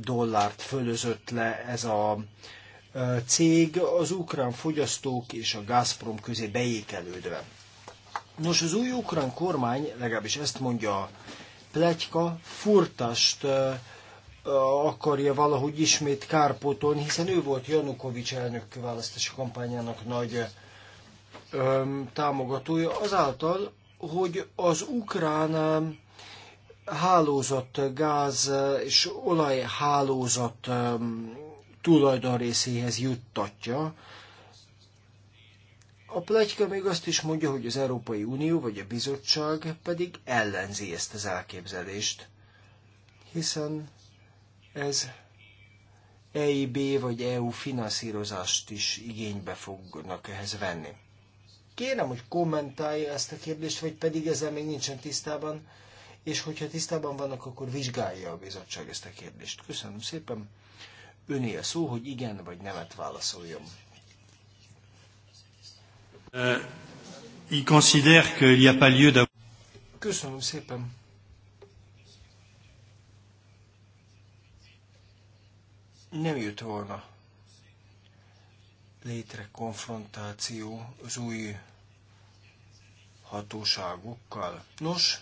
dollárt fölözött le ez a cég az ukrán fogyasztók és a Gazprom közé beékelődve. Nos, az új ukrán kormány, legalábbis ezt mondja a pletyka, furtást akarja valahogy ismét kárpótolni, hiszen ő volt Janukovics elnök választási kampányának nagy öm, támogatója, azáltal, hogy az ukrán hálózat, gáz és olajhálózat tulajdonrészéhez juttatja, a plegyka még azt is mondja, hogy az Európai Unió vagy a bizottság pedig ellenzi ezt az elképzelést, hiszen ez EIB vagy EU finanszírozást is igénybe fognak ehhez venni. Kérem, hogy kommentálja ezt a kérdést, vagy pedig ezzel még nincsen tisztában, és hogyha tisztában vannak, akkor vizsgálja a bizottság ezt a kérdést. Köszönöm szépen. Öné a szó, hogy igen vagy nemet válaszoljon. Euh, il considère qu'il n'y a pas lieu d'avoir... Köszönöm szépen. Nem jött volna létre konfrontáció az új hatóságokkal. Nos,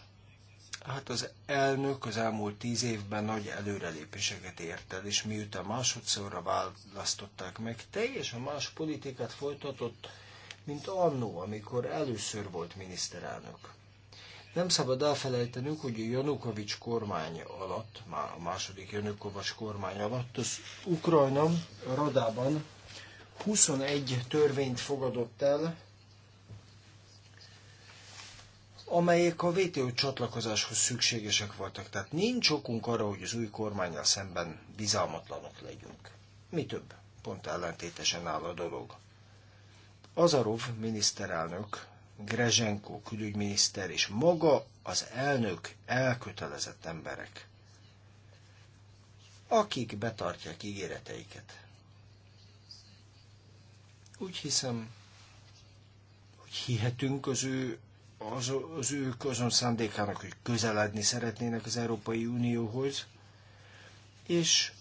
hát az elnök az elmúlt tíz évben nagy előrelépéseket ért el, és miután másodszorra választották meg, teljesen más politikát folytatott, mint annó, amikor először volt miniszterelnök. Nem szabad elfelejtenünk, hogy a Janukovics kormány alatt, már a második Janukovics kormány alatt, az Ukrajna Radában 21 törvényt fogadott el, amelyek a WTO csatlakozáshoz szükségesek voltak. Tehát nincs okunk arra, hogy az új kormányjal szemben bizalmatlanok legyünk. Mi több, pont ellentétesen áll a dolog. Azarov miniszterelnök, Grezsenko külügyminiszter és maga az elnök elkötelezett emberek, akik betartják ígéreteiket. Úgy hiszem, hogy hihetünk az ő az, az ő közön szándékának, hogy közeledni szeretnének az Európai Unióhoz, és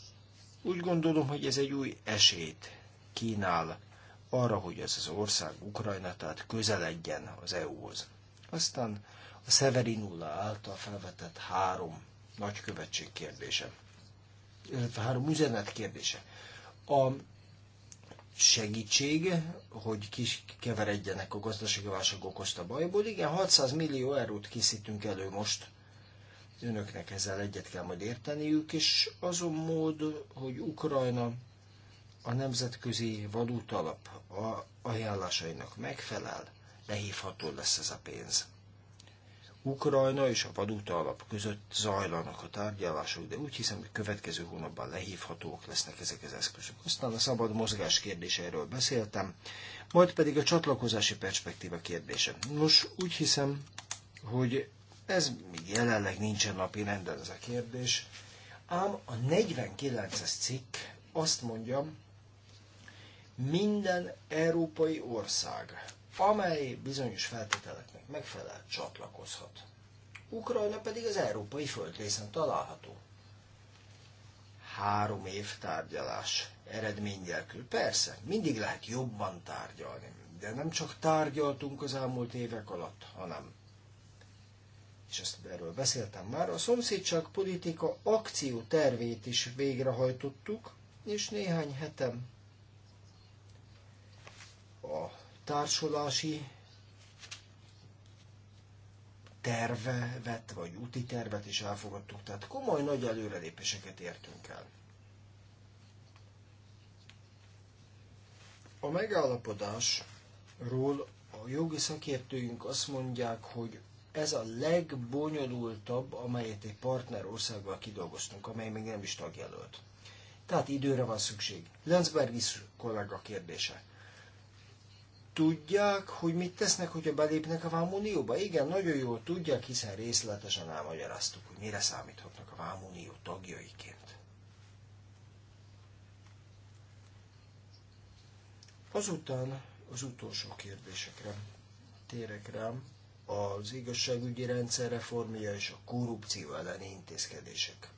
úgy gondolom, hogy ez egy új esélyt kínál arra, hogy ez az ország Ukrajna, tehát közeledjen az EU-hoz. Aztán a Severinulla által felvetett három nagykövetség kérdése, illetve három üzenet kérdése. A segítség, hogy kis keveredjenek a gazdasági válság okozta bajból. Igen, 600 millió eurót készítünk elő most. Önöknek ezzel egyet kell majd érteniük, és azon mód, hogy Ukrajna a nemzetközi a ajánlásainak megfelel, lehívható lesz ez a pénz. Ukrajna és a valóta alap között zajlanak a tárgyalások, de úgy hiszem, hogy következő hónapban lehívhatóak lesznek ezek az eszközök. Aztán a szabad mozgás kérdéseiről beszéltem, majd pedig a csatlakozási perspektíva kérdése. Nos, úgy hiszem, hogy ez még jelenleg nincsen napi rendben ez a kérdés, ám a 49-es cikk azt mondja, minden európai ország, amely bizonyos feltételeknek megfelel, csatlakozhat. Ukrajna pedig az európai földrészen található. Három év tárgyalás eredmény nélkül. Persze, mindig lehet jobban tárgyalni, de nem csak tárgyaltunk az elmúlt évek alatt, hanem és ezt erről beszéltem már, a szomszédság politika akciótervét is végrehajtottuk, és néhány hetem a társulási tervet, vagy úti tervet is elfogadtuk, tehát komoly nagy előrelépéseket értünk el. A megállapodásról a jogi szakértőink azt mondják, hogy ez a legbonyolultabb, amelyet egy partner országgal kidolgoztunk, amely még nem is tagjelölt. Tehát időre van szükség. Lenzberg is kollega kérdése tudják, hogy mit tesznek, hogyha belépnek a Vámunióba? Igen, nagyon jól tudják, hiszen részletesen elmagyaráztuk, hogy mire számíthatnak a Vámunió tagjaiként. Azután az utolsó kérdésekre térek rá az igazságügyi rendszer reformja és a korrupció elleni intézkedések.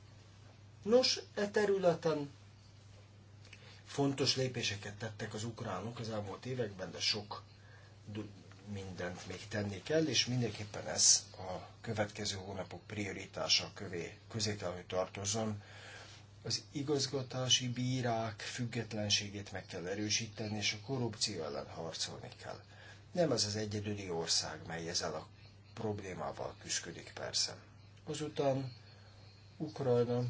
Nos, e területen Fontos lépéseket tettek az ukránok az elmúlt években, de sok mindent még tenni kell, és mindenképpen ez a következő hónapok prioritása kövé, közé kell, hogy tartozzon. Az igazgatási bírák függetlenségét meg kell erősíteni, és a korrupció ellen harcolni kell. Nem ez az egyedüli ország, mely ezzel a problémával küzdik persze. Azután Ukrajna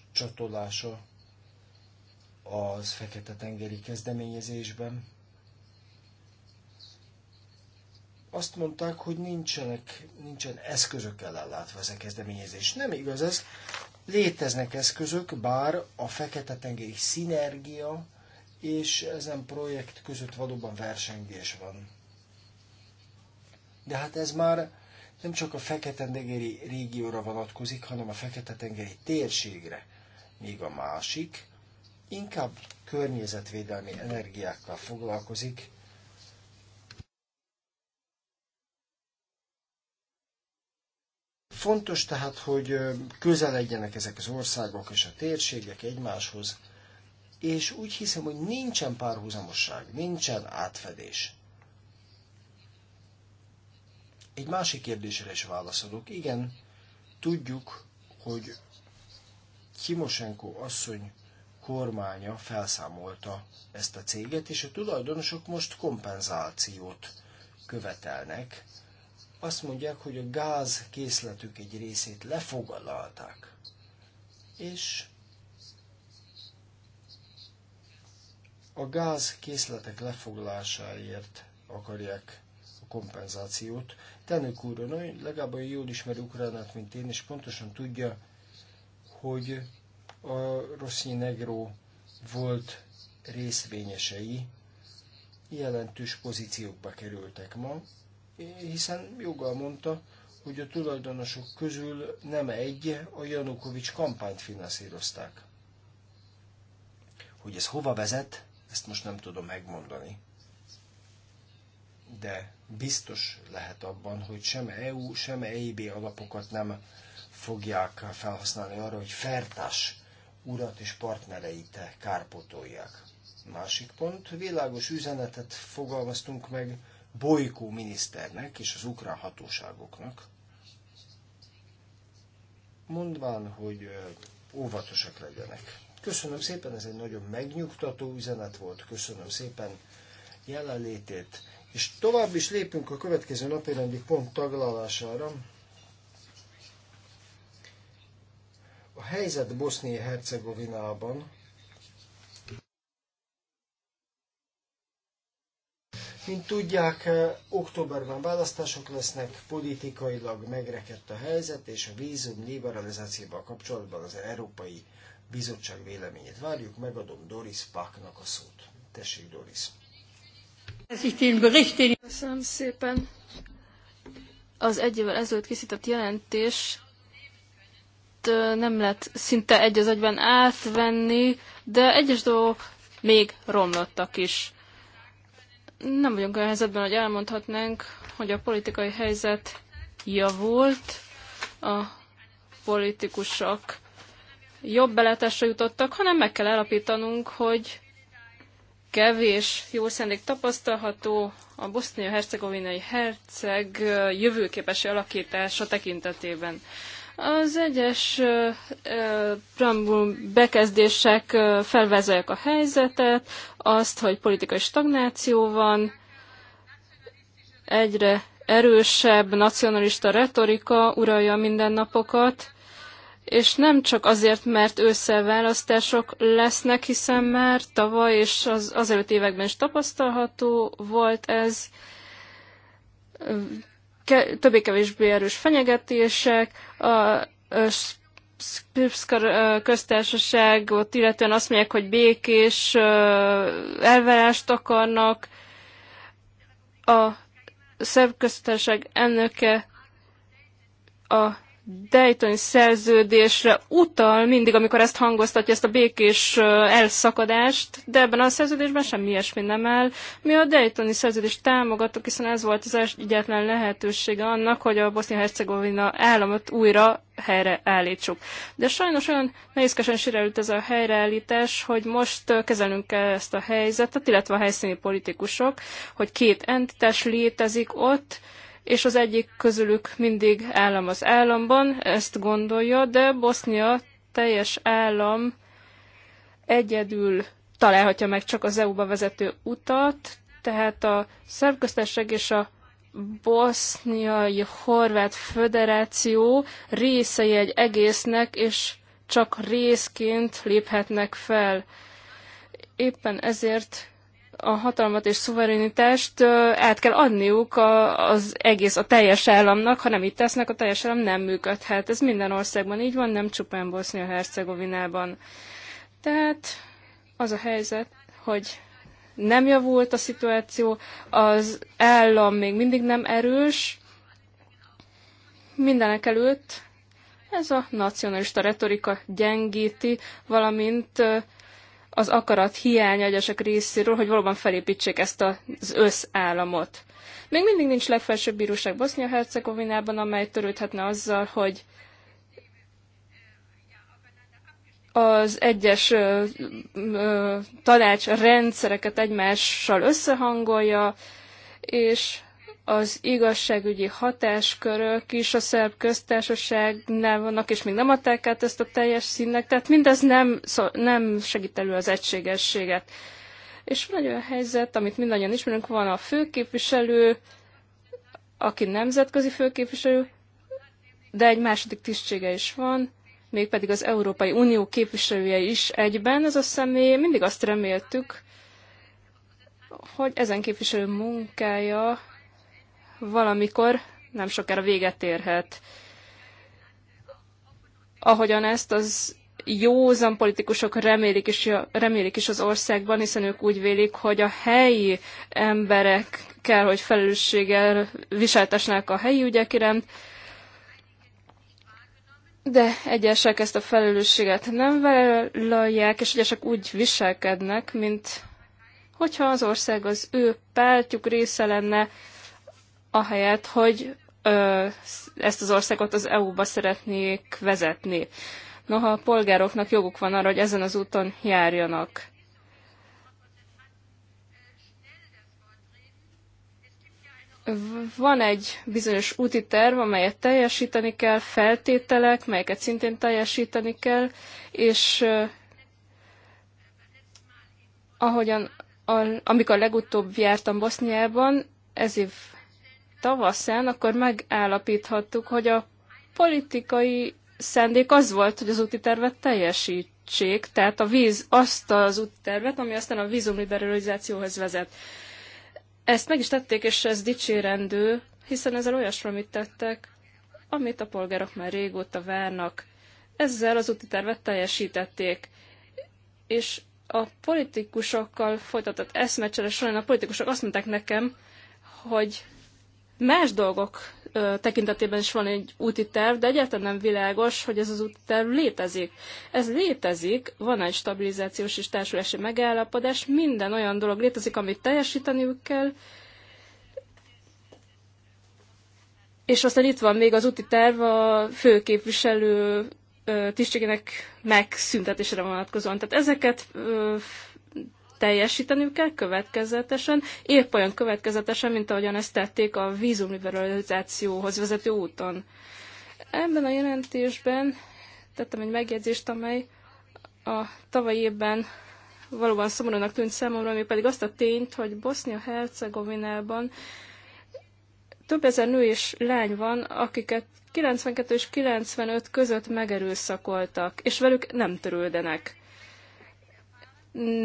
becsatolása az Fekete-tengeri kezdeményezésben. Azt mondták, hogy nincsenek, nincsen eszközökkel ellátva ez a kezdeményezés. Nem igaz ez. Léteznek eszközök, bár a Fekete-tengeri szinergia és ezen projekt között valóban versengés van. De hát ez már nem csak a Fekete-tengeri régióra vonatkozik, hanem a Fekete-tengeri térségre, míg a másik inkább környezetvédelmi energiákkal foglalkozik, Fontos tehát, hogy közel legyenek ezek az országok és a térségek egymáshoz, és úgy hiszem, hogy nincsen párhuzamosság, nincsen átfedés. Egy másik kérdésre is válaszolok. Igen, tudjuk, hogy Timosenko asszony kormánya felszámolta ezt a céget, és a tulajdonosok most kompenzációt követelnek. Azt mondják, hogy a gáz készletük egy részét lefoglalták. És a gáz készletek lefoglalásáért akarják a kompenzációt. Tenők úr, legalább olyan jól ismeri Ukránát, mint én, és pontosan tudja, hogy a Rossi Negro volt részvényesei jelentős pozíciókba kerültek ma, hiszen joggal mondta, hogy a tulajdonosok közül nem egy a Janukovics kampányt finanszírozták. Hogy ez hova vezet, ezt most nem tudom megmondani. De biztos lehet abban, hogy sem EU, sem EIB alapokat nem fogják felhasználni arra, hogy fertás urat és partnereit kárpotolják. Másik pont, világos üzenetet fogalmaztunk meg Bolykó miniszternek és az ukrán hatóságoknak, mondván, hogy óvatosak legyenek. Köszönöm szépen, ez egy nagyon megnyugtató üzenet volt, köszönöm szépen jelenlétét és tovább is lépünk a következő napirendi pont taglalására. A helyzet Bosznia-Hercegovinában Mint tudják, eh, októberben választások lesznek, politikailag megrekedt a helyzet, és a vízum liberalizációval kapcsolatban az Európai Bizottság véleményét várjuk. Megadom Doris Paknak a szót. Tessék, Doris! Köszönöm szépen. Az egy évvel ezelőtt készített jelentés nem lehet szinte egy az egyben átvenni, de egyes dolgok még romlottak is. Nem vagyunk olyan helyzetben, hogy elmondhatnánk, hogy a politikai helyzet javult, a politikusok jobb belátásra jutottak, hanem meg kell állapítanunk, hogy kevés jó szándék tapasztalható a bosznia-hercegovinai herceg jövőképes alakítása tekintetében. Az egyes preambul bekezdések ö, a helyzetet, azt, hogy politikai stagnáció van, egyre erősebb nacionalista retorika uralja a mindennapokat, és nem csak azért, mert ősszel választások lesznek, hiszen már tavaly és az, az előtt években is tapasztalható volt ez, ke, többé-kevésbé erős fenyegetések, a, a Spipska köztársaságot, illetően azt mondják, hogy békés elvárást akarnak. A szerb köztársaság elnöke a Daytoni szerződésre utal mindig, amikor ezt hangoztatja, ezt a békés elszakadást, de ebben a szerződésben semmi ilyesmi nem áll. Mi a Daytoni szerződést támogattuk, hiszen ez volt az egyetlen lehetősége annak, hogy a Bosznia-Hercegovina államot újra helyre állítsuk. De sajnos olyan nehézkesen sikerült ez a helyreállítás, hogy most kezelünk -e ezt a helyzetet, illetve a helyszíni politikusok, hogy két entitás létezik ott, és az egyik közülük mindig állam az államban, ezt gondolja, de Bosznia teljes állam egyedül találhatja meg csak az EU-ba vezető utat, tehát a szervköztesség és a boszniai horvát föderáció részei egy egésznek, és csak részként léphetnek fel. Éppen ezért a hatalmat és szuverenitást át kell adniuk az egész, a teljes államnak, ha nem így tesznek, a teljes állam nem működhet. Ez minden országban így van, nem csupán Bosznia-Hercegovinában. Tehát az a helyzet, hogy nem javult a szituáció, az állam még mindig nem erős, mindenek előtt ez a nacionalista retorika gyengíti, valamint az akarat hiánya egyesek részéről, hogy valóban felépítsék ezt az összállamot. Még mindig nincs legfelsőbb bíróság Bosznia-Hercegovinában, amely törődhetne azzal, hogy az egyes ö, ö, tanács rendszereket egymással összehangolja, és az igazságügyi hatáskörök is a szerb köztársaságnál vannak, és még nem adták át ezt a teljes színnek, tehát mindez nem, szó, nem segít elő az egységességet. És van egy olyan helyzet, amit mindannyian ismerünk, van a főképviselő, aki nemzetközi főképviselő, de egy második tisztsége is van, mégpedig az Európai Unió képviselője is egyben ez a személy. Mindig azt reméltük, hogy ezen képviselő munkája valamikor nem sokára véget érhet. Ahogyan ezt az józan politikusok remélik is, remélik is az országban, hiszen ők úgy vélik, hogy a helyi emberek kell, hogy felelősséggel viseltesnek a helyi ügyek iránt, de egyesek ezt a felelősséget nem vállalják, és egyesek úgy viselkednek, mint hogyha az ország az ő pártjuk része lenne, ahelyett, hogy ö, ezt az országot az EU-ba szeretnék vezetni. Noha a polgároknak joguk van arra, hogy ezen az úton járjanak. Van egy bizonyos úti terv, amelyet teljesíteni kell, feltételek, melyeket szintén teljesíteni kell, és ahogyan amikor legutóbb jártam Boszniában, ez év tavaszán, akkor megállapíthattuk, hogy a politikai szándék az volt, hogy az úti tervet teljesítsék, tehát a víz azt az úti tervet, ami aztán a vízumliberalizációhoz vezet. Ezt meg is tették, és ez dicsérendő, hiszen ezzel mit tettek, amit a polgárok már régóta várnak. Ezzel az úti tervet teljesítették. És a politikusokkal folytatott eszmecsere során a politikusok azt mondták nekem, hogy Más dolgok tekintetében is van egy úti terv, de egyáltalán nem világos, hogy ez az úti terv létezik. Ez létezik, van egy stabilizációs és társulási megállapodás, minden olyan dolog létezik, amit teljesíteniük kell, és aztán itt van még az úti terv a főképviselő tisztségének megszüntetésre vonatkozóan. Tehát ezeket teljesíteni kell következetesen, épp olyan következetesen, mint ahogyan ezt tették a vízumliberalizációhoz vezető úton. Ebben a jelentésben tettem egy megjegyzést, amely a tavalyi évben valóban szomorúnak tűnt számomra, ami pedig azt a tényt, hogy Bosznia-Hercegovinában több ezer nő és lány van, akiket 92 és 95 között megerőszakoltak, és velük nem törődnek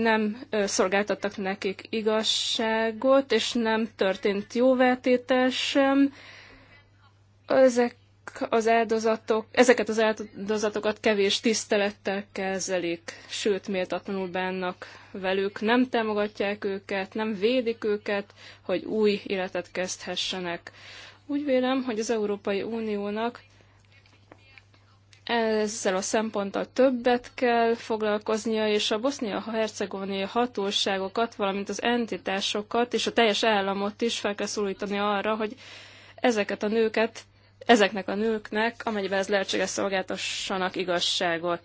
nem szolgáltattak nekik igazságot, és nem történt jóváltétel sem. Ezek az áldozatok, ezeket az áldozatokat kevés tisztelettel kezelik, sőt méltatlanul bánnak velük, nem támogatják őket, nem védik őket, hogy új életet kezdhessenek. Úgy vélem, hogy az Európai Uniónak ezzel a szemponttal többet kell foglalkoznia, és a bosznia-hercegovini hatóságokat, valamint az entitásokat és a teljes államot is fel kell szólítani arra, hogy ezeket a nőket, ezeknek a nőknek, amennyiben ez lehetséges, szolgáltassanak igazságot.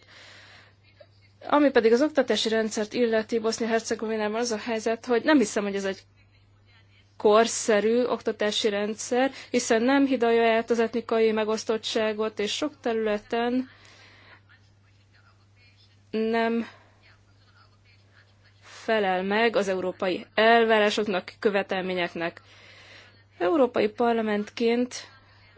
Ami pedig az oktatási rendszert illeti Bosznia-Hercegovinában az a helyzet, hogy nem hiszem, hogy ez egy korszerű oktatási rendszer, hiszen nem hidalja át az etnikai megosztottságot, és sok területen nem felel meg az európai elvárásoknak, követelményeknek. Európai Parlamentként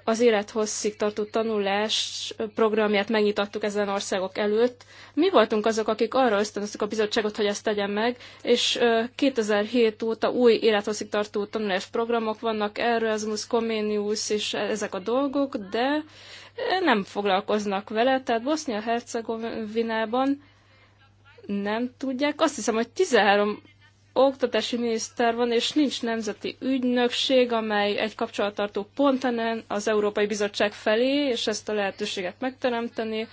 az élethosszig tartó tanulás programját megnyitottuk ezen országok előtt. Mi voltunk azok, akik arra ösztönöztük a bizottságot, hogy ezt tegyen meg, és 2007 óta új élethosszig tartó tanulás programok vannak, Erasmus, Comenius és ezek a dolgok, de nem foglalkoznak vele, tehát Bosznia-Hercegovinában nem tudják. Azt hiszem, hogy 13 oktatási miniszter van, és nincs nemzeti ügynökség, amely egy kapcsolattartó ponten az Európai Bizottság felé, és ezt a lehetőséget megteremteni,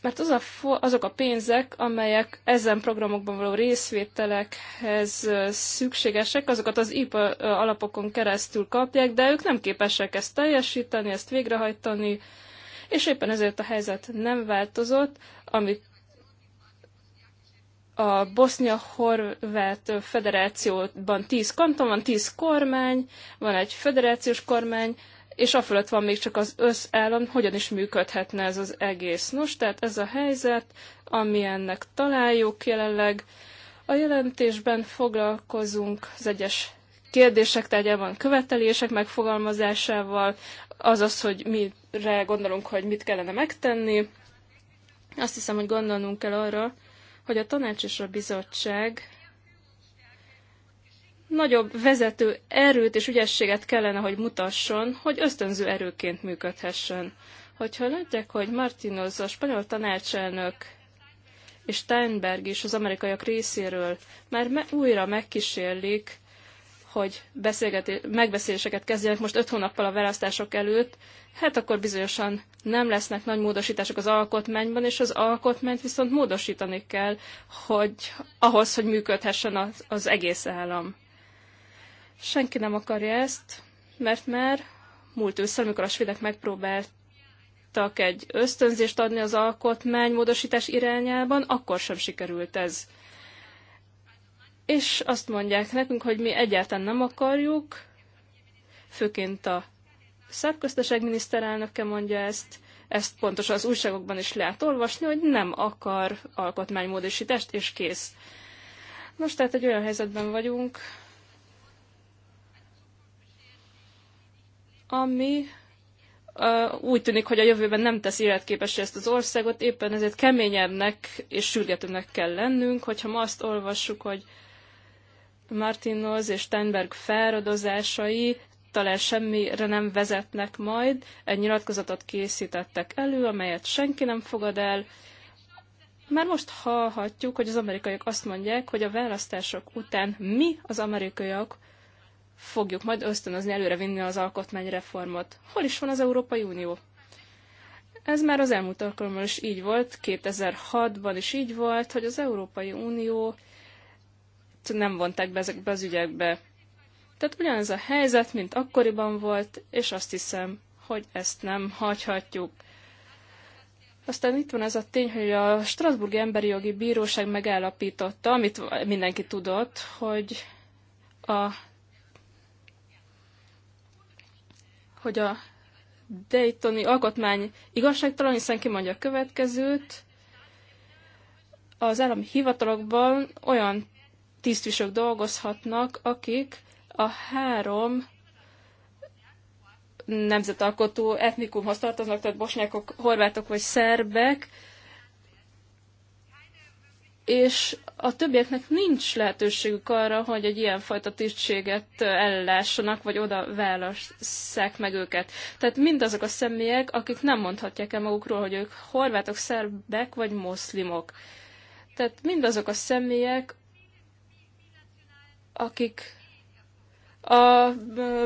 mert az a azok a pénzek, amelyek ezen programokban való részvételekhez szükségesek, azokat az IPA alapokon keresztül kapják, de ők nem képesek ezt teljesíteni, ezt végrehajtani, és éppen ezért a helyzet nem változott, amit a Bosznia-Horvát Federációban tíz kanton van, tíz kormány, van egy federációs kormány, és afölött van még csak az összállam, hogyan is működhetne ez az egész. Nos, tehát ez a helyzet, ami ennek találjuk jelenleg. A jelentésben foglalkozunk az egyes kérdések tárgyában, követelések megfogalmazásával, azaz, hogy mire gondolunk, hogy mit kellene megtenni. Azt hiszem, hogy gondolnunk kell arra, hogy a tanács és a bizottság nagyobb vezető erőt és ügyességet kellene, hogy mutasson, hogy ösztönző erőként működhessen. Hogyha látják, hogy Martinoz, a spanyol tanácselnök és Steinberg is az amerikaiak részéről már me- újra megkísérlik, hogy megbeszéléseket kezdjenek most öt hónappal a választások előtt, hát akkor bizonyosan nem lesznek nagy módosítások az alkotmányban, és az alkotmányt viszont módosítani kell, hogy ahhoz, hogy működhessen az, az egész állam. Senki nem akarja ezt, mert már múlt ősszel, amikor a svédek megpróbáltak egy ösztönzést adni az alkotmány módosítás irányában, akkor sem sikerült ez. És azt mondják nekünk, hogy mi egyáltalán nem akarjuk, főként a szerbközteség miniszterelnöke mondja ezt, ezt pontosan az újságokban is lehet olvasni, hogy nem akar alkotmánymódosítást, és kész. Most tehát egy olyan helyzetben vagyunk, ami uh, úgy tűnik, hogy a jövőben nem tesz életképessé ezt az országot, éppen ezért keményebbnek és sürgetőbbnek kell lennünk, hogyha ma azt olvassuk, hogy Martinoz és Steinberg feladozásai talán semmire nem vezetnek majd. Egy nyilatkozatot készítettek elő, amelyet senki nem fogad el. Már most hallhatjuk, hogy az amerikaiak azt mondják, hogy a választások után mi az amerikaiak fogjuk majd ösztönözni előrevinni az alkotmányreformot. Hol is van az Európai Unió? Ez már az elmúlt alkalommal is így volt, 2006-ban is így volt, hogy az Európai Unió nem vonták be ezekbe az ügyekbe. Tehát ugyanez a helyzet, mint akkoriban volt, és azt hiszem, hogy ezt nem hagyhatjuk. Aztán itt van ez a tény, hogy a Strasburgi Emberi Jogi Bíróság megállapította, amit mindenki tudott, hogy a, hogy a Daytoni alkotmány igazságtalan, hiszen kimondja a következőt. Az állami hivatalokban olyan tisztviselők dolgozhatnak, akik a három nemzetalkotó etnikumhoz tartoznak, tehát bosnyákok, horvátok vagy szerbek, és a többieknek nincs lehetőségük arra, hogy egy ilyenfajta tisztséget ellássanak, vagy oda válasszák meg őket. Tehát mindazok a személyek, akik nem mondhatják el magukról, hogy ők horvátok, szerbek vagy moszlimok. Tehát mindazok a személyek, akik a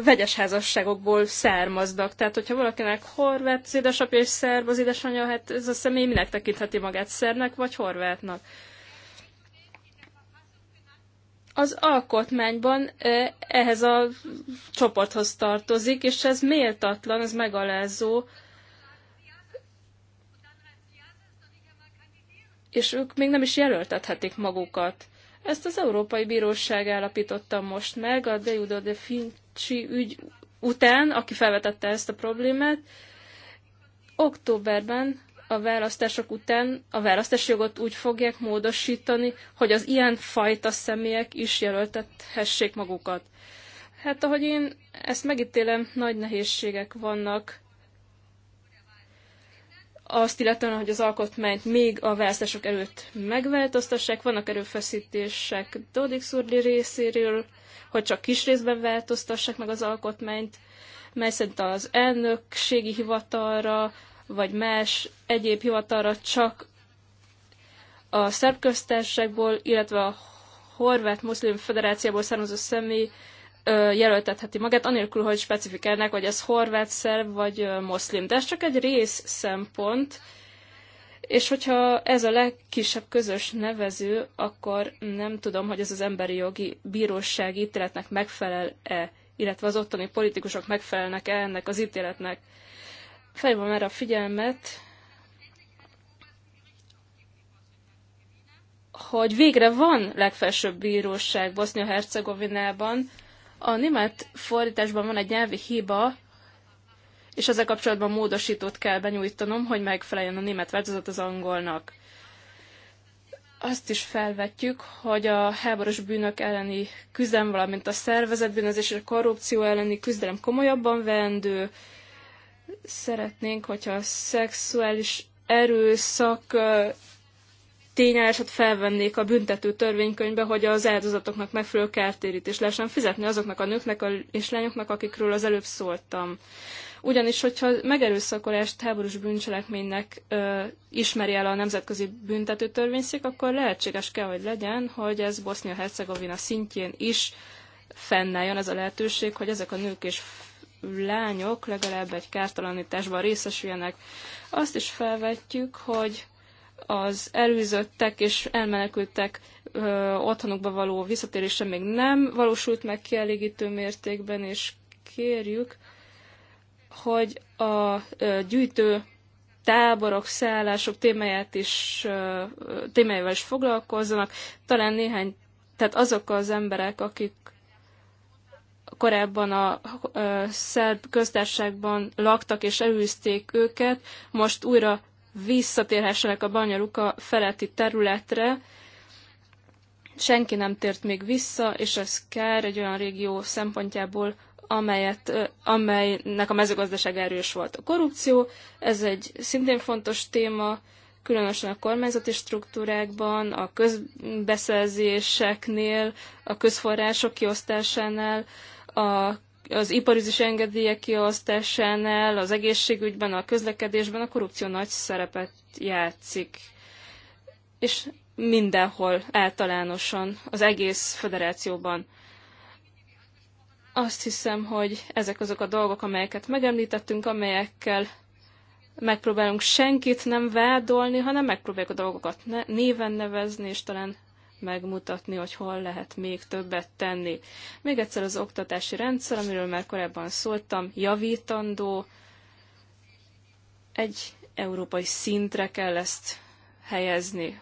vegyes házasságokból származnak. Tehát, hogyha valakinek horvát az édesapja és szerb az édesanyja, hát ez a személy minek tekintheti magát szernek vagy horvátnak. Az alkotmányban ehhez a csoporthoz tartozik, és ez méltatlan, ez megalázó. És ők még nem is jelöltethetik magukat. Ezt az Európai Bíróság állapította most meg a Deudo de Finci ügy után, aki felvetette ezt a problémát. Októberben a választások után a választási jogot úgy fogják módosítani, hogy az ilyen fajta személyek is jelöltethessék magukat. Hát ahogy én ezt megítélem, nagy nehézségek vannak azt illetően, hogy az alkotmányt még a választások előtt megváltoztassák. Vannak erőfeszítések Dodik Szurli részéről, hogy csak kis részben változtassák meg az alkotmányt, mely szerint az elnökségi hivatalra, vagy más egyéb hivatalra csak a szerb köztársaságból, illetve a Horvát Muszlim Federáciából származó személy jelöltetheti magát, anélkül, hogy specifikálnák, hogy ez horvát, szerb vagy moszlim. De ez csak egy rész szempont, és hogyha ez a legkisebb közös nevező, akkor nem tudom, hogy ez az emberi jogi bíróság ítéletnek megfelel-e, illetve az ottani politikusok megfelelnek-e ennek az ítéletnek. Felhívom erre a figyelmet, hogy végre van legfelsőbb bíróság Bosznia-Hercegovinában, a német fordításban van egy nyelvi hiba, és ezzel kapcsolatban módosítót kell benyújtanom, hogy megfeleljen a német változat az angolnak. Azt is felvetjük, hogy a háborús bűnök elleni küzdelem, valamint a szervezetbűnözés és a korrupció elleni küzdelem komolyabban vendő. Szeretnénk, hogyha a szexuális erőszak tényállást felvennék a büntető törvénykönyvbe, hogy az áldozatoknak megfelelő kártérítést lehessen fizetni azoknak a nőknek és lányoknak, akikről az előbb szóltam. Ugyanis, hogyha megerőszakolást háborús bűncselekménynek ö, ismeri el a Nemzetközi Büntető Törvényszék, akkor lehetséges kell, hogy legyen, hogy ez Bosznia-Hercegovina szintjén is fennálljon ez a lehetőség, hogy ezek a nők és lányok legalább egy kártalanításban részesüljenek. Azt is felvetjük, hogy az elűzöttek és elmenekültek ö, otthonukba való visszatérése még nem valósult meg kielégítő mértékben, és kérjük, hogy a ö, gyűjtő táborok, szállások témáját is, ö, témájával is foglalkozzanak. Talán néhány, tehát azok az emberek, akik korábban a szerb köztársaságban laktak és elűzték őket, most újra visszatérhessenek a banyaluka feletti területre. Senki nem tért még vissza, és ez kár egy olyan régió szempontjából, amelyet, amelynek a mezőgazdaság erős volt. A korrupció, ez egy szintén fontos téma, különösen a kormányzati struktúrákban, a közbeszerzéseknél, a közforrások kiosztásánál, a az iparizis engedélyek kiosztásánál, az egészségügyben, a közlekedésben a korrupció nagy szerepet játszik. És mindenhol általánosan, az egész federációban. Azt hiszem, hogy ezek azok a dolgok, amelyeket megemlítettünk, amelyekkel megpróbálunk senkit nem vádolni, hanem megpróbáljuk a dolgokat néven nevezni, és talán megmutatni, hogy hol lehet még többet tenni. Még egyszer az oktatási rendszer, amiről már korábban szóltam, javítandó, egy európai szintre kell ezt helyezni.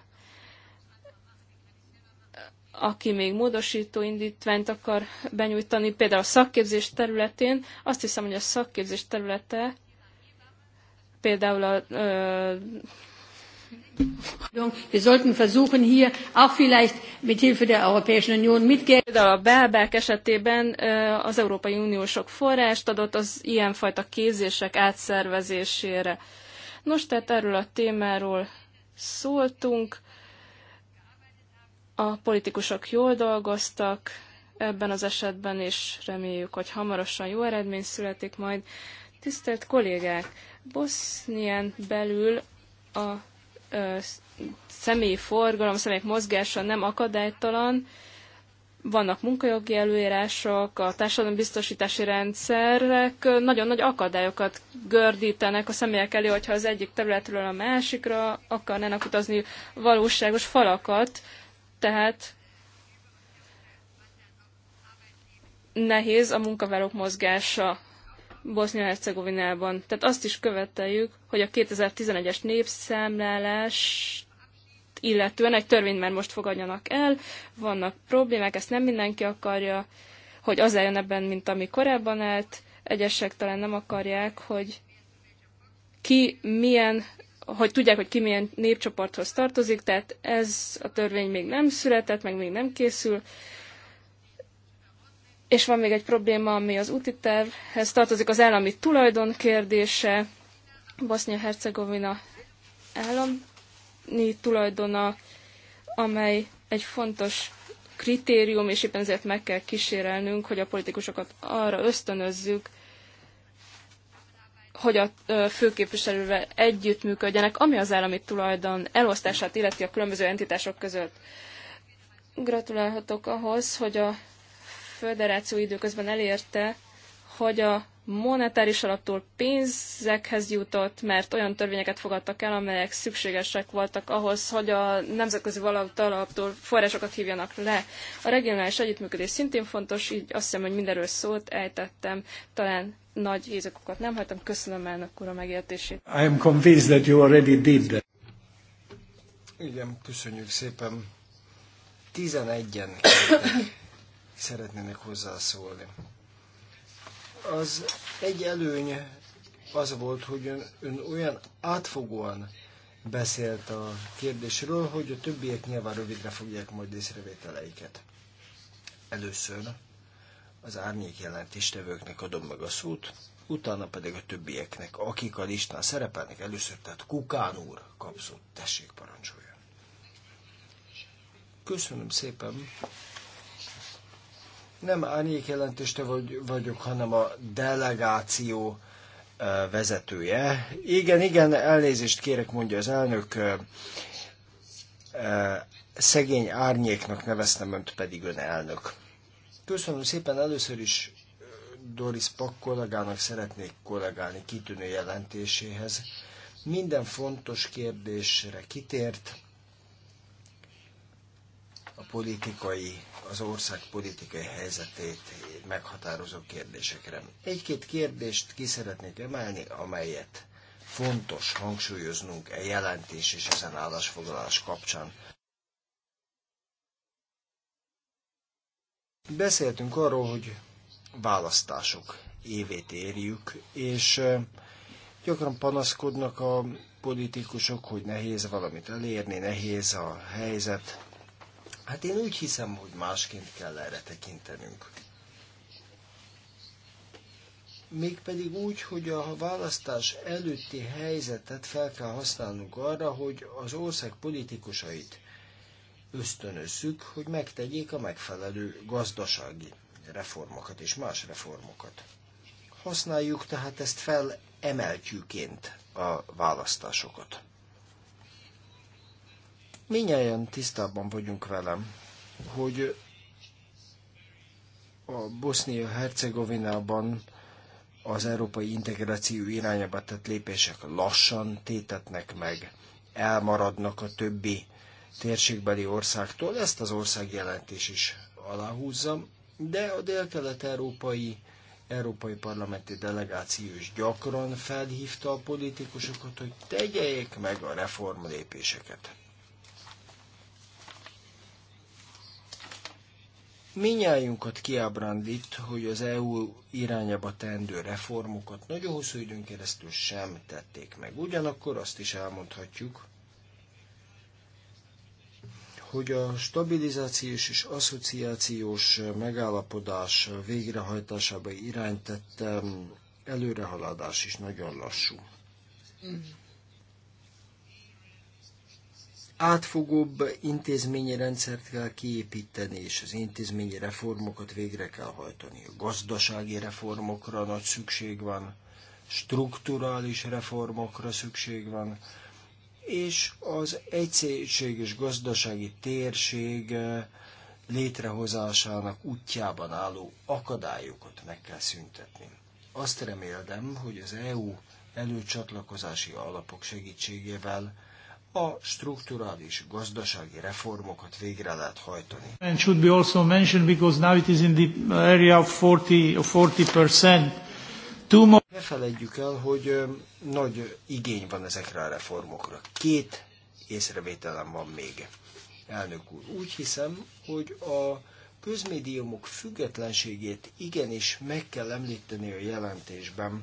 Aki még módosító indítványt akar benyújtani, például a szakképzés területén, azt hiszem, hogy a szakképzés területe például a ö, Wir sollten versuchen, hier auch vielleicht mit Hilfe der Europäischen Union mitgeben. A belbák esetében az Európai Unió sok forrást adott az ilyenfajta kézések átszervezésére. Nos, tehát erről a témáról szóltunk. A politikusok jól dolgoztak ebben az esetben, és reméljük, hogy hamarosan jó eredmény születik majd. Tisztelt kollégák, Bosznien belül a személyi forgalom, személyek mozgása nem akadálytalan, vannak munkajogi előírások, a társadalombiztosítási rendszerek nagyon nagy akadályokat gördítenek a személyek elé, hogyha az egyik területről a másikra akarnának utazni valóságos falakat, tehát nehéz a munkavállalók mozgása. Bosznia-Hercegovinában. Tehát azt is követeljük, hogy a 2011-es népszámlálás, illetően egy törvényt már most fogadjanak el, vannak problémák, ezt nem mindenki akarja, hogy az eljön ebben, mint ami korábban állt, egyesek talán nem akarják, hogy ki milyen hogy tudják, hogy ki milyen népcsoporthoz tartozik, tehát ez a törvény még nem született, meg még nem készül, és van még egy probléma, ami az úti tervhez tartozik, az állami tulajdon kérdése. bosnia hercegovina állami tulajdona, amely egy fontos kritérium, és éppen ezért meg kell kísérelnünk, hogy a politikusokat arra ösztönözzük, hogy a főképviselővel együttműködjenek, ami az állami tulajdon elosztását illeti a különböző entitások között. Gratulálhatok ahhoz, hogy a föderáció időközben elérte, hogy a monetáris alaptól pénzekhez jutott, mert olyan törvényeket fogadtak el, amelyek szükségesek voltak ahhoz, hogy a nemzetközi valóta alaptól forrásokat hívjanak le. A regionális együttműködés szintén fontos, így azt hiszem, hogy mindenről szót ejtettem, talán nagy hézakokat nem hagytam. Köszönöm elnök úr a megértését. I am convinced that you already did that. Igen, köszönjük szépen. 11-en szeretnének hozzászólni. Az egy előny az volt, hogy ön, ön olyan átfogóan beszélt a kérdésről, hogy a többiek nyilván rövidre fogják majd észrevételeiket. Először az árnyék jelentéstevőknek adom meg a szót, utána pedig a többieknek, akik a listán szerepelnek. Először tehát Kukán úr kap szót, tessék parancsoljon. Köszönöm szépen, nem árnyék jelentéste vagy, vagyok, hanem a delegáció vezetője. Igen, igen, elnézést kérek, mondja az elnök. Szegény árnyéknak neveztem önt, pedig ön elnök. Köszönöm szépen először is Doris Pak kollégának szeretnék kollégálni kitűnő jelentéséhez. Minden fontos kérdésre kitért a politikai az ország politikai helyzetét meghatározó kérdésekre. Egy-két kérdést ki szeretnék emelni, amelyet fontos hangsúlyoznunk e jelentés és ezen állásfoglalás kapcsán. Beszéltünk arról, hogy választások évét érjük, és gyakran panaszkodnak a politikusok, hogy nehéz valamit elérni, nehéz a helyzet. Hát én úgy hiszem, hogy másként kell erre tekintenünk. Mégpedig úgy, hogy a választás előtti helyzetet fel kell használnunk arra, hogy az ország politikusait ösztönözzük, hogy megtegyék a megfelelő gazdasági reformokat és más reformokat. Használjuk tehát ezt fel emeltjüként a választásokat. Minnyáján tisztában vagyunk velem, hogy a Bosznia-Hercegovinában az európai integráció irányába tett lépések lassan tétetnek meg, elmaradnak a többi térségbeli országtól, ezt az ország jelentés is aláhúzzam, de a dél-kelet-európai európai parlamenti delegáció is gyakran felhívta a politikusokat, hogy tegyék meg a reformlépéseket. Minnyájunkat kiábrándít, hogy az EU irányába tendő reformokat nagyon hosszú időn keresztül sem tették meg. Ugyanakkor azt is elmondhatjuk, hogy a stabilizációs és asszociációs megállapodás végrehajtásába iránytett előrehaladás is nagyon lassú. Mhm átfogóbb intézményi rendszert kell kiépíteni, és az intézményi reformokat végre kell hajtani. A gazdasági reformokra nagy szükség van, strukturális reformokra szükség van, és az egységes gazdasági térség eh, létrehozásának útjában álló akadályokat meg kell szüntetni. Azt remélem, hogy az EU előcsatlakozási alapok segítségével a strukturális gazdasági reformokat végre lehet hajtani. And should be also mentioned because now it is in the area of 40 40%. Two more... Ne felejtjük el, hogy nagy igény van ezekre a reformokra. Két észrevételem van még. Elnök úr, úgy hiszem, hogy a közmédiumok függetlenségét igenis meg kell említeni a jelentésben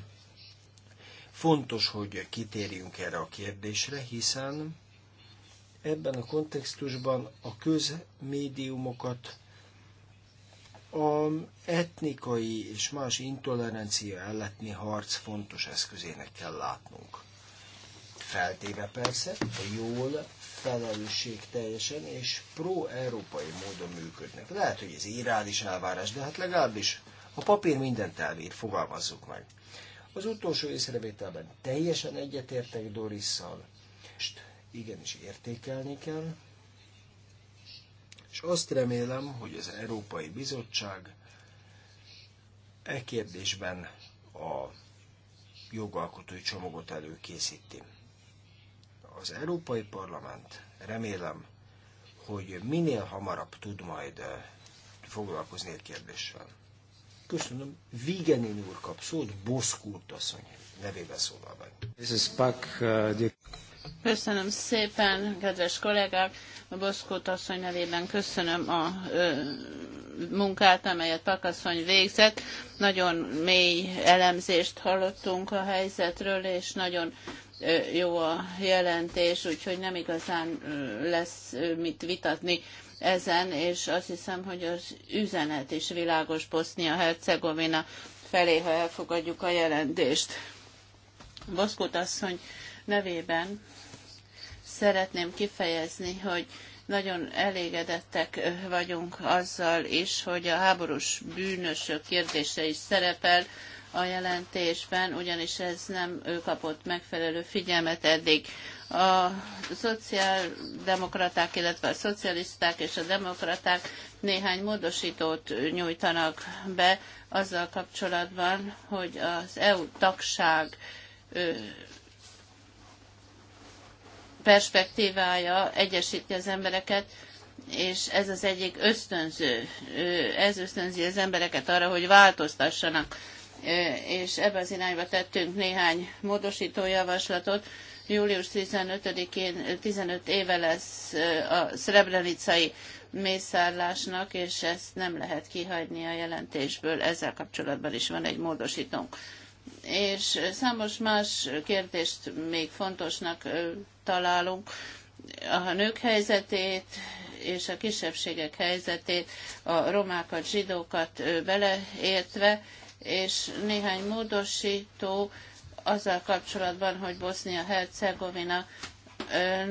Fontos, hogy kitérjünk erre a kérdésre, hiszen ebben a kontextusban a közmédiumokat a etnikai és más intolerancia elletni harc fontos eszközének kell látnunk. Feltéve persze, hogy jól, teljesen és pro-európai módon működnek. Lehet, hogy ez irális elvárás, de hát legalábbis a papír mindent elvír, fogalmazzuk meg. Az utolsó észrevételben teljesen egyetértek Dorisszal, és igenis értékelni kell, és azt remélem, hogy az Európai Bizottság e kérdésben a jogalkotói csomagot előkészíti. Az Európai Parlament remélem, hogy minél hamarabb tud majd foglalkozni a kérdéssel. Köszönöm. Vigenin úr kap szót, Boszkút asszony nevébe szólal meg. Uh, köszönöm szépen, kedves kollégák! A Boszkót asszony nevében köszönöm a ö, munkát, amelyet Pakasszony végzett. Nagyon mély elemzést hallottunk a helyzetről, és nagyon ö, jó a jelentés, úgyhogy nem igazán ö, lesz ö, mit vitatni ezen, és azt hiszem, hogy az üzenet is világos Bosznia-Hercegovina felé, ha elfogadjuk a jelentést. Boszkut asszony nevében szeretném kifejezni, hogy nagyon elégedettek vagyunk azzal is, hogy a háborús bűnösök kérdése is szerepel a jelentésben, ugyanis ez nem ő kapott megfelelő figyelmet eddig a szociáldemokraták, illetve a szocialisták és a demokraták néhány módosítót nyújtanak be azzal kapcsolatban, hogy az EU tagság perspektívája egyesíti az embereket, és ez az egyik ösztönző, ez ösztönzi az embereket arra, hogy változtassanak, és ebbe az irányba tettünk néhány módosító javaslatot, Július 15-én 15 éve lesz a szrebrenicai mészárlásnak, és ezt nem lehet kihagyni a jelentésből. Ezzel kapcsolatban is van egy módosítónk. És számos más kérdést még fontosnak találunk. A nők helyzetét és a kisebbségek helyzetét, a romákat, zsidókat beleértve, és néhány módosító azzal kapcsolatban, hogy Bosznia-Hercegovina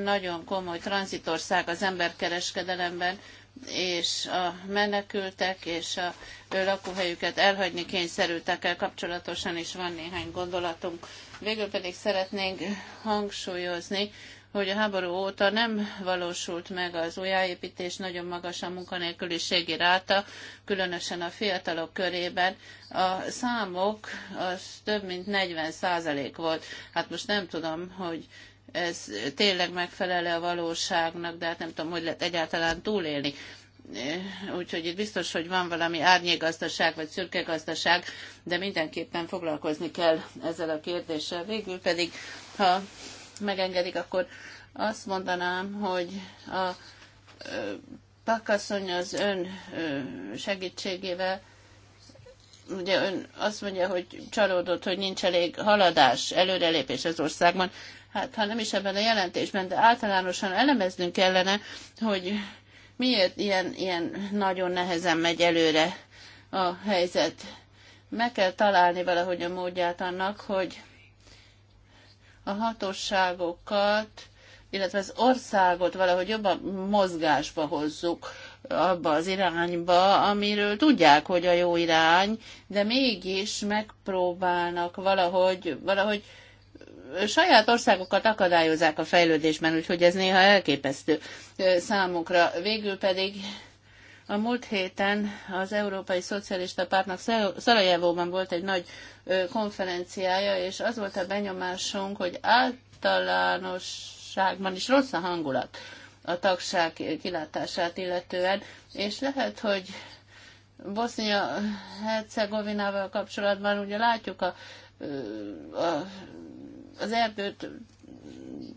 nagyon komoly tranzitország az emberkereskedelemben, és a menekültek és a lakóhelyüket elhagyni kényszerültekkel kapcsolatosan is van néhány gondolatunk. Végül pedig szeretnénk hangsúlyozni, hogy a háború óta nem valósult meg az újjáépítés, nagyon magas a munkanélküliségi ráta, különösen a fiatalok körében. A számok az több mint 40 százalék volt. Hát most nem tudom, hogy ez tényleg megfelele a valóságnak, de hát nem tudom, hogy lehet egyáltalán túlélni. Úgyhogy itt biztos, hogy van valami árnyégazdaság vagy szürke gazdaság, de mindenképpen foglalkozni kell ezzel a kérdéssel. Végül pedig, ha megengedik, akkor azt mondanám, hogy a pakasszony az ön segítségével ugye ön azt mondja, hogy csalódott, hogy nincs elég haladás, előrelépés az országban. Hát ha nem is ebben a jelentésben, de általánosan elemeznünk kellene, hogy miért ilyen, ilyen nagyon nehezen megy előre a helyzet. Meg kell találni valahogy a módját annak, hogy a hatóságokat, illetve az országot valahogy jobban mozgásba hozzuk abba az irányba, amiről tudják, hogy a jó irány, de mégis megpróbálnak valahogy, valahogy saját országokat akadályozzák a fejlődésben, úgyhogy ez néha elképesztő számukra. Végül pedig a múlt héten az Európai Szocialista Pártnak Szarajevóban volt egy nagy konferenciája, és az volt a benyomásunk, hogy általánosságban is rossz a hangulat a tagság kilátását illetően, és lehet, hogy Bosznia-Hercegovinával kapcsolatban ugye látjuk a, a, az erdőt,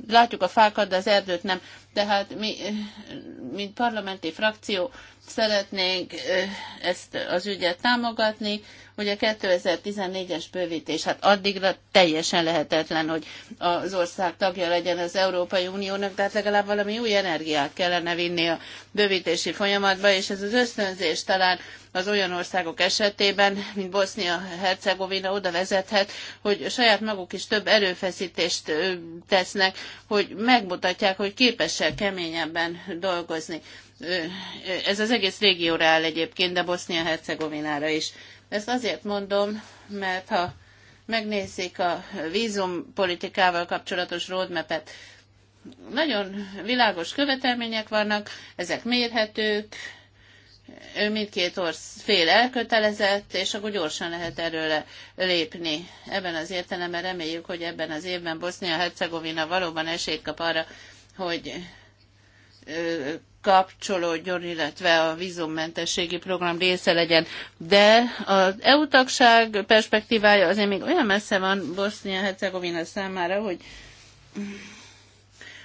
látjuk a fákat, de az erdőt nem. Tehát mi, mint parlamenti frakció, szeretnénk ezt az ügyet támogatni. hogy a 2014-es bővítés, hát addigra teljesen lehetetlen, hogy az ország tagja legyen az Európai Uniónak, tehát legalább valami új energiát kellene vinni a bővítési folyamatba, és ez az ösztönzés talán az olyan országok esetében, mint Bosznia-Hercegovina oda vezethet, hogy saját maguk is több erőfeszítést tesznek, hogy megmutatják, hogy képesek keményebben dolgozni. Ez az egész régióra áll egyébként, de Bosznia-Hercegovinára is. Ezt azért mondom, mert ha megnézzék a vízumpolitikával kapcsolatos roadmapet, nagyon világos követelmények vannak, ezek mérhetők, ő mindkét orsz fél elkötelezett, és akkor gyorsan lehet erről lépni. Ebben az értelemben reméljük, hogy ebben az évben Bosznia-Hercegovina valóban esélyt kap arra, hogy kapcsolódjon, illetve a vízummentességi program része legyen. De az EU tagság perspektívája azért még olyan messze van Bosznia-Hercegovina számára, hogy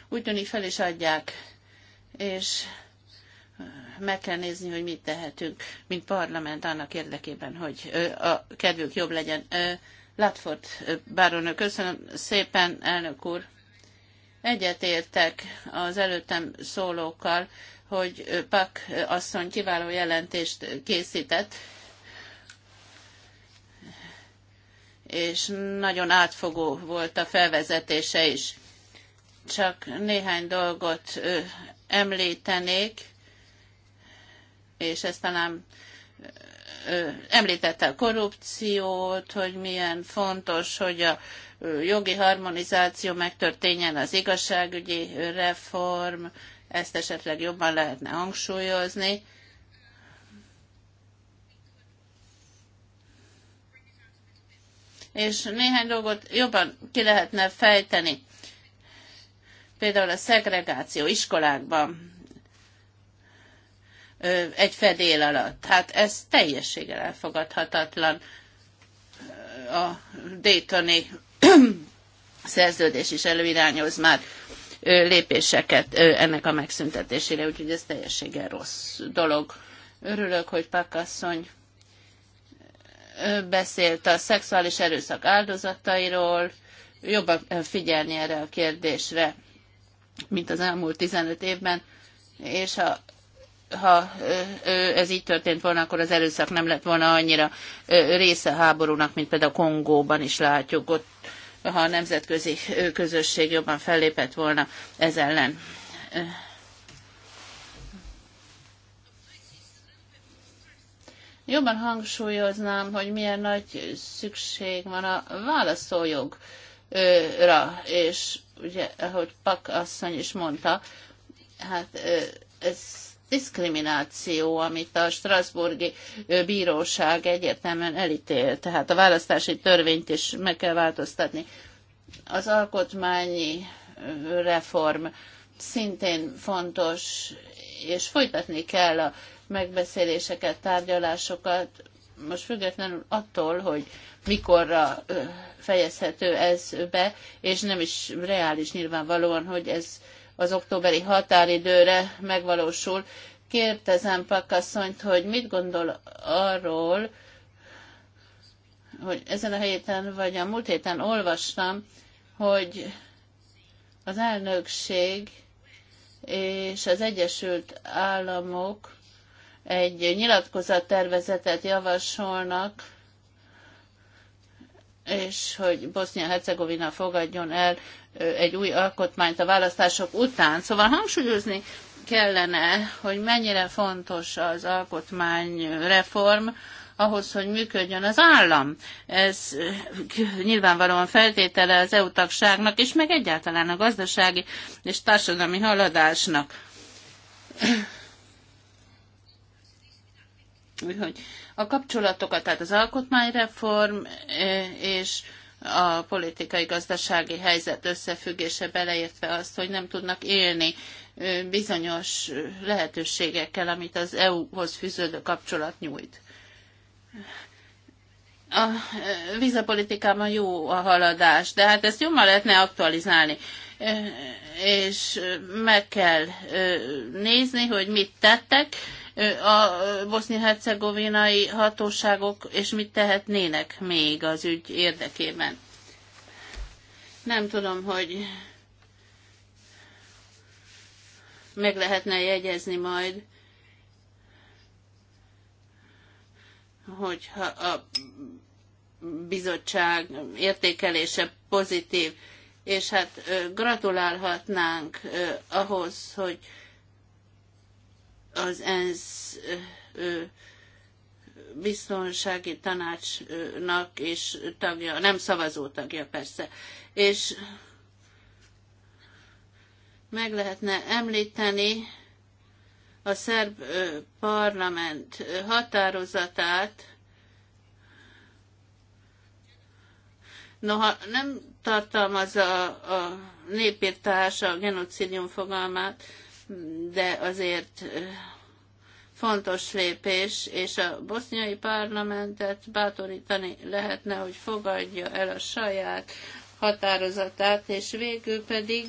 úgy tűnik fel is adják, és meg kell nézni, hogy mit tehetünk, mint parlament annak érdekében, hogy a kedvük jobb legyen. Látford, báronő, köszönöm szépen, elnök úr. Egyetértek az előttem szólókkal, hogy Pak asszony kiváló jelentést készített, és nagyon átfogó volt a felvezetése is. Csak néhány dolgot említenék, és ezt talán említette a korrupciót, hogy milyen fontos, hogy a jogi harmonizáció megtörténjen, az igazságügyi reform, ezt esetleg jobban lehetne hangsúlyozni. És néhány dolgot jobban ki lehetne fejteni. Például a szegregáció iskolákban egy fedél alatt. Hát ez teljességgel elfogadhatatlan a Daytoni szerződés is előirányoz már lépéseket ennek a megszüntetésére, úgyhogy ez teljességgel rossz dolog. Örülök, hogy Pakasszony beszélt a szexuális erőszak áldozatairól, jobban figyelni erre a kérdésre, mint az elmúlt 15 évben, és ha ha ez így történt volna, akkor az erőszak nem lett volna annyira része háborúnak, mint például Kongóban is látjuk, ott, ha a nemzetközi közösség jobban fellépett volna ez ellen. Jobban hangsúlyoznám, hogy milyen nagy szükség van a válaszoljogra, és ugye, ahogy Pak asszony is mondta, hát ez diszkrimináció, amit a Strasburgi Bíróság egyértelműen elítél. Tehát a választási törvényt is meg kell változtatni. Az alkotmányi reform szintén fontos, és folytatni kell a megbeszéléseket, tárgyalásokat, most függetlenül attól, hogy mikorra fejezhető ez be, és nem is reális nyilvánvalóan, hogy ez az októberi határidőre megvalósul. Kérdezem Pakasszonyt, hogy mit gondol arról, hogy ezen a héten vagy a múlt héten olvastam, hogy az elnökség és az Egyesült Államok egy nyilatkozattervezetet javasolnak, és hogy Bosznia-Hercegovina fogadjon el egy új alkotmányt a választások után. Szóval hangsúlyozni kellene, hogy mennyire fontos az alkotmányreform ahhoz, hogy működjön az állam. Ez nyilvánvalóan feltétele az EU tagságnak, és meg egyáltalán a gazdasági és társadalmi haladásnak. Úgyhogy a kapcsolatokat, tehát az alkotmányreform és a politikai-gazdasági helyzet összefüggése beleértve azt, hogy nem tudnak élni bizonyos lehetőségekkel, amit az EU-hoz fűződő kapcsolat nyújt. A vízapolitikában jó a haladás, de hát ezt jobban lehetne aktualizálni és meg kell nézni, hogy mit tettek, a bosznia-hercegovinai hatóságok, és mit tehetnének még az ügy érdekében. Nem tudom, hogy meg lehetne jegyezni majd, hogyha a bizottság értékelése pozitív, és hát gratulálhatnánk ahhoz, hogy az ENSZ biztonsági tanácsnak és tagja, nem szavazó tagja persze. És meg lehetne említeni a szerb parlament határozatát, Noha nem tartalmazza a népírtás a genocidium fogalmát, de azért fontos lépés, és a boszniai parlamentet bátorítani lehetne, hogy fogadja el a saját határozatát, és végül pedig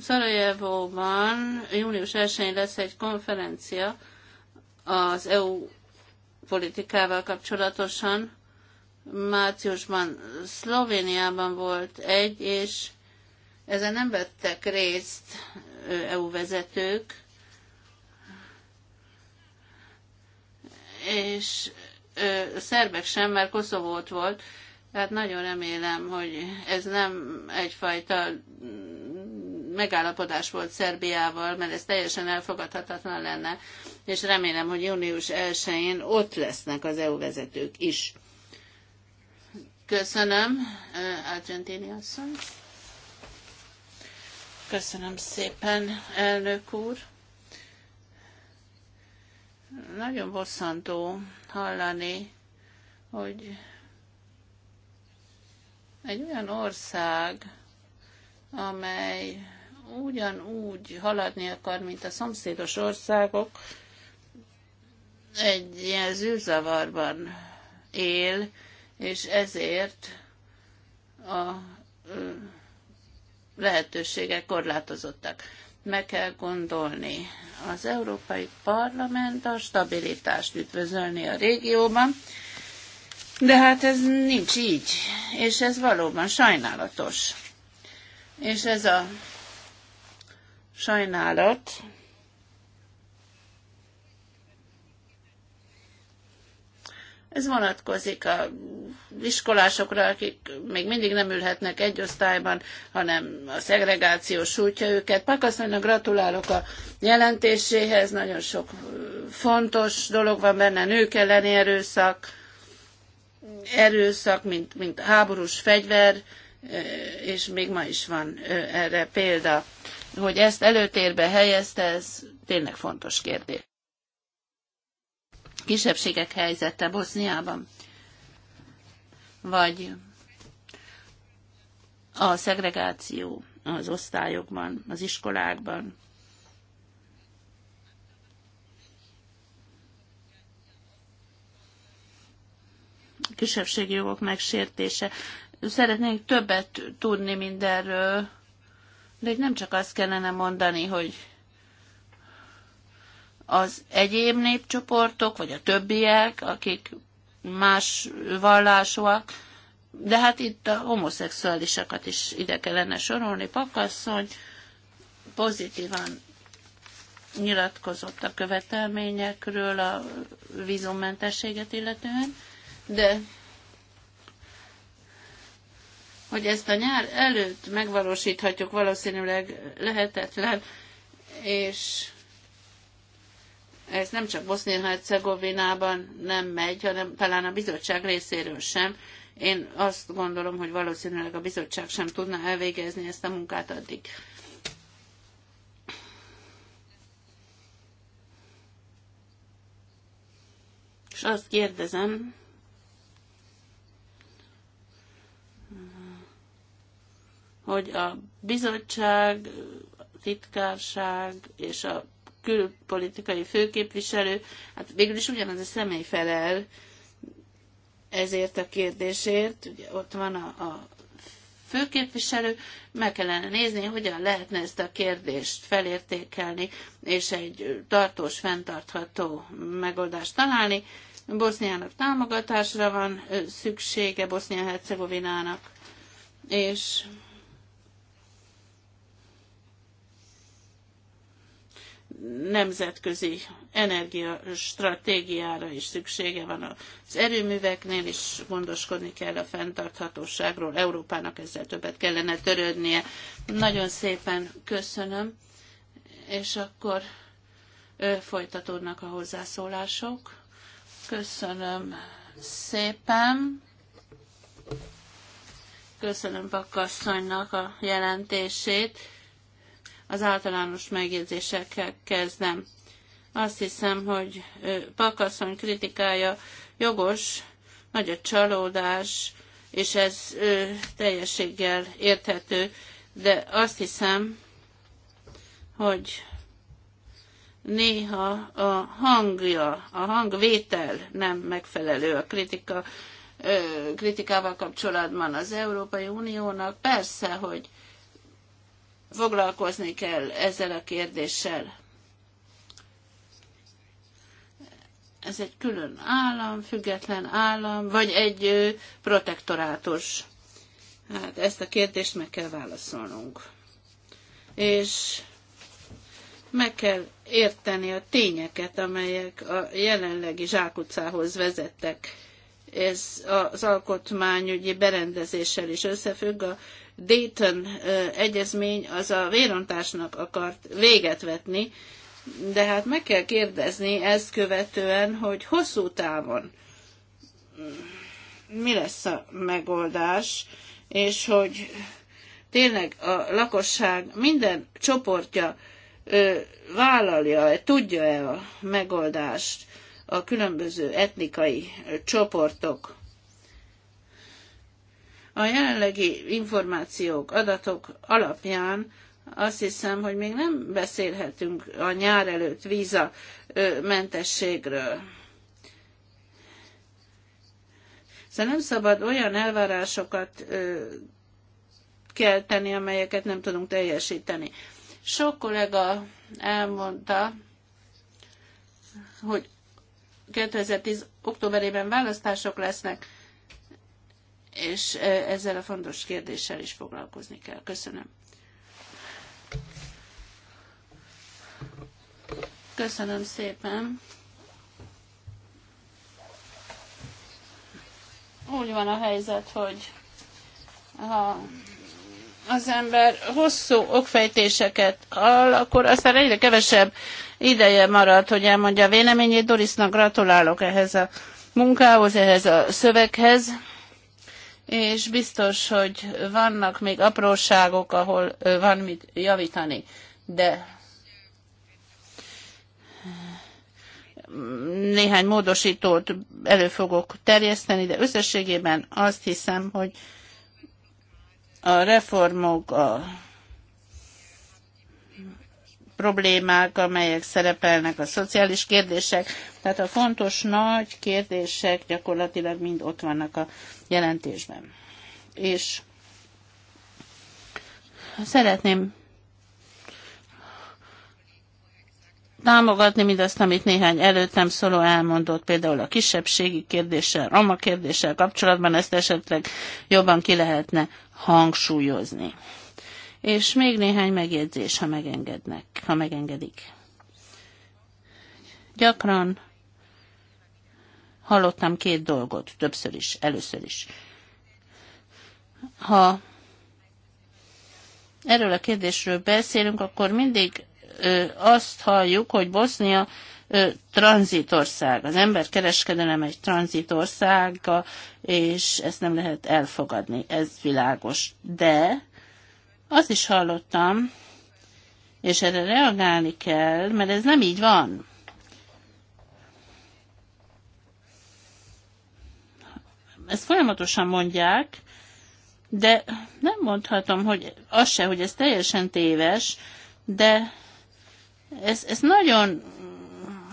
Szarajevóban június 1-én lesz egy konferencia az EU politikával kapcsolatosan, márciusban Szlovéniában volt egy, és ezen nem vettek részt EU vezetők, és a szerbek sem, mert Koszovót volt, tehát nagyon remélem, hogy ez nem egyfajta megállapodás volt Szerbiával, mert ez teljesen elfogadhatatlan lenne, és remélem, hogy június 1-én ott lesznek az EU vezetők is. Köszönöm, Argentini asszony. Köszönöm szépen, elnök úr. Nagyon bosszantó hallani, hogy egy olyan ország, amely ugyanúgy haladni akar, mint a szomszédos országok, egy ilyen zűrzavarban él, és ezért a lehetőségek korlátozottak. Meg kell gondolni. Az Európai Parlament a stabilitást üdvözölni a régióban, de hát ez nincs így, és ez valóban sajnálatos. És ez a sajnálat Ez vonatkozik a iskolásokra, akik még mindig nem ülhetnek egy osztályban, hanem a szegregáció sújtja őket. Pakaszonynak gratulálok a jelentéséhez, nagyon sok fontos dolog van benne, nők elleni erőszak, erőszak, mint, mint háborús fegyver, és még ma is van erre példa, hogy ezt előtérbe helyezte, ez tényleg fontos kérdés kisebbségek helyzete Boszniában, vagy a szegregáció az osztályokban, az iskolákban. kisebbségi jogok megsértése. Szeretnénk többet tudni mindenről, de nem csak azt kellene mondani, hogy az egyéb népcsoportok, vagy a többiek, akik más vallásúak, de hát itt a homoszexuálisakat is ide kellene sorolni. Pakasszony pozitívan nyilatkozott a követelményekről a vízummentességet illetően, de hogy ezt a nyár előtt megvalósíthatjuk, valószínűleg lehetetlen, és ez nem csak Bosznia-Hercegovinában nem megy, hanem talán a bizottság részéről sem. Én azt gondolom, hogy valószínűleg a bizottság sem tudna elvégezni ezt a munkát addig. És azt kérdezem, hogy a bizottság, titkárság és a külpolitikai főképviselő, hát végül is ugyanaz a személy felel ezért a kérdésért, ugye ott van a, a főképviselő, meg kellene nézni, hogyan lehetne ezt a kérdést felértékelni, és egy tartós, fenntartható megoldást találni. Boszniának támogatásra van szüksége, Bosznia-Hercegovinának, és nemzetközi energiastratégiára is szüksége van az erőműveknél, és gondoskodni kell a fenntarthatóságról. Európának ezzel többet kellene törődnie. Nagyon szépen köszönöm, és akkor folytatódnak a hozzászólások. Köszönöm szépen. Köszönöm Bakkasszonynak a jelentését az általános megjegyzésekkel kezdem. Azt hiszem, hogy Pakaszony kritikája jogos, nagy a csalódás, és ez ö, teljességgel érthető, de azt hiszem, hogy néha a hangja, a hangvétel nem megfelelő a kritika, ö, kritikával kapcsolatban az Európai Uniónak. Persze, hogy foglalkozni kell ezzel a kérdéssel. Ez egy külön állam, független állam, vagy egy protektorátus. Hát ezt a kérdést meg kell válaszolnunk. És meg kell érteni a tényeket, amelyek a jelenlegi zsákutcához vezettek. Ez az alkotmányügyi berendezéssel is összefügg. A Dayton egyezmény az a vérontásnak akart véget vetni, de hát meg kell kérdezni ezt követően, hogy hosszú távon mi lesz a megoldás, és hogy tényleg a lakosság minden csoportja vállalja-e, tudja-e a megoldást a különböző etnikai csoportok a jelenlegi információk, adatok alapján azt hiszem, hogy még nem beszélhetünk a nyár előtt víza mentességről. Szóval nem szabad olyan elvárásokat kelteni, amelyeket nem tudunk teljesíteni. Sok kollega elmondta, hogy 2010. októberében választások lesznek, és ezzel a fontos kérdéssel is foglalkozni kell. Köszönöm. Köszönöm szépen. Úgy van a helyzet, hogy ha az ember hosszú okfejtéseket al, akkor aztán egyre kevesebb ideje marad, hogy elmondja a véleményét. Dorisnak gratulálok ehhez a munkához, ehhez a szöveghez és biztos, hogy vannak még apróságok, ahol van mit javítani, de néhány módosítót elő fogok terjeszteni, de összességében azt hiszem, hogy a reformok, a problémák, amelyek szerepelnek, a szociális kérdések, tehát a fontos nagy kérdések gyakorlatilag mind ott vannak a jelentésben. És szeretném támogatni mindazt, amit néhány előttem szóló elmondott, például a kisebbségi kérdéssel, roma kérdéssel kapcsolatban ezt esetleg jobban ki lehetne hangsúlyozni és még néhány megjegyzés, ha megengednek, ha megengedik. Gyakran hallottam két dolgot, többször is, először is. Ha erről a kérdésről beszélünk, akkor mindig ö, azt halljuk, hogy Bosznia ö, tranzitország, az emberkereskedelem egy tranzitország, és ezt nem lehet elfogadni, ez világos. De azt is hallottam, és erre reagálni kell, mert ez nem így van. Ezt folyamatosan mondják, de nem mondhatom, hogy az se, hogy ez teljesen téves, de ez, ez nagyon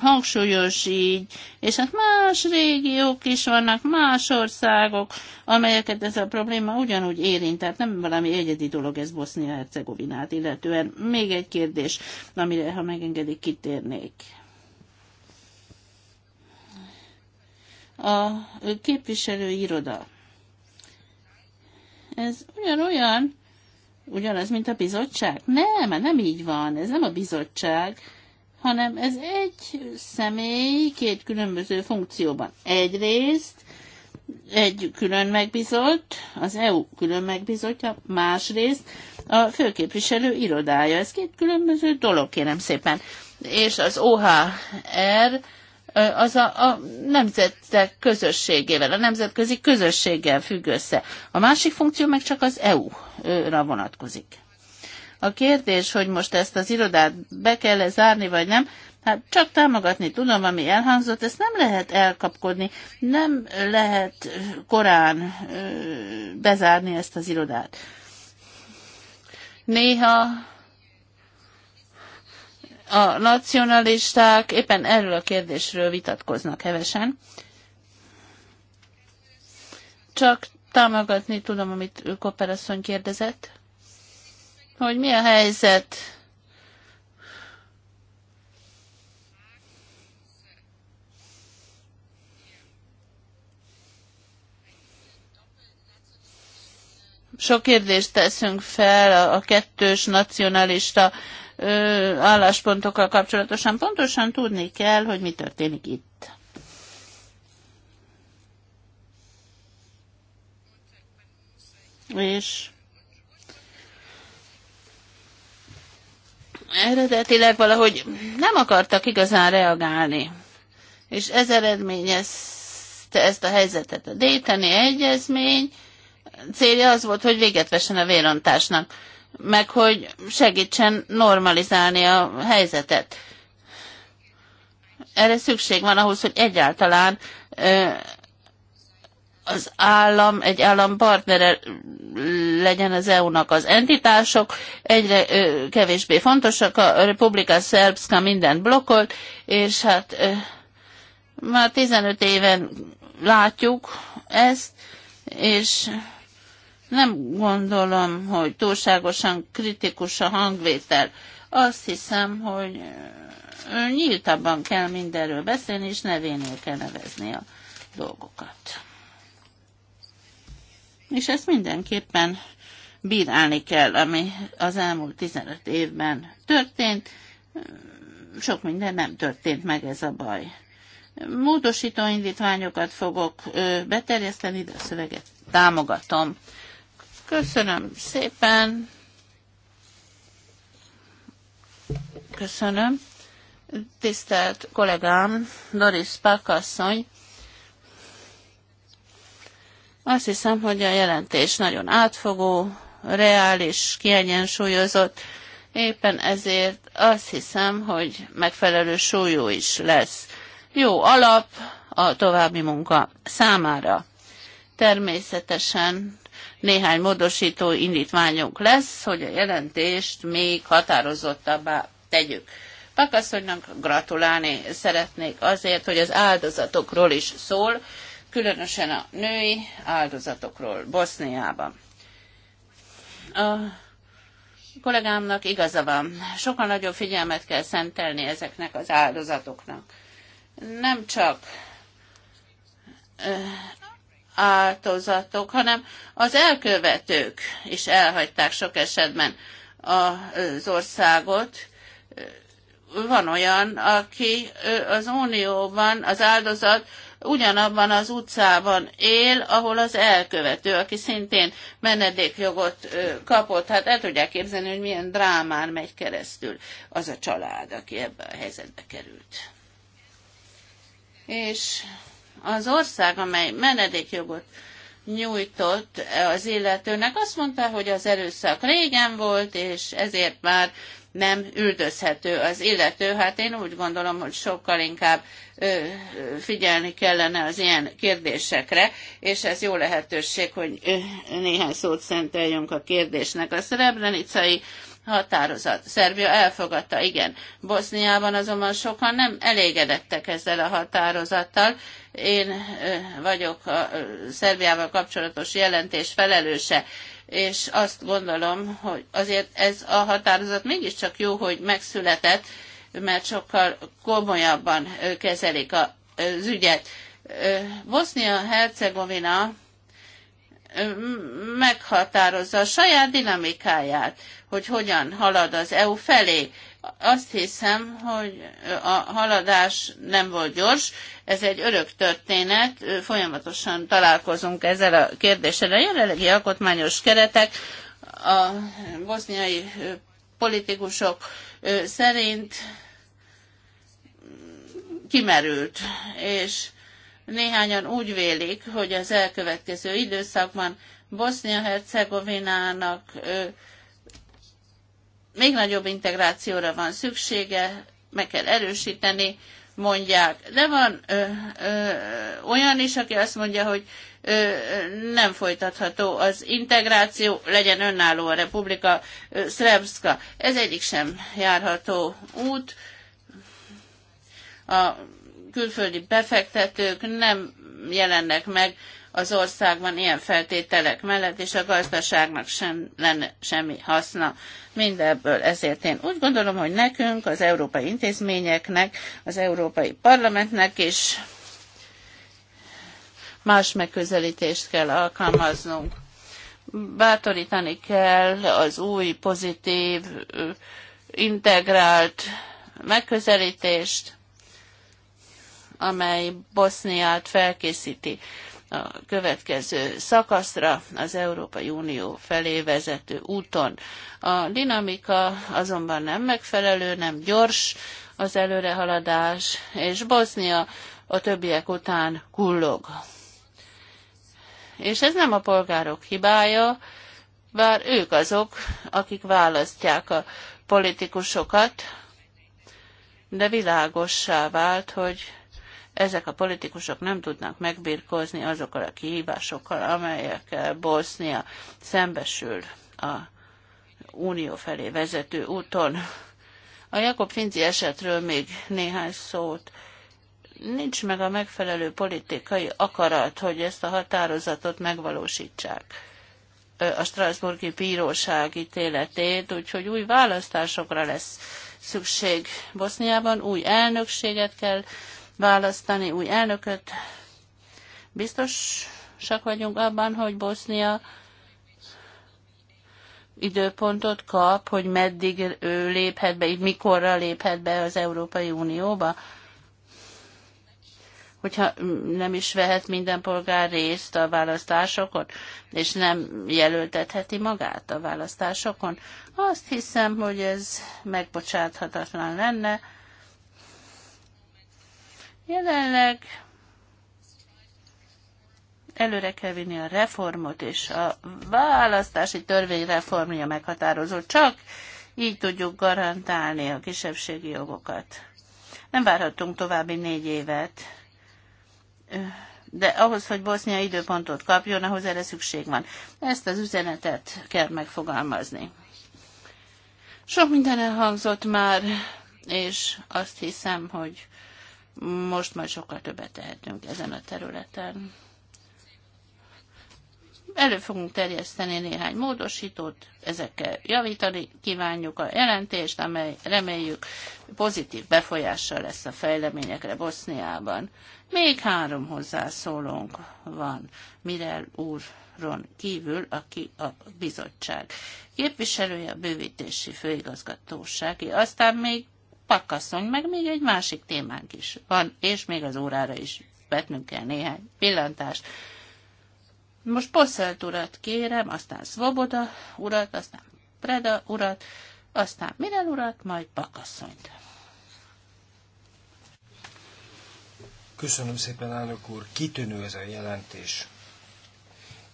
hangsúlyos így, és hát más régiók is vannak, más országok, amelyeket ez a probléma ugyanúgy érint, tehát nem valami egyedi dolog ez Bosznia-Hercegovinát, illetően még egy kérdés, amire, ha megengedik, kitérnék. A képviselőiroda. Ez ugyanolyan, ugyanaz, mint a bizottság? Nem, hát nem így van, ez nem a bizottság hanem ez egy személy két különböző funkcióban. Egyrészt egy külön megbizott, az EU külön megbizottja, másrészt a főképviselő irodája. Ez két különböző dolog, kérem szépen. És az OHR az a, a nemzetek közösségével, a nemzetközi közösséggel függ össze. A másik funkció meg csak az EU-ra vonatkozik. A kérdés, hogy most ezt az irodát be kell -e zárni, vagy nem, hát csak támogatni tudom, ami elhangzott, ezt nem lehet elkapkodni, nem lehet korán bezárni ezt az irodát. Néha a nacionalisták éppen erről a kérdésről vitatkoznak hevesen. Csak támogatni tudom, amit Koperasszony kérdezett hogy mi a helyzet sok kérdést teszünk fel a, kettős nacionalista ö, álláspontokkal kapcsolatosan. Pontosan tudni kell, hogy mi történik itt. És eredetileg valahogy nem akartak igazán reagálni. És ez eredményezte ezt a helyzetet. A déteni Egyezmény célja az volt, hogy véget vessen a vérontásnak, meg hogy segítsen normalizálni a helyzetet. Erre szükség van ahhoz, hogy egyáltalán az állam egy állam partnere legyen az EU-nak. Az entitások egyre ö, kevésbé fontosak, a Republika Szerbszka mindent blokkolt, és hát ö, már 15 éven látjuk ezt, és nem gondolom, hogy túlságosan kritikus a hangvétel. Azt hiszem, hogy nyíltabban kell mindenről beszélni, és nevénél kell nevezni a dolgokat. És ezt mindenképpen bírálni kell, ami az elmúlt 15 évben történt. Sok minden nem történt meg ez a baj. Módosító indítványokat fogok beterjeszteni, de a szöveget támogatom. Köszönöm szépen. Köszönöm. Tisztelt kollégám, Doris Pakasszony azt hiszem, hogy a jelentés nagyon átfogó, reális, kiegyensúlyozott. Éppen ezért azt hiszem, hogy megfelelő súlyú is lesz. Jó alap a további munka számára. Természetesen néhány módosító indítványunk lesz, hogy a jelentést még határozottabbá tegyük. Pakasszonynak gratulálni szeretnék azért, hogy az áldozatokról is szól, különösen a női áldozatokról Boszniában. A kollégámnak igaza van, sokkal nagyobb figyelmet kell szentelni ezeknek az áldozatoknak. Nem csak áldozatok, hanem az elkövetők is elhagyták sok esetben az országot. Van olyan, aki az Unióban az áldozat ugyanabban az utcában él, ahol az elkövető, aki szintén menedékjogot kapott. Hát el tudják képzelni, hogy milyen drámán megy keresztül az a család, aki ebbe a helyzetbe került. És az ország, amely menedékjogot nyújtott az illetőnek, azt mondta, hogy az erőszak régen volt, és ezért már nem üldözhető az illető. Hát én úgy gondolom, hogy sokkal inkább figyelni kellene az ilyen kérdésekre, és ez jó lehetőség, hogy néhány szót szenteljünk a kérdésnek. A szerebrenicai határozat. Szerbia elfogadta, igen. Boszniában azonban sokan nem elégedettek ezzel a határozattal. Én vagyok a Szerbiával kapcsolatos jelentés felelőse, és azt gondolom, hogy azért ez a határozat mégiscsak jó, hogy megszületett, mert sokkal komolyabban kezelik az ügyet. bosnia hercegovina meghatározza a saját dinamikáját, hogy hogyan halad az EU felé, azt hiszem, hogy a haladás nem volt gyors, ez egy örök történet, folyamatosan találkozunk ezzel a kérdéssel. A jelenlegi alkotmányos keretek a boszniai politikusok szerint kimerült, és néhányan úgy vélik, hogy az elkövetkező időszakban Bosznia-Hercegovinának még nagyobb integrációra van szüksége, meg kell erősíteni, mondják. De van ö, ö, olyan is, aki azt mondja, hogy ö, nem folytatható az integráció, legyen önálló a Republika Srebska. Ez egyik sem járható út. A külföldi befektetők nem jelennek meg az országban ilyen feltételek mellett, és a gazdaságnak sem lenne semmi haszna mindebből. Ezért én úgy gondolom, hogy nekünk, az európai intézményeknek, az európai parlamentnek is más megközelítést kell alkalmaznunk. Bátorítani kell az új, pozitív, integrált megközelítést, amely Boszniát felkészíti a következő szakaszra, az Európai Unió felé vezető úton. A dinamika azonban nem megfelelő, nem gyors az előrehaladás, és Bosznia a többiek után kullog. És ez nem a polgárok hibája, bár ők azok, akik választják a politikusokat, de világossá vált, hogy ezek a politikusok nem tudnak megbirkózni azokkal a kihívásokkal, amelyekkel Bosznia szembesül a unió felé vezető úton. A Jakob Finci esetről még néhány szót. Nincs meg a megfelelő politikai akarat, hogy ezt a határozatot megvalósítsák a Strasburgi Bíróság ítéletét, úgyhogy új választásokra lesz szükség Boszniában, új elnökséget kell választani új elnököt. Biztosak vagyunk abban, hogy Bosznia időpontot kap, hogy meddig ő léphet be, így mikorra léphet be az Európai Unióba hogyha nem is vehet minden polgár részt a választásokon, és nem jelöltetheti magát a választásokon. Azt hiszem, hogy ez megbocsáthatatlan lenne, Jelenleg előre kell vinni a reformot, és a választási törvény reformja meghatározó. Csak így tudjuk garantálni a kisebbségi jogokat. Nem várhatunk további négy évet, de ahhoz, hogy Bosznia időpontot kapjon, ahhoz erre szükség van. Ezt az üzenetet kell megfogalmazni. Sok minden elhangzott már, és azt hiszem, hogy most majd sokkal többet tehetünk ezen a területen. Elő fogunk terjeszteni néhány módosítót, ezekkel javítani kívánjuk a jelentést, amely reméljük pozitív befolyással lesz a fejleményekre Boszniában. Még három hozzászólónk van, Mirel úrron kívül, aki a bizottság képviselője, a bővítési főigazgatósági, aztán még pakasszony, meg még egy másik témánk is van, és még az órára is vetnünk kell néhány pillantást. Most Posselt urat kérem, aztán Svoboda urat, aztán Preda urat, aztán minden urat, majd pakkasszonyt. Köszönöm szépen, állok úr, kitűnő ez a jelentés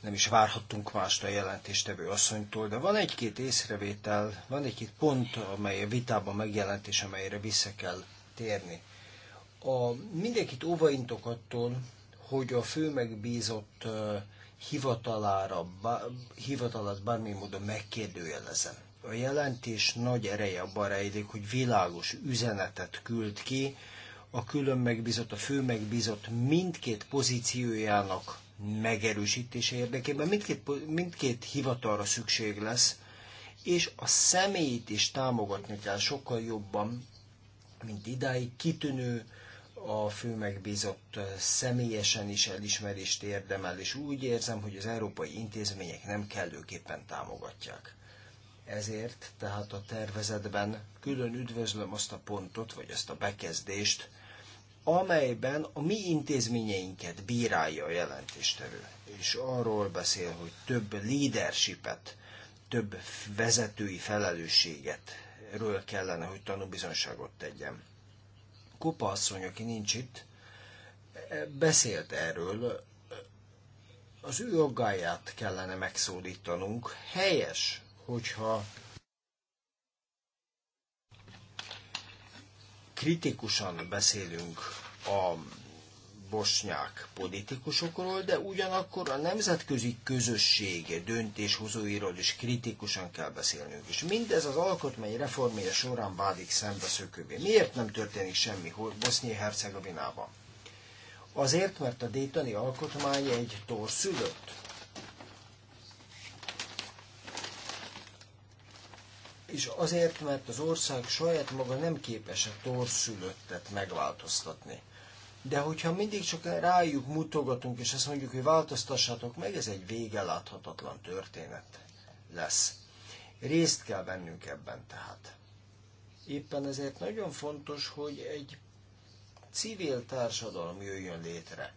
nem is várhattunk mást a jelentéstevő asszonytól, de van egy-két észrevétel, van egy-két pont, amely a vitában megjelent, és amelyre vissza kell térni. A, mindenkit óvaintok attól, hogy a fő megbízott hivatalára, bá, hivatalat bármilyen módon megkérdőjelezem. A jelentés nagy ereje abban rejlik, hogy világos üzenetet küld ki, a külön megbízott, a fő megbízott mindkét pozíciójának megerősítése érdekében mindkét, mindkét hivatalra szükség lesz, és a személyt is támogatni kell sokkal jobban, mint idáig kitűnő, a fő megbízott személyesen is elismerést érdemel, és úgy érzem, hogy az európai intézmények nem kellőképpen támogatják. Ezért tehát a tervezetben külön üdvözlöm azt a pontot, vagy azt a bekezdést, amelyben a mi intézményeinket bírálja a jelentéstevő. És arról beszél, hogy több leadershipet, több vezetői felelősséget ről kellene, hogy tanúbizonságot tegyem. Kupa asszony, aki nincs itt, beszélt erről, az ő aggáját kellene megszólítanunk. Helyes, hogyha kritikusan beszélünk a bosnyák politikusokról, de ugyanakkor a nemzetközi közösség döntéshozóiról is kritikusan kell beszélnünk. És mindez az alkotmány reformja során válik szembeszökővé. Miért nem történik semmi Bosznia-Hercegovinában? Azért, mert a détani alkotmány egy torszülött és azért, mert az ország saját maga nem képes a torszülöttet megváltoztatni. De hogyha mindig csak rájuk mutogatunk, és azt mondjuk, hogy változtassátok meg, ez egy vége láthatatlan történet lesz. Részt kell vennünk ebben tehát. Éppen ezért nagyon fontos, hogy egy civil társadalom jöjjön létre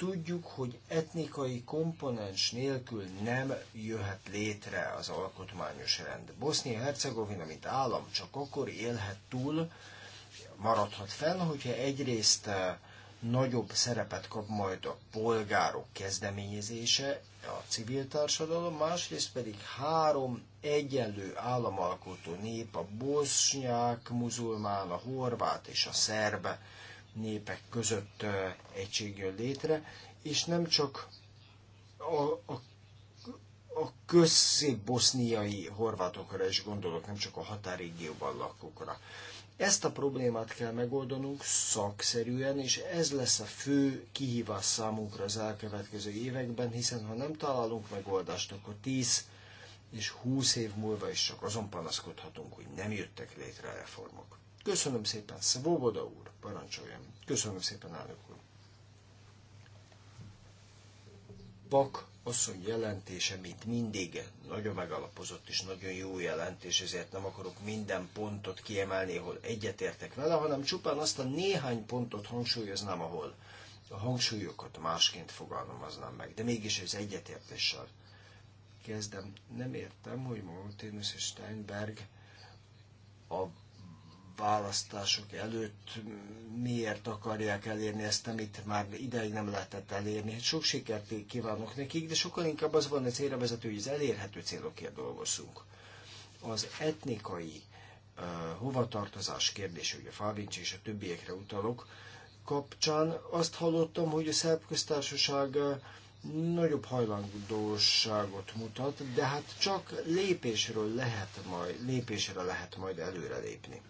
tudjuk, hogy etnikai komponens nélkül nem jöhet létre az alkotmányos rend. Bosznia-Hercegovina, mint állam, csak akkor élhet túl, maradhat fel, hogyha egyrészt eh, nagyobb szerepet kap majd a polgárok kezdeményezése, a civil társadalom, másrészt pedig három egyenlő államalkotó nép, a bosznyák, muzulmán, a horvát és a szerbe népek között egység jön létre, és nem csak a, a, a közszép-boszniai horvátokra is gondolok, nem csak a határégióban lakókra. Ezt a problémát kell megoldanunk szakszerűen, és ez lesz a fő kihívás számunkra az elkövetkező években, hiszen ha nem találunk megoldást, akkor 10 és 20 év múlva is csak azon panaszkodhatunk, hogy nem jöttek létre reformok. Köszönöm szépen, Szvoboda úr, parancsoljon. Köszönöm szépen, elnök úr. Pak asszony jelentése, mint mindig, nagyon megalapozott és nagyon jó jelentés, ezért nem akarok minden pontot kiemelni, ahol egyetértek vele, hanem csupán azt a néhány pontot hangsúlyoznám, ahol a hangsúlyokat másként fogalmaznám meg, de mégis ez egyetértéssel kezdem. Nem értem, hogy Martinus és Steinberg a választások előtt miért akarják elérni ezt, amit már ideig nem lehetett elérni. Hát sok sikert kívánok nekik, de sokkal inkább az van a célra vezető, hogy az elérhető célokért dolgozzunk. Az etnikai uh, hovatartozás kérdés, ugye Fábincs és a többiekre utalok, kapcsán azt hallottam, hogy a szerb köztársaság nagyobb hajlandóságot mutat, de hát csak lépésről lehet majd, lépésre lehet majd előrelépni.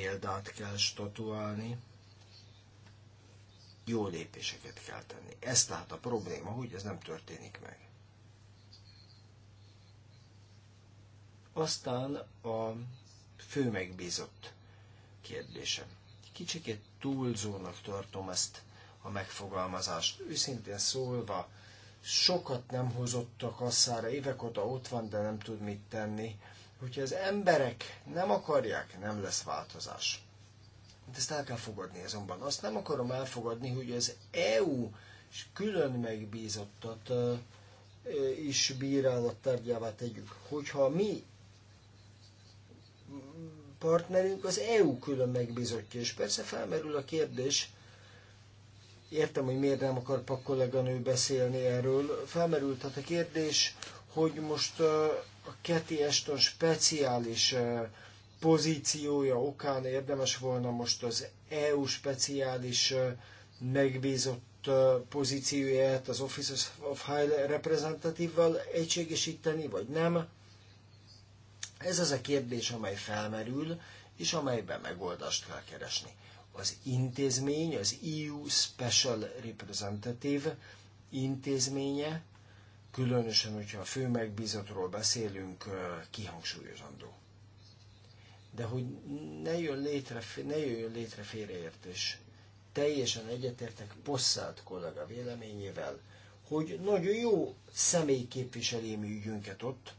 példát kell statuálni, jó lépéseket kell tenni. Ez tehát a probléma, hogy ez nem történik meg. Aztán a fő megbízott kérdésem. Kicsikét túlzónak tartom ezt a megfogalmazást. Őszintén szólva, sokat nem hozott a kasszára, évek óta ott van, de nem tud mit tenni. Hogyha az emberek nem akarják, nem lesz változás. De ezt el kell fogadni azonban. Azt nem akarom elfogadni, hogy az EU és külön megbízottat is bírálat tárgyává tegyük. Hogyha mi partnerünk az EU külön megbízottja, és persze felmerül a kérdés, értem, hogy miért nem akar pak kolléganő beszélni erről, felmerült tehát a kérdés, hogy most a Keti Eston speciális pozíciója okán érdemes volna most az EU speciális megbízott pozícióját az Office of High representative val egységesíteni, vagy nem. Ez az a kérdés, amely felmerül, és amelyben megoldást kell keresni. Az intézmény, az EU Special Representative intézménye különösen, hogyha a fő megbízatról beszélünk, kihangsúlyozandó. De hogy ne, jöjjön létre, ne jöjjön létre félreértés, teljesen egyetértek Posszát kollega véleményével, hogy nagyon jó személy képviseli mi ügyünket ott,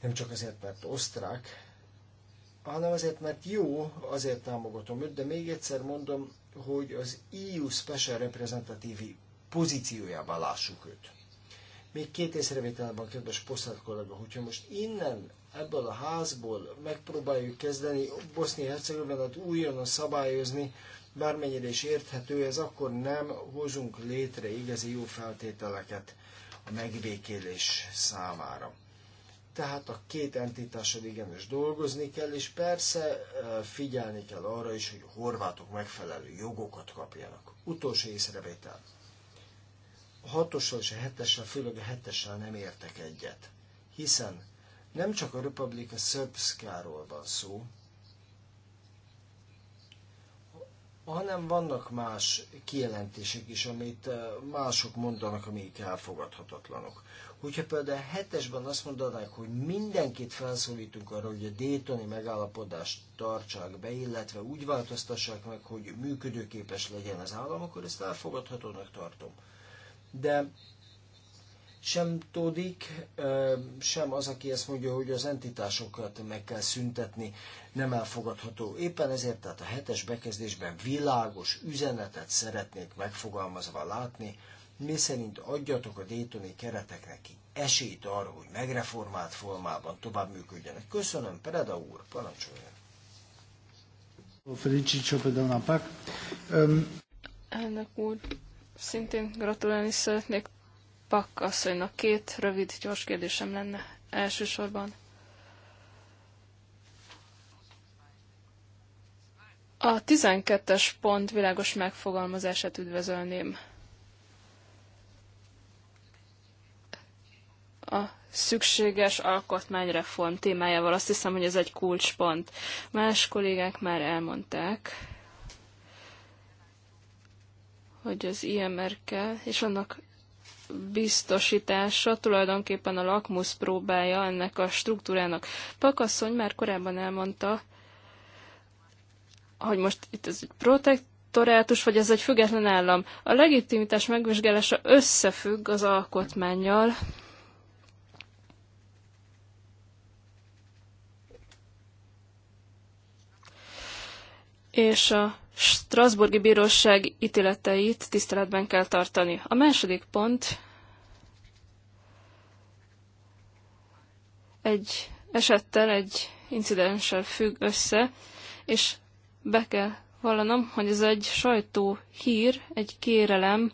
nem csak azért, mert osztrák, hanem azért, mert jó, azért támogatom őt, de még egyszer mondom, hogy az EU Special Representative pozíciójában lássuk őt. Még két észrevétel van, kedves Poszát kollega, hogyha most innen, ebből a házból megpróbáljuk kezdeni Bosznia-Hercegovinát újonnan szabályozni, bármennyire is érthető, ez akkor nem hozunk létre igazi jó feltételeket a megbékélés számára. Tehát a két entitással igenis dolgozni kell, és persze eh, figyelni kell arra is, hogy a horvátok megfelelő jogokat kapjanak. Utolsó észrevétel hatossal és a hetessel, főleg a hetessel nem értek egyet. Hiszen nem csak a Republika szöpszkáról van szó, hanem vannak más kijelentések is, amit eh, mások mondanak, amik elfogadhatatlanok. Hogyha például a hetesben azt mondanák, hogy mindenkit felszólítunk arra, hogy a Daytoni megállapodást tartsák be, illetve úgy változtassák meg, hogy működőképes legyen az állam, akkor ezt elfogadhatónak tartom de sem tudik sem az, aki ezt mondja, hogy az entitásokat meg kell szüntetni, nem elfogadható. Éppen ezért tehát a hetes bekezdésben világos üzenetet szeretnék megfogalmazva látni, mi szerint adjatok a détoni kereteknek esélyt arra, hogy megreformált formában tovább működjenek. Köszönöm, Preda úr, parancsoljon! Felicsit Elnök úr, Szintén gratulálni szeretnék Pak asszonynak. Két rövid, gyors kérdésem lenne elsősorban. A 12-es pont világos megfogalmazását üdvözölném. A szükséges alkotmányreform témájával azt hiszem, hogy ez egy kulcspont. Más kollégák már elmondták hogy az IMR-kel és annak biztosítása tulajdonképpen a lakmusz próbája ennek a struktúrának. Pakasszony már korábban elmondta, hogy most itt ez egy protektorátus, vagy ez egy független állam. A legitimitás megvizsgálása összefügg az alkotmányjal, és a Strasburgi Bíróság ítéleteit tiszteletben kell tartani. A második pont egy esettel, egy incidenssel függ össze, és be kell vallanom, hogy ez egy sajtó hír, egy kérelem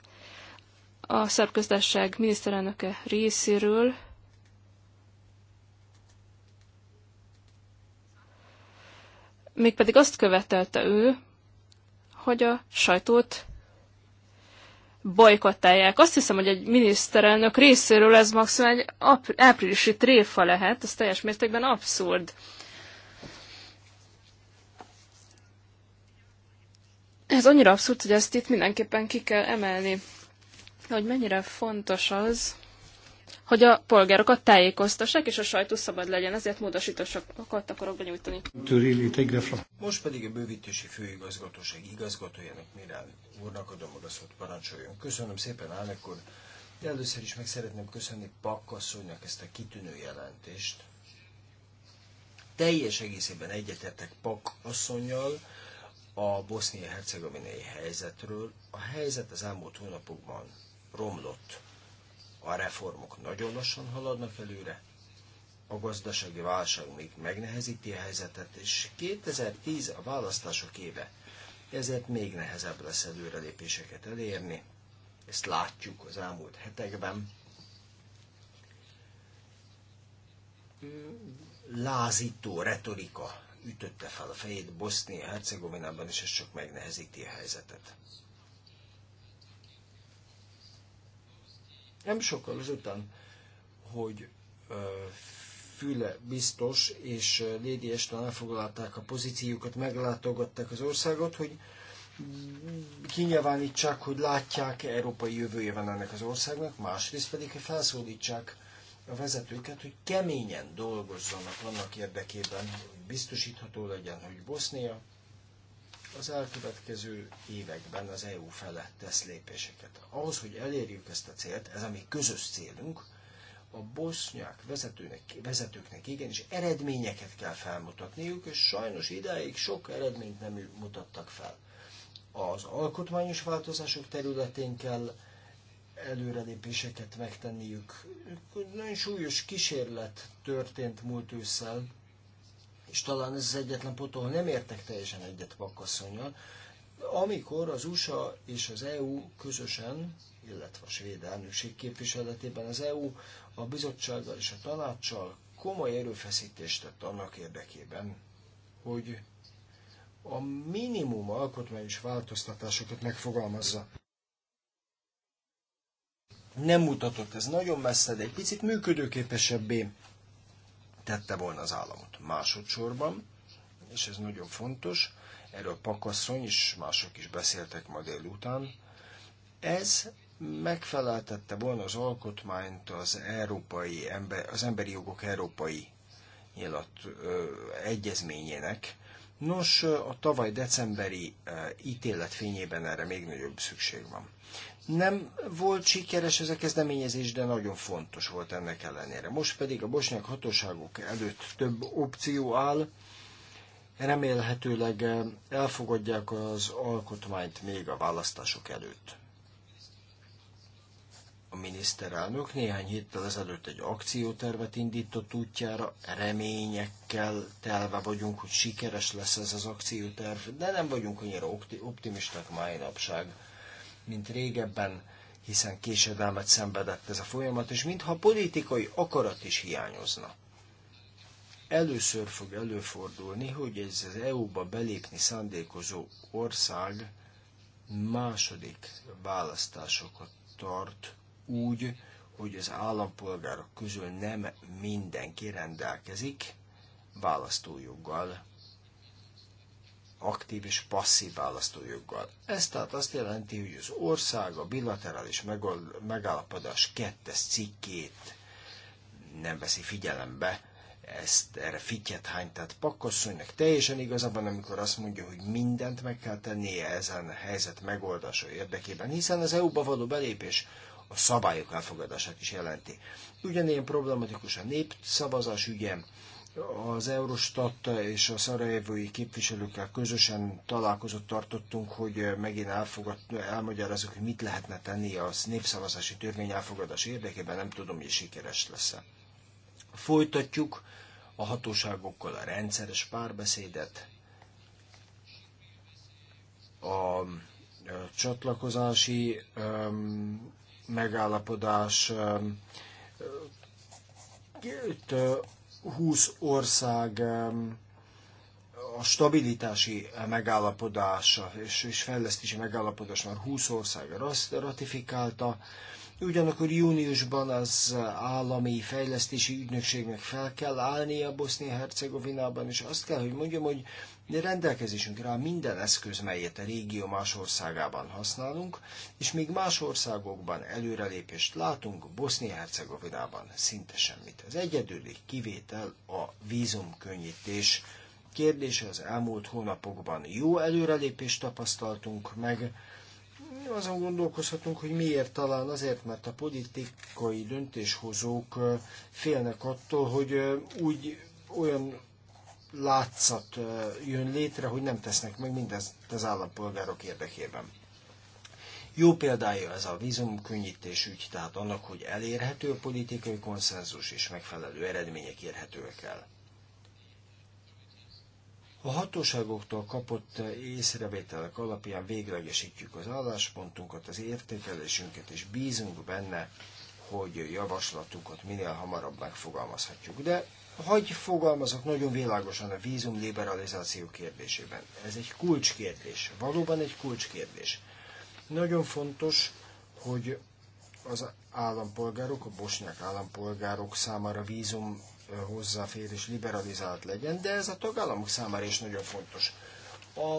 a szerköztárság miniszterelnöke részéről, mégpedig azt követelte ő, hogy a sajtót bolykottálják. Azt hiszem, hogy egy miniszterelnök részéről ez maximum egy áprilisi tréfa lehet, ez teljes mértékben abszurd. Ez annyira abszurd, hogy ezt itt mindenképpen ki kell emelni, hogy mennyire fontos az, hogy a polgárokat tájékoztassák, és a sajtó szabad legyen, ezért módosításokat akarok benyújtani. Most pedig a bővítési főigazgatóság igazgatójának Mirál úrnak adom oda szót, parancsoljon. Köszönöm szépen, Álnek úr. Először is meg szeretném köszönni Pakkasszonynak ezt a kitűnő jelentést. Teljes egészében egyetettek Pakkasszonynal a bosznia-hercegovinai helyzetről. A helyzet az elmúlt hónapokban romlott a reformok nagyon lassan haladnak előre, a gazdasági válság még megnehezíti a helyzetet, és 2010 a választások éve, ezért még nehezebb lesz előrelépéseket elérni. Ezt látjuk az elmúlt hetekben. Lázító retorika ütötte fel a fejét Bosznia-Hercegovinában, és ez csak megnehezíti a helyzetet. Nem sokkal azután, hogy Füle biztos és Lady Ashton elfoglalták a pozíciókat, meglátogatták az országot, hogy kinyilvánítsák, hogy látják európai jövője van ennek az országnak, másrészt pedig, hogy felszólítsák a vezetőket, hogy keményen dolgozzanak annak érdekében, hogy biztosítható legyen, hogy Bosznia az elkövetkező években az EU fele tesz lépéseket. Ahhoz, hogy elérjük ezt a célt, ez a mi közös célunk, a bosznyák vezetőnek, vezetőknek igenis eredményeket kell felmutatniuk, és sajnos idáig sok eredményt nem mutattak fel. Az alkotmányos változások területén kell előrelépéseket megtenniük. Nagyon súlyos kísérlet történt múlt ősszel, és talán ez az egyetlen pont, ahol nem értek teljesen egyet Pakkasszonyjal, amikor az USA és az EU közösen, illetve a svéd elnökség képviseletében az EU a bizottsággal és a tanácssal komoly erőfeszítést tett annak érdekében, hogy a minimum alkotmányos változtatásokat megfogalmazza. Nem mutatott ez nagyon messze, de egy picit működőképesebbé tette volna az államot. Másodszorban, és ez nagyon fontos, erről Pakasszony és mások is beszéltek ma délután, ez megfeleltette volna az alkotmányt az, európai ember, az emberi jogok európai nyilat, ö, egyezményének, Nos, a tavaly decemberi eh, ítélet fényében erre még nagyobb szükség van. Nem volt sikeres ez a kezdeményezés, de nagyon fontos volt ennek ellenére. Most pedig a bosnyák hatóságok előtt több opció áll, remélhetőleg eh, elfogadják az alkotmányt még a választások előtt a miniszterelnök néhány héttel ezelőtt egy akciótervet indított útjára, reményekkel telve vagyunk, hogy sikeres lesz ez az akcióterv, de nem vagyunk annyira optimisták mai napság, mint régebben, hiszen késedelmet szenvedett ez a folyamat, és mintha politikai akarat is hiányozna. Először fog előfordulni, hogy ez az EU-ba belépni szándékozó ország második választásokat tart úgy, hogy az állampolgárok közül nem mindenki rendelkezik választójoggal, aktív és passzív választójoggal. Ez tehát azt jelenti, hogy az ország a bilaterális megállapodás kettes cikkét nem veszi figyelembe, ezt erre fityet hány, tehát pakkasszonynak teljesen igazabban, amikor azt mondja, hogy mindent meg kell tennie ezen a helyzet megoldása érdekében, hiszen az EU-ba való belépés a szabályok elfogadását is jelenti. Ugyanilyen problematikus a népszavazás ügye, az Eurostat és a szarajevői képviselőkkel közösen találkozott tartottunk, hogy megint elfogad, elmagyarázzuk, hogy mit lehetne tenni a népszavazási törvény elfogadás érdekében, nem tudom, hogy sikeres lesz-e. Folytatjuk a hatóságokkal a rendszeres párbeszédet, a csatlakozási um, megállapodás 20 ország a stabilitási megállapodása és, és fejlesztési megállapodás már 20 ország ratifikálta, Ugyanakkor júniusban az állami fejlesztési ügynökségnek fel kell állnia Bosznia-Hercegovinában, és azt kell, hogy mondjam, hogy de rendelkezésünkre áll minden eszköz, melyet a régió más országában használunk, és még más országokban előrelépést látunk, Bosznia-Hercegovinában szinte semmit. Az egyedüli kivétel a vízumkönnyítés kérdése az elmúlt hónapokban jó előrelépést tapasztaltunk meg, azon gondolkozhatunk, hogy miért talán azért, mert a politikai döntéshozók félnek attól, hogy úgy olyan látszat jön létre, hogy nem tesznek meg mindezt az állampolgárok érdekében. Jó példája ez a vízumkönnyítés ügy, tehát annak, hogy elérhető a politikai konszenzus és megfelelő eredmények érhetőek el. A hatóságoktól kapott észrevételek alapján véglegesítjük az álláspontunkat, az értékelésünket, és bízunk benne, hogy javaslatunkat minél hamarabb megfogalmazhatjuk. De hogy fogalmazok nagyon világosan a vízum liberalizáció kérdésében? Ez egy kulcskérdés, valóban egy kulcskérdés. Nagyon fontos, hogy az állampolgárok, a bosnyák állampolgárok számára vízum hozzáférés liberalizált legyen, de ez a tagállamok számára is nagyon fontos. A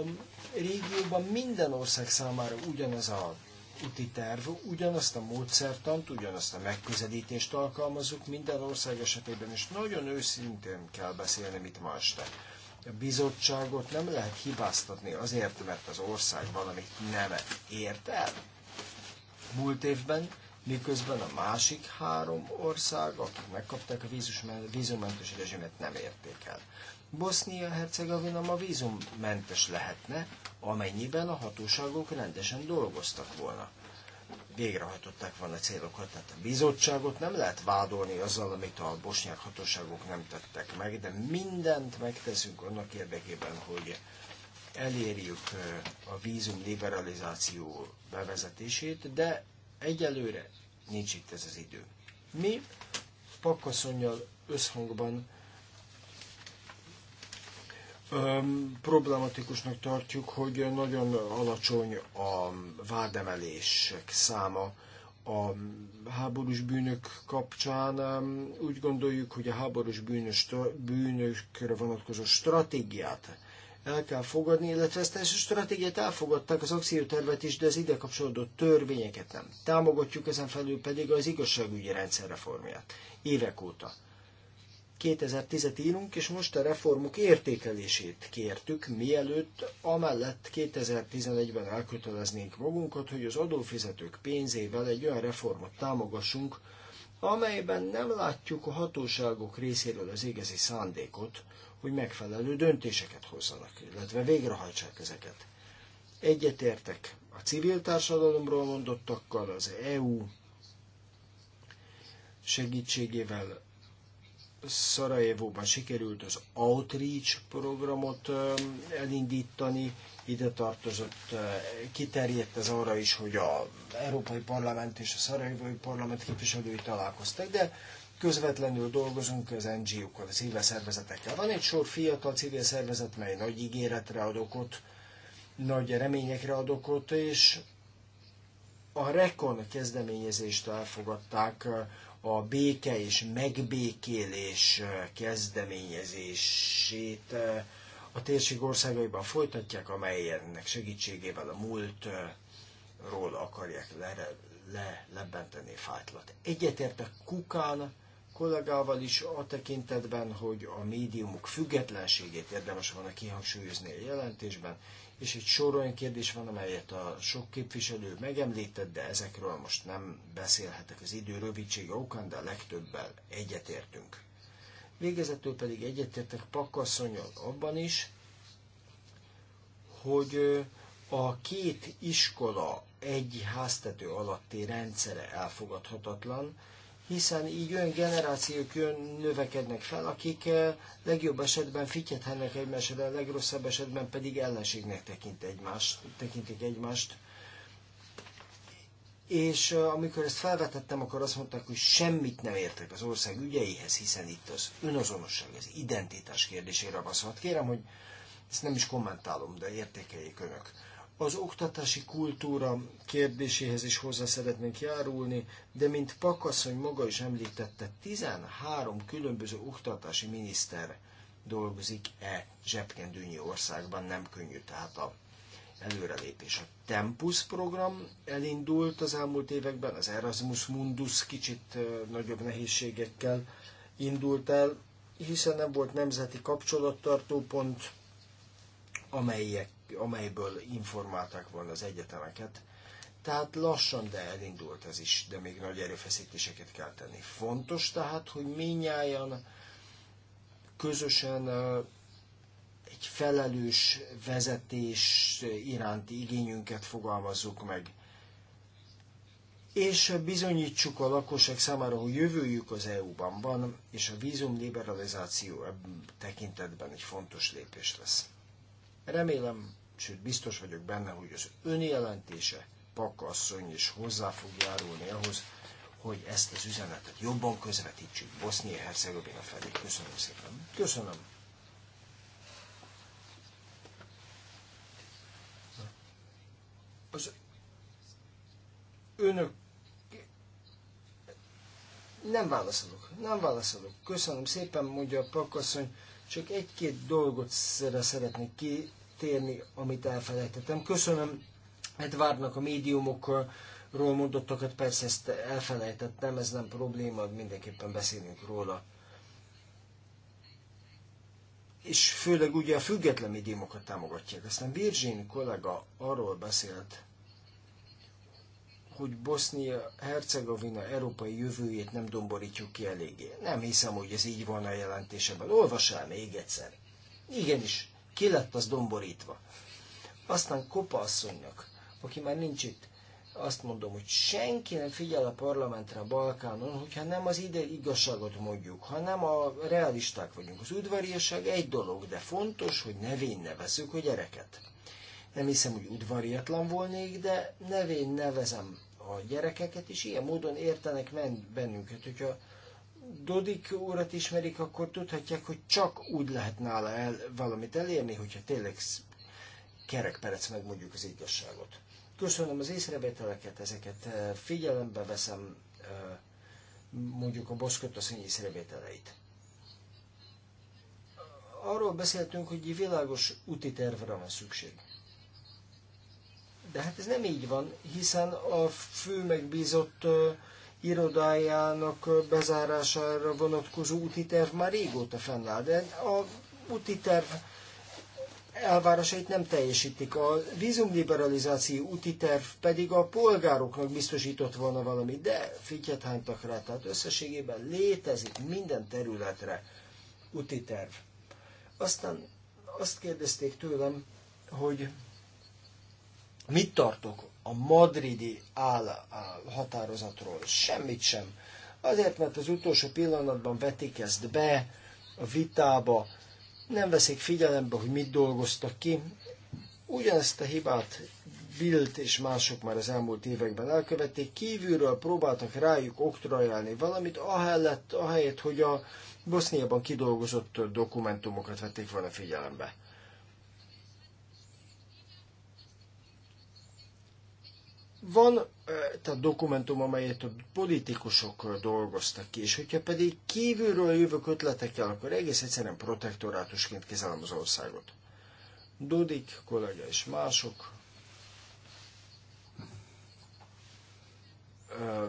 régióban minden ország számára ugyanez a úti terv, ugyanazt a módszertant, ugyanazt a megközelítést alkalmazunk minden ország esetében, és nagyon őszintén kell beszélnem itt ma este. A bizottságot nem lehet hibáztatni azért, mert az ország valamit nem ért el. Múlt évben, miközben a másik három ország, akik megkapták a vízummentes rezsimet, nem érték el. Bosznia-Hercegovina ma vízummentes lehetne, amennyiben a hatóságok rendesen dolgoztak volna. Végrehajtották volna a célokat, tehát a bizottságot nem lehet vádolni azzal, amit a bosnyák hatóságok nem tettek meg, de mindent megteszünk annak érdekében, hogy elérjük eh, a vízum liberalizáció bevezetését, de egyelőre nincs itt ez az idő. Mi pakkaszonyjal összhangban problematikusnak tartjuk, hogy nagyon alacsony a vádemelések száma a háborús bűnök kapcsán. Úgy gondoljuk, hogy a háborús bűnös, bűnökre vonatkozó stratégiát el kell fogadni, illetve ezt a stratégiát elfogadták, az akciótervet is, de az ide kapcsolódó törvényeket nem. Támogatjuk ezen felül pedig az igazságügyi rendszerreformját évek óta. 2010-et írunk, és most a reformok értékelését kértük, mielőtt amellett 2011-ben elköteleznénk magunkat, hogy az adófizetők pénzével egy olyan reformot támogassunk, amelyben nem látjuk a hatóságok részéről az igazi szándékot, hogy megfelelő döntéseket hozzanak, illetve végrehajtsák ezeket. Egyetértek a civil társadalomról mondottakkal, az EU segítségével Szarajevóban sikerült az Outreach programot elindítani, ide tartozott, kiterjedt ez arra is, hogy a Európai Parlament és a Szarajevói Parlament képviselői találkoztak, de közvetlenül dolgozunk az NGO-kkal, a civil szervezetekkel. Van egy sor fiatal civil szervezet, mely nagy ígéretre ad okot, nagy reményekre ad okot, és a Rekon kezdeményezést elfogadták, a béke és megbékélés kezdeményezését a térség országaiban folytatják, amelynek segítségével a múltról akarják le, le, lebenteni fájtlat. Egyetértek Kukán kollégával is a tekintetben, hogy a médiumok függetlenségét érdemes volna kihangsúlyozni a jelentésben, és egy sor olyan kérdés van, amelyet a sok képviselő megemlített, de ezekről most nem beszélhetek az idő rövidsége okán, de a legtöbbel egyetértünk. Végezetül pedig egyetértek Pakkasszonyon abban is, hogy a két iskola egy háztető alatti rendszere elfogadhatatlan, hiszen így olyan generációk jön, növekednek fel, akik eh, legjobb esetben fityethennek egymásra, a legrosszabb esetben pedig ellenségnek tekint egymást, tekintik egymást. És eh, amikor ezt felvetettem, akkor azt mondták, hogy semmit nem értek az ország ügyeihez, hiszen itt az önazonosság, az identitás kérdésére van Kérem, hogy ezt nem is kommentálom, de értékeljék önök az oktatási kultúra kérdéséhez is hozzá szeretnénk járulni, de mint Pakasszony maga is említette, 13 különböző oktatási miniszter dolgozik e zsebkendőnyi országban, nem könnyű tehát a előrelépés. A Tempus program elindult az elmúlt években, az Erasmus Mundus kicsit nagyobb nehézségekkel indult el, hiszen nem volt nemzeti kapcsolattartó pont amelyek amelyből informálták volna az egyetemeket. Tehát lassan, de elindult ez is, de még nagy erőfeszítéseket kell tenni. Fontos tehát, hogy minnyáján közösen egy felelős vezetés iránti igényünket fogalmazzuk meg. És bizonyítsuk a lakosság számára, hogy jövőjük az EU-ban van, és a vízum liberalizáció ebben tekintetben egy fontos lépés lesz. Remélem, sőt biztos vagyok benne, hogy az önjelentése pakasszony is hozzá fog járulni ahhoz, hogy ezt az üzenetet jobban közvetítsük Bosznia-Hercegovina felé. Köszönöm szépen. Köszönöm. Az önök nem válaszolok, nem válaszolok. Köszönöm szépen, mondja a pakasszony, csak egy-két dolgot szeretnék ki térni, amit elfelejtettem. Köszönöm Edvárnak a médiumokról mondottakat, persze ezt elfelejtettem, ez nem probléma, mindenképpen beszélünk róla. És főleg ugye a független médiumokat támogatják. Aztán Virgin kollega arról beszélt, hogy Bosznia-Hercegovina európai jövőjét nem domborítjuk ki eléggé. Nem hiszem, hogy ez így van a jelentésebben. Olvasál még egyszer. Igenis, ki lett az domborítva. Aztán Kopa asszonynak, aki már nincs itt, azt mondom, hogy senki nem figyel a parlamentre a Balkánon, hogyha nem az ide igazságot mondjuk, hanem a realisták vagyunk. Az udvariasság egy dolog, de fontos, hogy nevén nevezzük a gyereket. Nem hiszem, hogy udvariatlan volnék, de nevén nevezem a gyerekeket, és ilyen módon értenek bennünket, hogyha Dodik urat ismerik, akkor tudhatják, hogy csak úgy lehet nála el valamit elérni, hogyha tényleg kerekperec meg mondjuk az igazságot. Köszönöm az észrevételeket, ezeket eh, figyelembe veszem, eh, mondjuk a Boszkott asszony észrevételeit. Arról beszéltünk, hogy egy világos úti tervre van szükség. De hát ez nem így van, hiszen a fő megbízott eh, irodájának bezárására vonatkozó úti terv már régóta fennáll, de a úti terv elvárásait nem teljesítik. A vízumliberalizáció úti terv pedig a polgároknak biztosított volna valami, de fityet hánytak rá, tehát összességében létezik minden területre úti terv. Aztán azt kérdezték tőlem, hogy mit tartok a madridi áll határozatról. Semmit sem. Azért, mert az utolsó pillanatban vetik ezt be a vitába, nem veszik figyelembe, hogy mit dolgoztak ki. Ugyanezt a hibát Bild és mások már az elmúlt években elkövették, kívülről próbáltak rájuk oktrajálni valamit, ahelyett, ahelyett hogy a Boszniában kidolgozott dokumentumokat vették volna figyelembe. Van eh, tehát dokumentum, amelyet a politikusok eh, dolgoztak ki, és hogyha pedig kívülről jövök ötletekkel, akkor egész egyszerűen protektorátusként kezelem az országot. Dudik kollega és mások eh,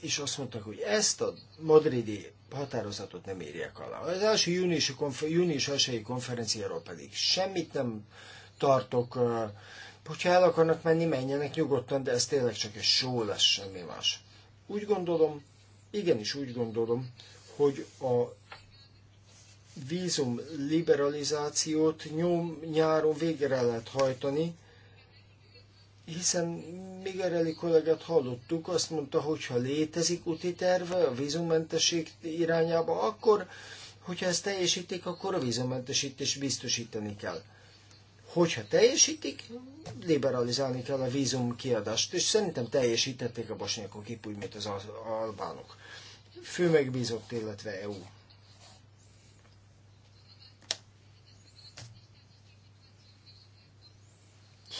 és azt mondták, hogy ezt a madridi határozatot nem írják alá. Az első júniusi konfer- június elsői konferenciáról pedig semmit nem tartok, Hogyha el akarnak menni, menjenek nyugodtan, de ez tényleg csak egy só lesz, semmi más. Úgy gondolom, igenis úgy gondolom, hogy a vízum liberalizációt nyom, nyáron végre lehet hajtani, hiszen még ereli kollégát hallottuk, azt mondta, hogy ha létezik úti terve a vízummentesség irányába, akkor, hogyha ezt teljesítik, akkor a vízummentesítést biztosítani kell. Hogyha teljesítik, liberalizálni kell a vízum kiadást, és szerintem teljesítették a bosnyákok épp úgy, mint az albánok. Fő megbízott, illetve EU.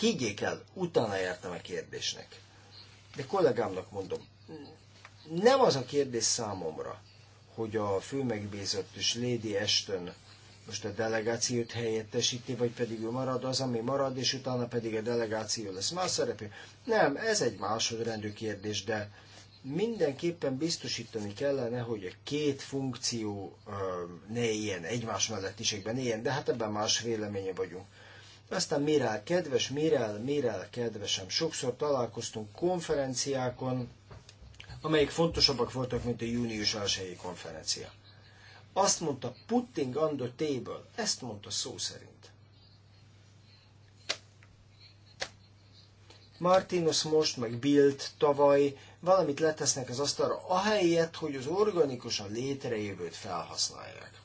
Higgyék el, utána jártam a kérdésnek. De kollégámnak mondom, nem az a kérdés számomra, hogy a fő megbízott és Lady Ashton most a delegációt helyettesíti, vagy pedig ő marad az, ami marad, és utána pedig a delegáció lesz más szereplő. Nem, ez egy másodrendű kérdés, de mindenképpen biztosítani kellene, hogy a két funkció ne ilyen egymás mellettiségben, egyben ilyen, de hát ebben más véleménye vagyunk. Aztán Mirel, kedves Mirel, Mirel, kedvesem, sokszor találkoztunk konferenciákon, amelyik fontosabbak voltak, mint a június 1 konferencia. Azt mondta, putting on the table. Ezt mondta szó szerint. Martinus most, meg Bild tavaly valamit letesznek az asztalra, ahelyett, hogy az organikusan létrejövőt felhasználják.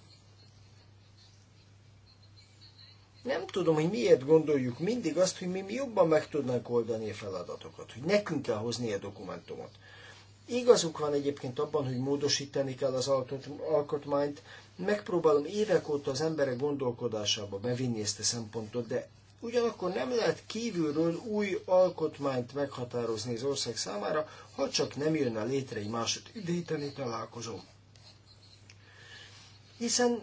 Nem tudom, hogy miért gondoljuk mindig azt, hogy mi jobban meg tudnánk oldani a feladatokat, hogy nekünk kell hozni a dokumentumot. Igazuk van egyébként abban, hogy módosítani kell az alkotmányt. Megpróbálom évek óta az emberek gondolkodásába bevinni ezt a szempontot, de ugyanakkor nem lehet kívülről új alkotmányt meghatározni az ország számára, ha csak nem jönne létre egy másod idéteni találkozó. Hiszen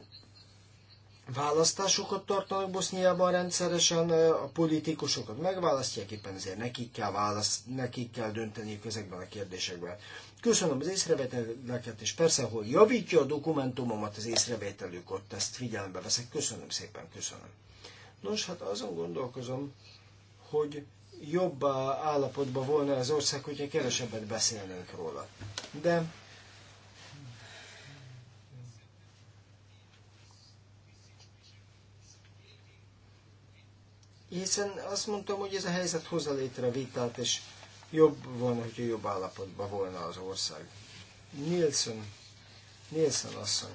választásokat tartanak Boszniában rendszeresen, a politikusokat megválasztják, éppen ezért nekik kell, válasz nekik kell dönteniük ezekben a kérdésekben. Köszönöm az észrevételeket, és persze, hogy javítja a dokumentumomat az észrevételük ott, ezt figyelembe veszek. Köszönöm szépen, köszönöm. Nos, hát azon gondolkozom, hogy jobb állapotban volna az ország, hogyha kevesebbet beszélnénk róla. De hiszen azt mondtam, hogy ez a helyzet hozza létre a vitát, és jobb volna, hogy jobb állapotban volna az ország. Nielsen, Nielsen asszony.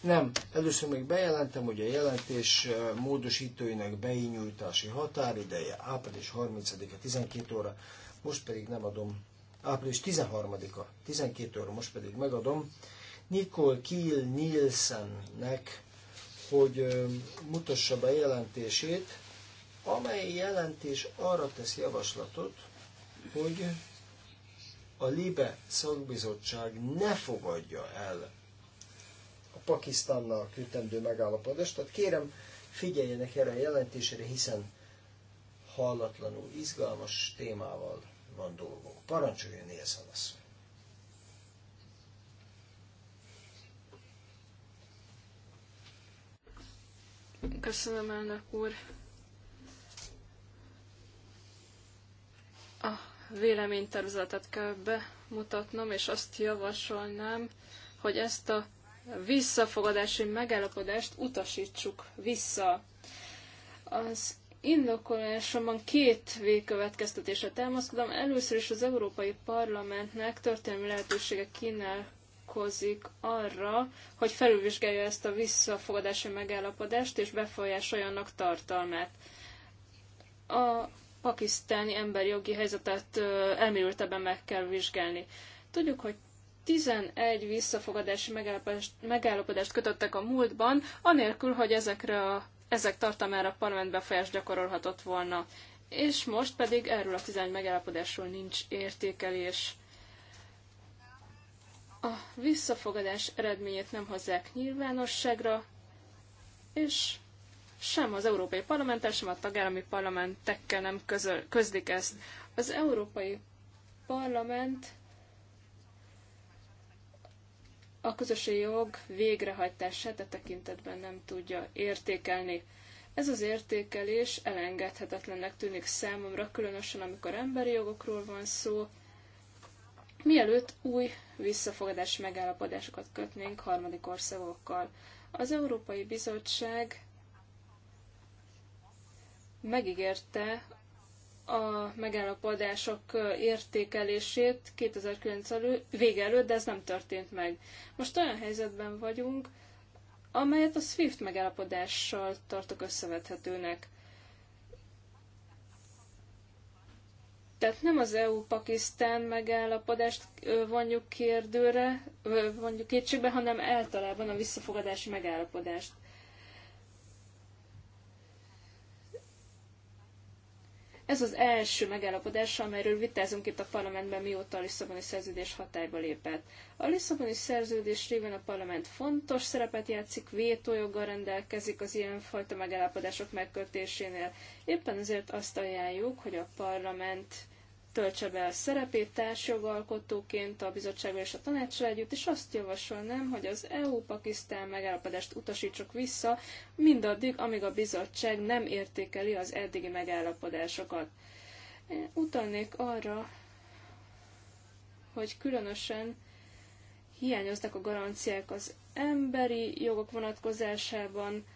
Nem, először még bejelentem, hogy a jelentés eh, módosítóinak beinyújtási határideje április 30-a 12 óra, most pedig nem adom, április 13-a 12 óra, most pedig megadom Nikol Kiel Nielsennek, hogy eh, mutassa be jelentését, amely jelentés arra tesz javaslatot, hogy a Libe szakbizottság ne fogadja el a Pakisztánnal kötendő megállapodást. Tehát kérem, figyeljenek erre a jelentésre, hiszen hallatlanul izgalmas témával van dolgunk. Parancsoljon Nielsen asszony! Köszönöm, elnök úr! véleménytervezetet kell bemutatnom, és azt javasolnám, hogy ezt a visszafogadási megállapodást utasítsuk vissza. Az indokolásomban két végkövetkeztetésre támaszkodom. Először is az Európai Parlamentnek történelmi lehetősége kínálkozik arra, hogy felülvizsgálja ezt a visszafogadási megállapodást és befolyásolja annak tartalmát. A pakisztáni emberi jogi helyzetet elmélyültebben meg kell vizsgálni. Tudjuk, hogy 11 visszafogadási megállapodást kötöttek a múltban, anélkül, hogy ezekre a, ezek tartalmára a parlament befolyást gyakorolhatott volna. És most pedig erről a 11 megállapodásról nincs értékelés. A visszafogadás eredményét nem hozzák nyilvánosságra, és sem az Európai Parlamenttel, sem a tagállami parlamentekkel nem közöl, közlik ezt. Az Európai Parlament a közösségi jog végrehajtását e tekintetben nem tudja értékelni. Ez az értékelés elengedhetetlennek tűnik számomra, különösen amikor emberi jogokról van szó, mielőtt új visszafogadási megállapodásokat kötnénk harmadik országokkal. Az Európai Bizottság megígérte a megállapodások értékelését 2009 elő, vége előtt, de ez nem történt meg. Most olyan helyzetben vagyunk, amelyet a SWIFT megállapodással tartok összevethetőnek. Tehát nem az EU-Pakisztán megállapodást vonjuk kérdőre, vonjuk kétségbe, hanem általában a visszafogadási megállapodást. Ez az első megállapodás, amelyről vitázunk itt a parlamentben, mióta a Lisszaboni szerződés hatályba lépett. A Lisszaboni szerződés révén a parlament fontos szerepet játszik, vétójoggal rendelkezik az ilyenfajta megállapodások megkötésénél. Éppen ezért azt ajánljuk, hogy a parlament töltse be a szerepét társjogalkotóként a bizottsággal és a tanácsra együtt, és azt javasolnám, hogy az EU-Pakisztán megállapodást utasítsuk vissza mindaddig, amíg a bizottság nem értékeli az eddigi megállapodásokat. Utalnék arra, hogy különösen hiányoznak a garanciák az emberi jogok vonatkozásában,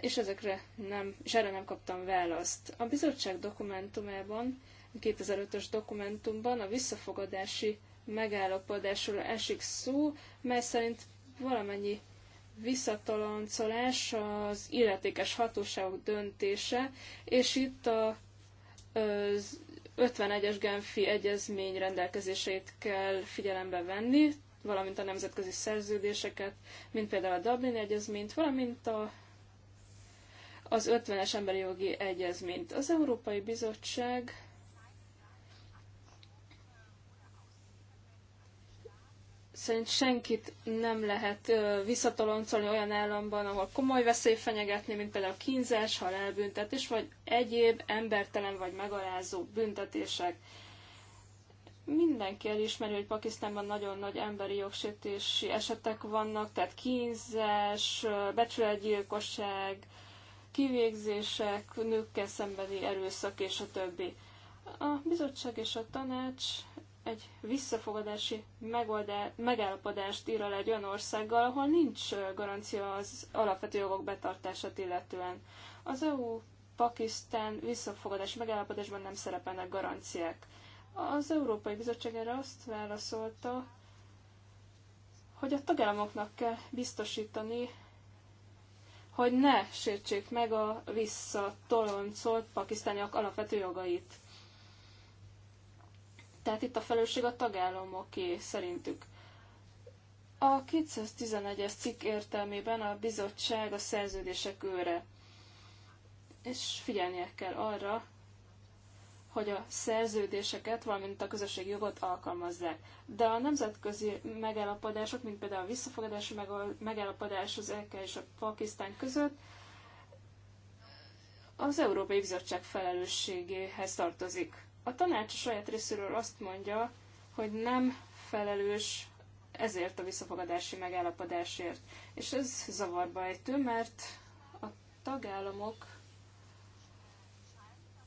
és ezekre nem, és erre nem kaptam választ. A bizottság dokumentumában 2005-ös dokumentumban a visszafogadási megállapodásról esik szó, mely szerint valamennyi visszatoloncolás az illetékes hatóságok döntése, és itt a 51-es Genfi egyezmény rendelkezéseit kell figyelembe venni, valamint a nemzetközi szerződéseket, mint például a Dublin egyezményt, valamint a, az 50-es emberi jogi egyezményt. Az Európai Bizottság szerint senkit nem lehet visszataloncolni olyan államban, ahol komoly veszély fenyegetni, mint például kínzás, halálbüntetés, vagy egyéb embertelen vagy megalázó büntetések. Mindenki elismeri, hogy Pakisztánban nagyon nagy emberi jogsértési esetek vannak, tehát kínzás, becsületgyilkosság, kivégzések, nőkkel szembeni erőszak és a többi. A bizottság és a tanács egy visszafogadási megoldás, megállapodást ír alá egy olyan országgal, ahol nincs garancia az alapvető jogok betartását illetően. Az EU-Pakisztán visszafogadási megállapodásban nem szerepelnek garanciák. Az Európai Bizottság erre azt válaszolta, hogy a tagállamoknak kell biztosítani, hogy ne sértsék meg a visszatoloncolt pakisztániak alapvető jogait. Tehát itt a felelősség a tagállamoké szerintük. A 211-es cikk értelmében a bizottság a szerződések őre, és figyelnie kell arra, hogy a szerződéseket, valamint a közösségi jogot alkalmazzák. De a nemzetközi megállapodások, mint például a visszafogadási megállapodás az EK és a Pakisztán között, az Európai Bizottság felelősségéhez tartozik. A tanács a saját részéről azt mondja, hogy nem felelős ezért a visszafogadási megállapodásért. És ez zavarba ejtő, mert a tagállamok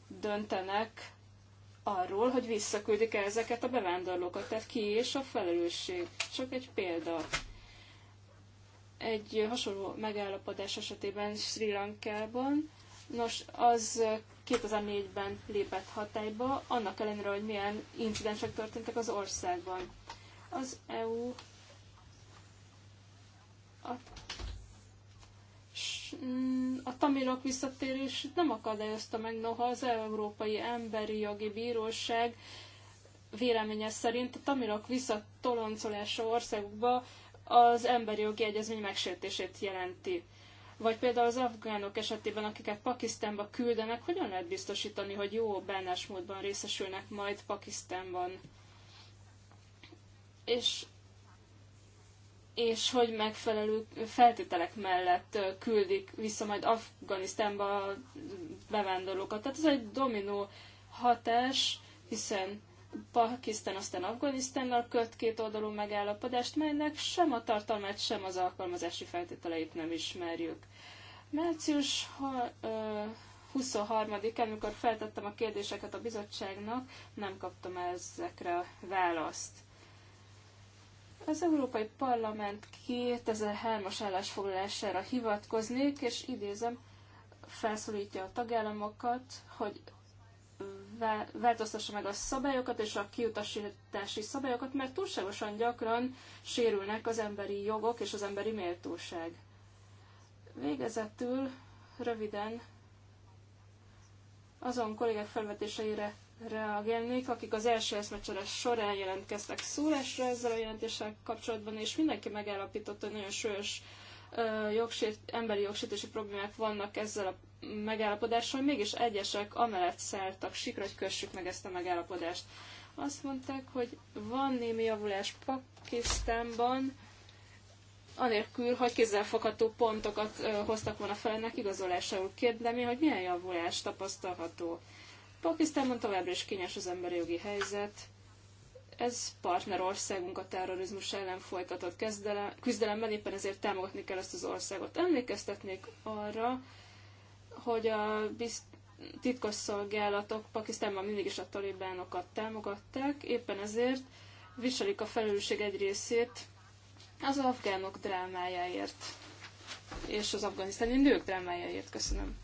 döntenek arról, hogy visszaküldik -e ezeket a bevándorlókat. Tehát ki és a felelősség. Csak egy példa. Egy hasonló megállapodás esetében Sri Lankában, nos, az 2004-ben lépett hatályba, annak ellenére, hogy milyen incidensek történtek az országban. Az EU a, a tamilok visszatérését nem akadályozta meg, noha az Európai Emberi Jogi Bíróság véleménye szerint a tamilok visszatoloncolása országokba az emberi jogi egyezmény megsértését jelenti. Vagy például az afgánok esetében, akiket Pakisztánba küldenek, hogyan lehet biztosítani, hogy jó bánásmódban részesülnek majd Pakisztánban? És és hogy megfelelő feltételek mellett küldik vissza majd Afganisztánba bevándorlókat. Tehát ez egy dominó hatás, hiszen Pakisztán aztán Afganisztánnal köt két oldalú megállapodást, melynek sem a tartalmát, sem az alkalmazási feltételeit nem ismerjük. Március 23-án, amikor feltettem a kérdéseket a bizottságnak, nem kaptam ezekre a választ. Az Európai Parlament 2003-as állásfoglalására hivatkoznék, és idézem, felszólítja a tagállamokat, hogy változtassa meg a szabályokat és a kiutasítási szabályokat, mert túlságosan gyakran sérülnek az emberi jogok és az emberi méltóság. Végezetül röviden azon kollégák felvetéseire reagálnék, akik az első eszmecsere során jelentkeztek szólásra ezzel a jelentéssel kapcsolatban, és mindenki megállapította, hogy nagyon súlyos jogsért, emberi jogsértési problémák vannak ezzel a megállapodásról, mégis egyesek amellett szálltak sikra, hogy kössük meg ezt a megállapodást. Azt mondták, hogy van némi javulás Pakisztánban, anélkül, hogy kézzelfogható pontokat hoztak volna fel ennek igazolásául. Kérdemi, hogy milyen javulás tapasztalható. Pakisztánban továbbra is kényes az emberi jogi helyzet. Ez partnerországunk a terrorizmus ellen folytatott küzdelemben, éppen ezért támogatni kell ezt az országot. Emlékeztetnék arra, hogy a bizt titkos szolgálatok Pakisztánban mindig is a talibánokat támogatták, éppen ezért viselik a felelősség egy részét az afgánok drámájáért és az afganisztáni nők drámájáért. Köszönöm.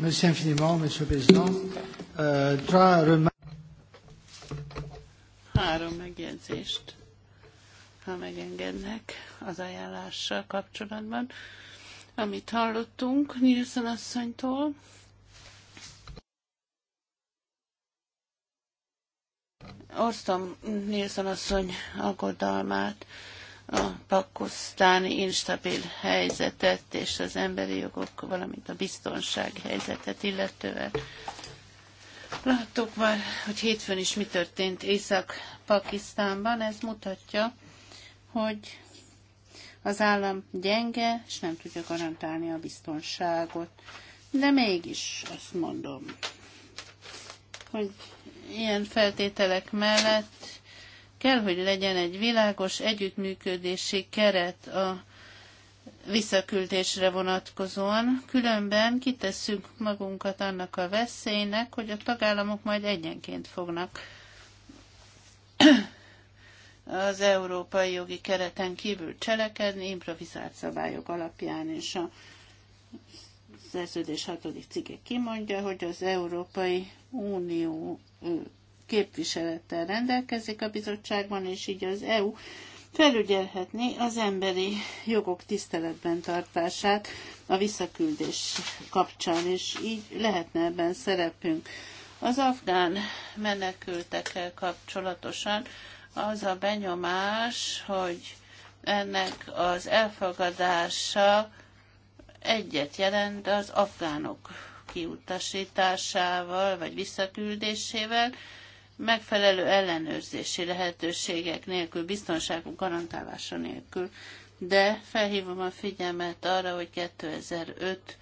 Merci infiniment, Monsieur Président. Euh, Három megjegyzést, ha megengednek az ajánlással kapcsolatban amit hallottunk Nielsen asszonytól. Osztom Nielsen asszony aggodalmát, a pakisztáni instabil helyzetet és az emberi jogok, valamint a biztonság helyzetet illetően. Láttuk már, hogy hétfőn is mi történt Észak-Pakisztánban. Ez mutatja, hogy az állam gyenge, és nem tudja garantálni a biztonságot. De mégis azt mondom, hogy ilyen feltételek mellett kell, hogy legyen egy világos együttműködési keret a visszaküldésre vonatkozóan, különben kitesszük magunkat annak a veszélynek, hogy a tagállamok majd egyenként fognak az európai jogi kereten kívül cselekedni, improvizált szabályok alapján, és a szerződés hatodik cikke kimondja, hogy az Európai Unió képviselettel rendelkezik a bizottságban, és így az EU felügyelhetni az emberi jogok tiszteletben tartását a visszaküldés kapcsán, és így lehetne ebben szerepünk. Az afgán menekültekkel kapcsolatosan az a benyomás, hogy ennek az elfogadása egyet jelent az afgánok kiutasításával vagy visszaküldésével, megfelelő ellenőrzési lehetőségek nélkül, biztonságunk garantálása nélkül. De felhívom a figyelmet arra, hogy 2005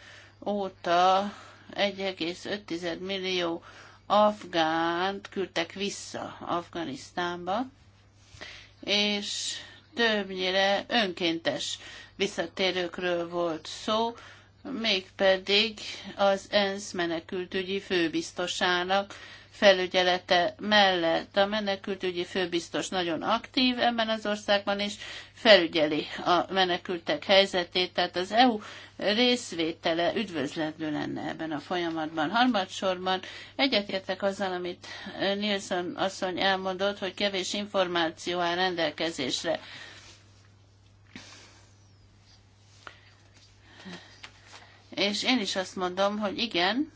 óta 1,5 millió afgánt küldtek vissza Afganisztánba, és többnyire önkéntes visszatérőkről volt szó, mégpedig az ENSZ menekültügyi főbiztosának felügyelete mellett. A menekültügyi főbiztos nagyon aktív ebben az országban, és felügyeli a menekültek helyzetét, tehát az EU részvétele üdvözlendő lenne ebben a folyamatban. Harmadsorban egyetértek azzal, amit Nilsson asszony elmondott, hogy kevés információ áll rendelkezésre. És én is azt mondom, hogy igen,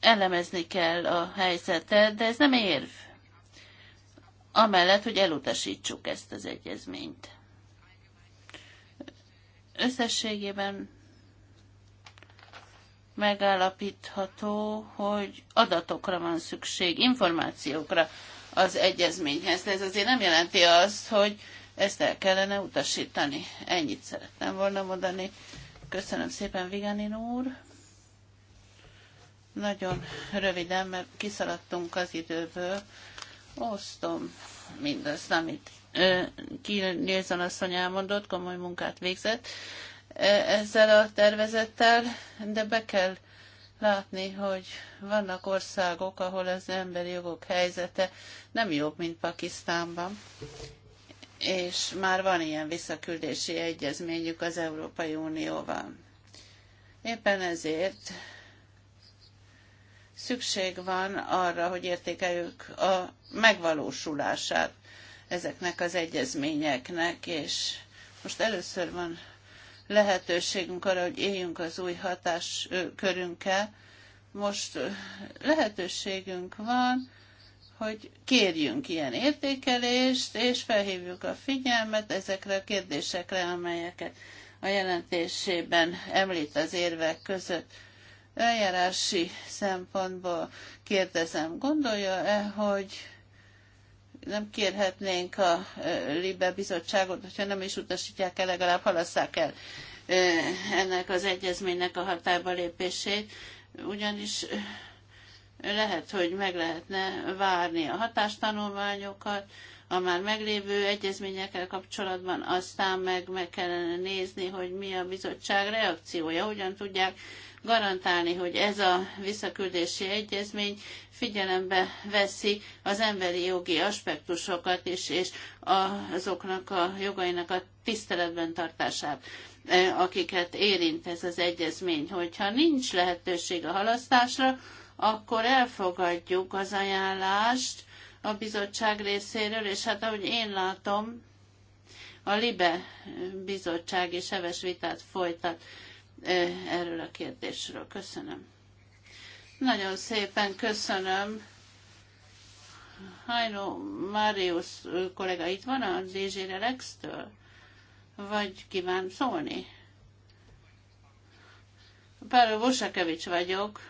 elemezni kell a helyzetet, de ez nem érv. Amellett, hogy elutasítsuk ezt az egyezményt. Összességében megállapítható, hogy adatokra van szükség, információkra az egyezményhez, de ez azért nem jelenti azt, hogy ezt el kellene utasítani. Ennyit szerettem volna mondani. Köszönöm szépen, Viganin úr! Nagyon röviden, mert kiszaladtunk az időből, osztom mindazt, amit Kiel Nilsson asszony elmondott, komoly munkát végzett ezzel a tervezettel, de be kell látni, hogy vannak országok, ahol az emberi jogok helyzete nem jobb, mint Pakisztánban, és már van ilyen visszaküldési egyezményük az Európai Unióval. Éppen ezért szükség van arra, hogy értékeljük a megvalósulását ezeknek az egyezményeknek, és most először van lehetőségünk arra, hogy éljünk az új hatáskörünkkel. Most lehetőségünk van, hogy kérjünk ilyen értékelést, és felhívjuk a figyelmet ezekre a kérdésekre, amelyeket a jelentésében említ az érvek között. Eljárási szempontból kérdezem, gondolja-e, hogy nem kérhetnénk a Libe bizottságot, hogyha nem is utasítják el, legalább halasszák el ennek az egyezménynek a hatába lépését, ugyanis lehet, hogy meg lehetne várni a hatástanulmányokat, a már meglévő egyezményekkel kapcsolatban, aztán meg meg kellene nézni, hogy mi a bizottság reakciója, hogyan tudják garantálni, hogy ez a visszaküldési egyezmény figyelembe veszi az emberi jogi aspektusokat is, és azoknak a jogainak a tiszteletben tartását e, akiket érint ez az egyezmény. Hogyha nincs lehetőség a halasztásra, akkor elfogadjuk az ajánlást a bizottság részéről, és hát ahogy én látom, a LIBE bizottság is heves vitát folytat E, erről a kérdésről. Köszönöm. Nagyon szépen köszönöm. Hajnó Marius kollega itt van a DJ Relax-től? Vagy kíván szólni? Pál Vosakevics vagyok.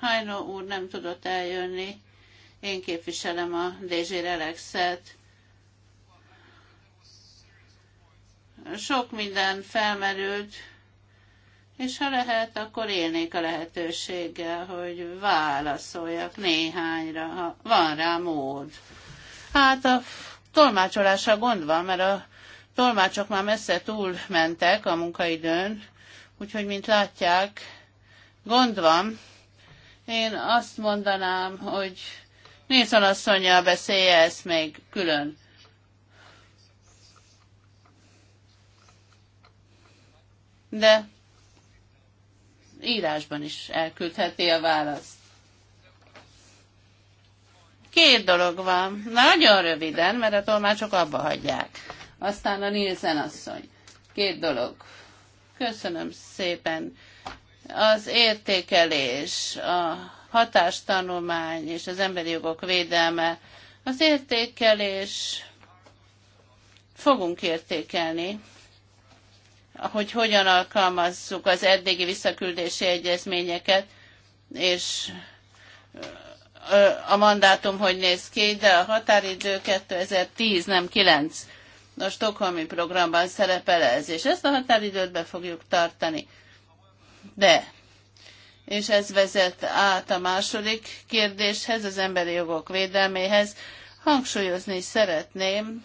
Hajnó úr nem tudott eljönni. Én képviselem a DJ Relax-et sok minden felmerült, és ha lehet, akkor élnék a lehetőséggel, hogy válaszoljak néhányra, ha van rá mód. Hát a tolmácsolása gond van, mert a tolmácsok már messze túl mentek a munkaidőn, úgyhogy, mint látják, gond van. Én azt mondanám, hogy Nézzon asszonyjal beszélje ezt még külön. de írásban is elküldheti a választ. Két dolog van, nagyon röviden, mert a tolmácsok abba hagyják. Aztán a Nielsen asszony. Két dolog. Köszönöm szépen. Az értékelés, a hatástanulmány és az emberi jogok védelme. Az értékelés fogunk értékelni hogy hogyan alkalmazzuk az eddigi visszaküldési egyezményeket, és a mandátum hogy néz ki, de a határidő 2010, nem 9. A stokholmi programban szerepel ez, és ezt a határidőt be fogjuk tartani. De, és ez vezet át a második kérdéshez, az emberi jogok védelméhez. Hangsúlyozni szeretném,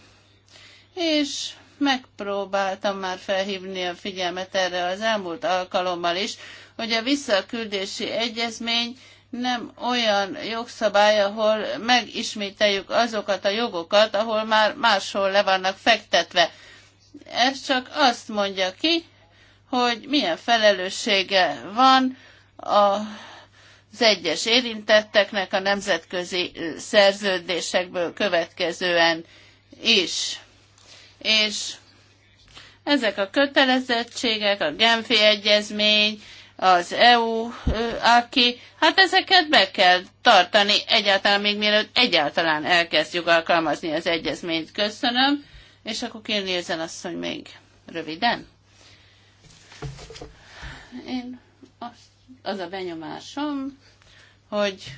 és megpróbáltam már felhívni a figyelmet erre az elmúlt alkalommal is, hogy a visszaküldési egyezmény nem olyan jogszabály, ahol megismételjük azokat a jogokat, ahol már máshol le vannak fektetve. Ez csak azt mondja ki, hogy milyen felelőssége van a az egyes érintetteknek a nemzetközi szerződésekből következően is és ezek a kötelezettségek, a Genfi Egyezmény, az EU, aki, hát ezeket be kell tartani egyáltalán még mielőtt egyáltalán elkezdjük alkalmazni az egyezményt. Köszönöm, és akkor kérni azt hogy még röviden. Én az, az a benyomásom, hogy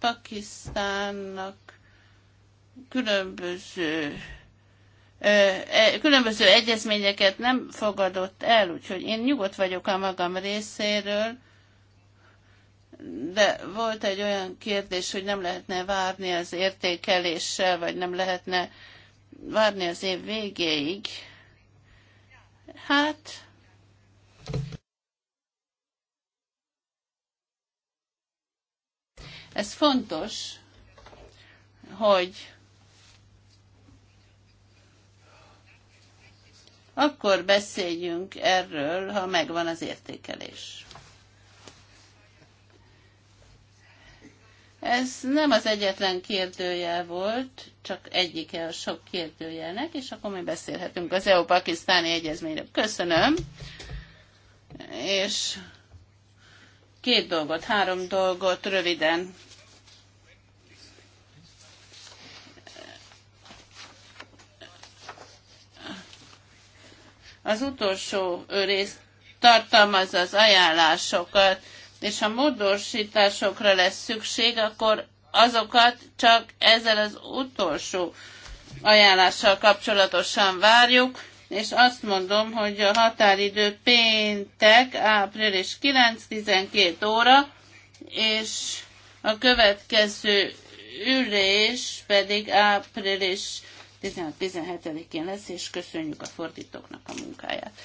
Pakisztánnak különböző e, különböző egyezményeket nem fogadott el, úgyhogy én nyugodt vagyok a magam részéről, de volt egy olyan kérdés, hogy nem lehetne várni az értékeléssel, vagy nem lehetne várni az év végéig. Hát, ez fontos, hogy akkor beszéljünk erről, ha megvan az értékelés. Ez nem az egyetlen kérdőjel volt, csak egyike a sok kérdőjelnek, és akkor mi beszélhetünk az EU-Pakisztáni Egyezményről. Köszönöm, és két dolgot, három dolgot röviden Az utolsó rész tartalmaz az ajánlásokat, és ha módosításokra lesz szükség, akkor azokat csak ezzel az utolsó ajánlással kapcsolatosan várjuk, és azt mondom, hogy a határidő péntek, április 9-12 óra, és a következő ülés pedig április 15 17 én lesz, és köszönjük a fordítóknak a munkáját.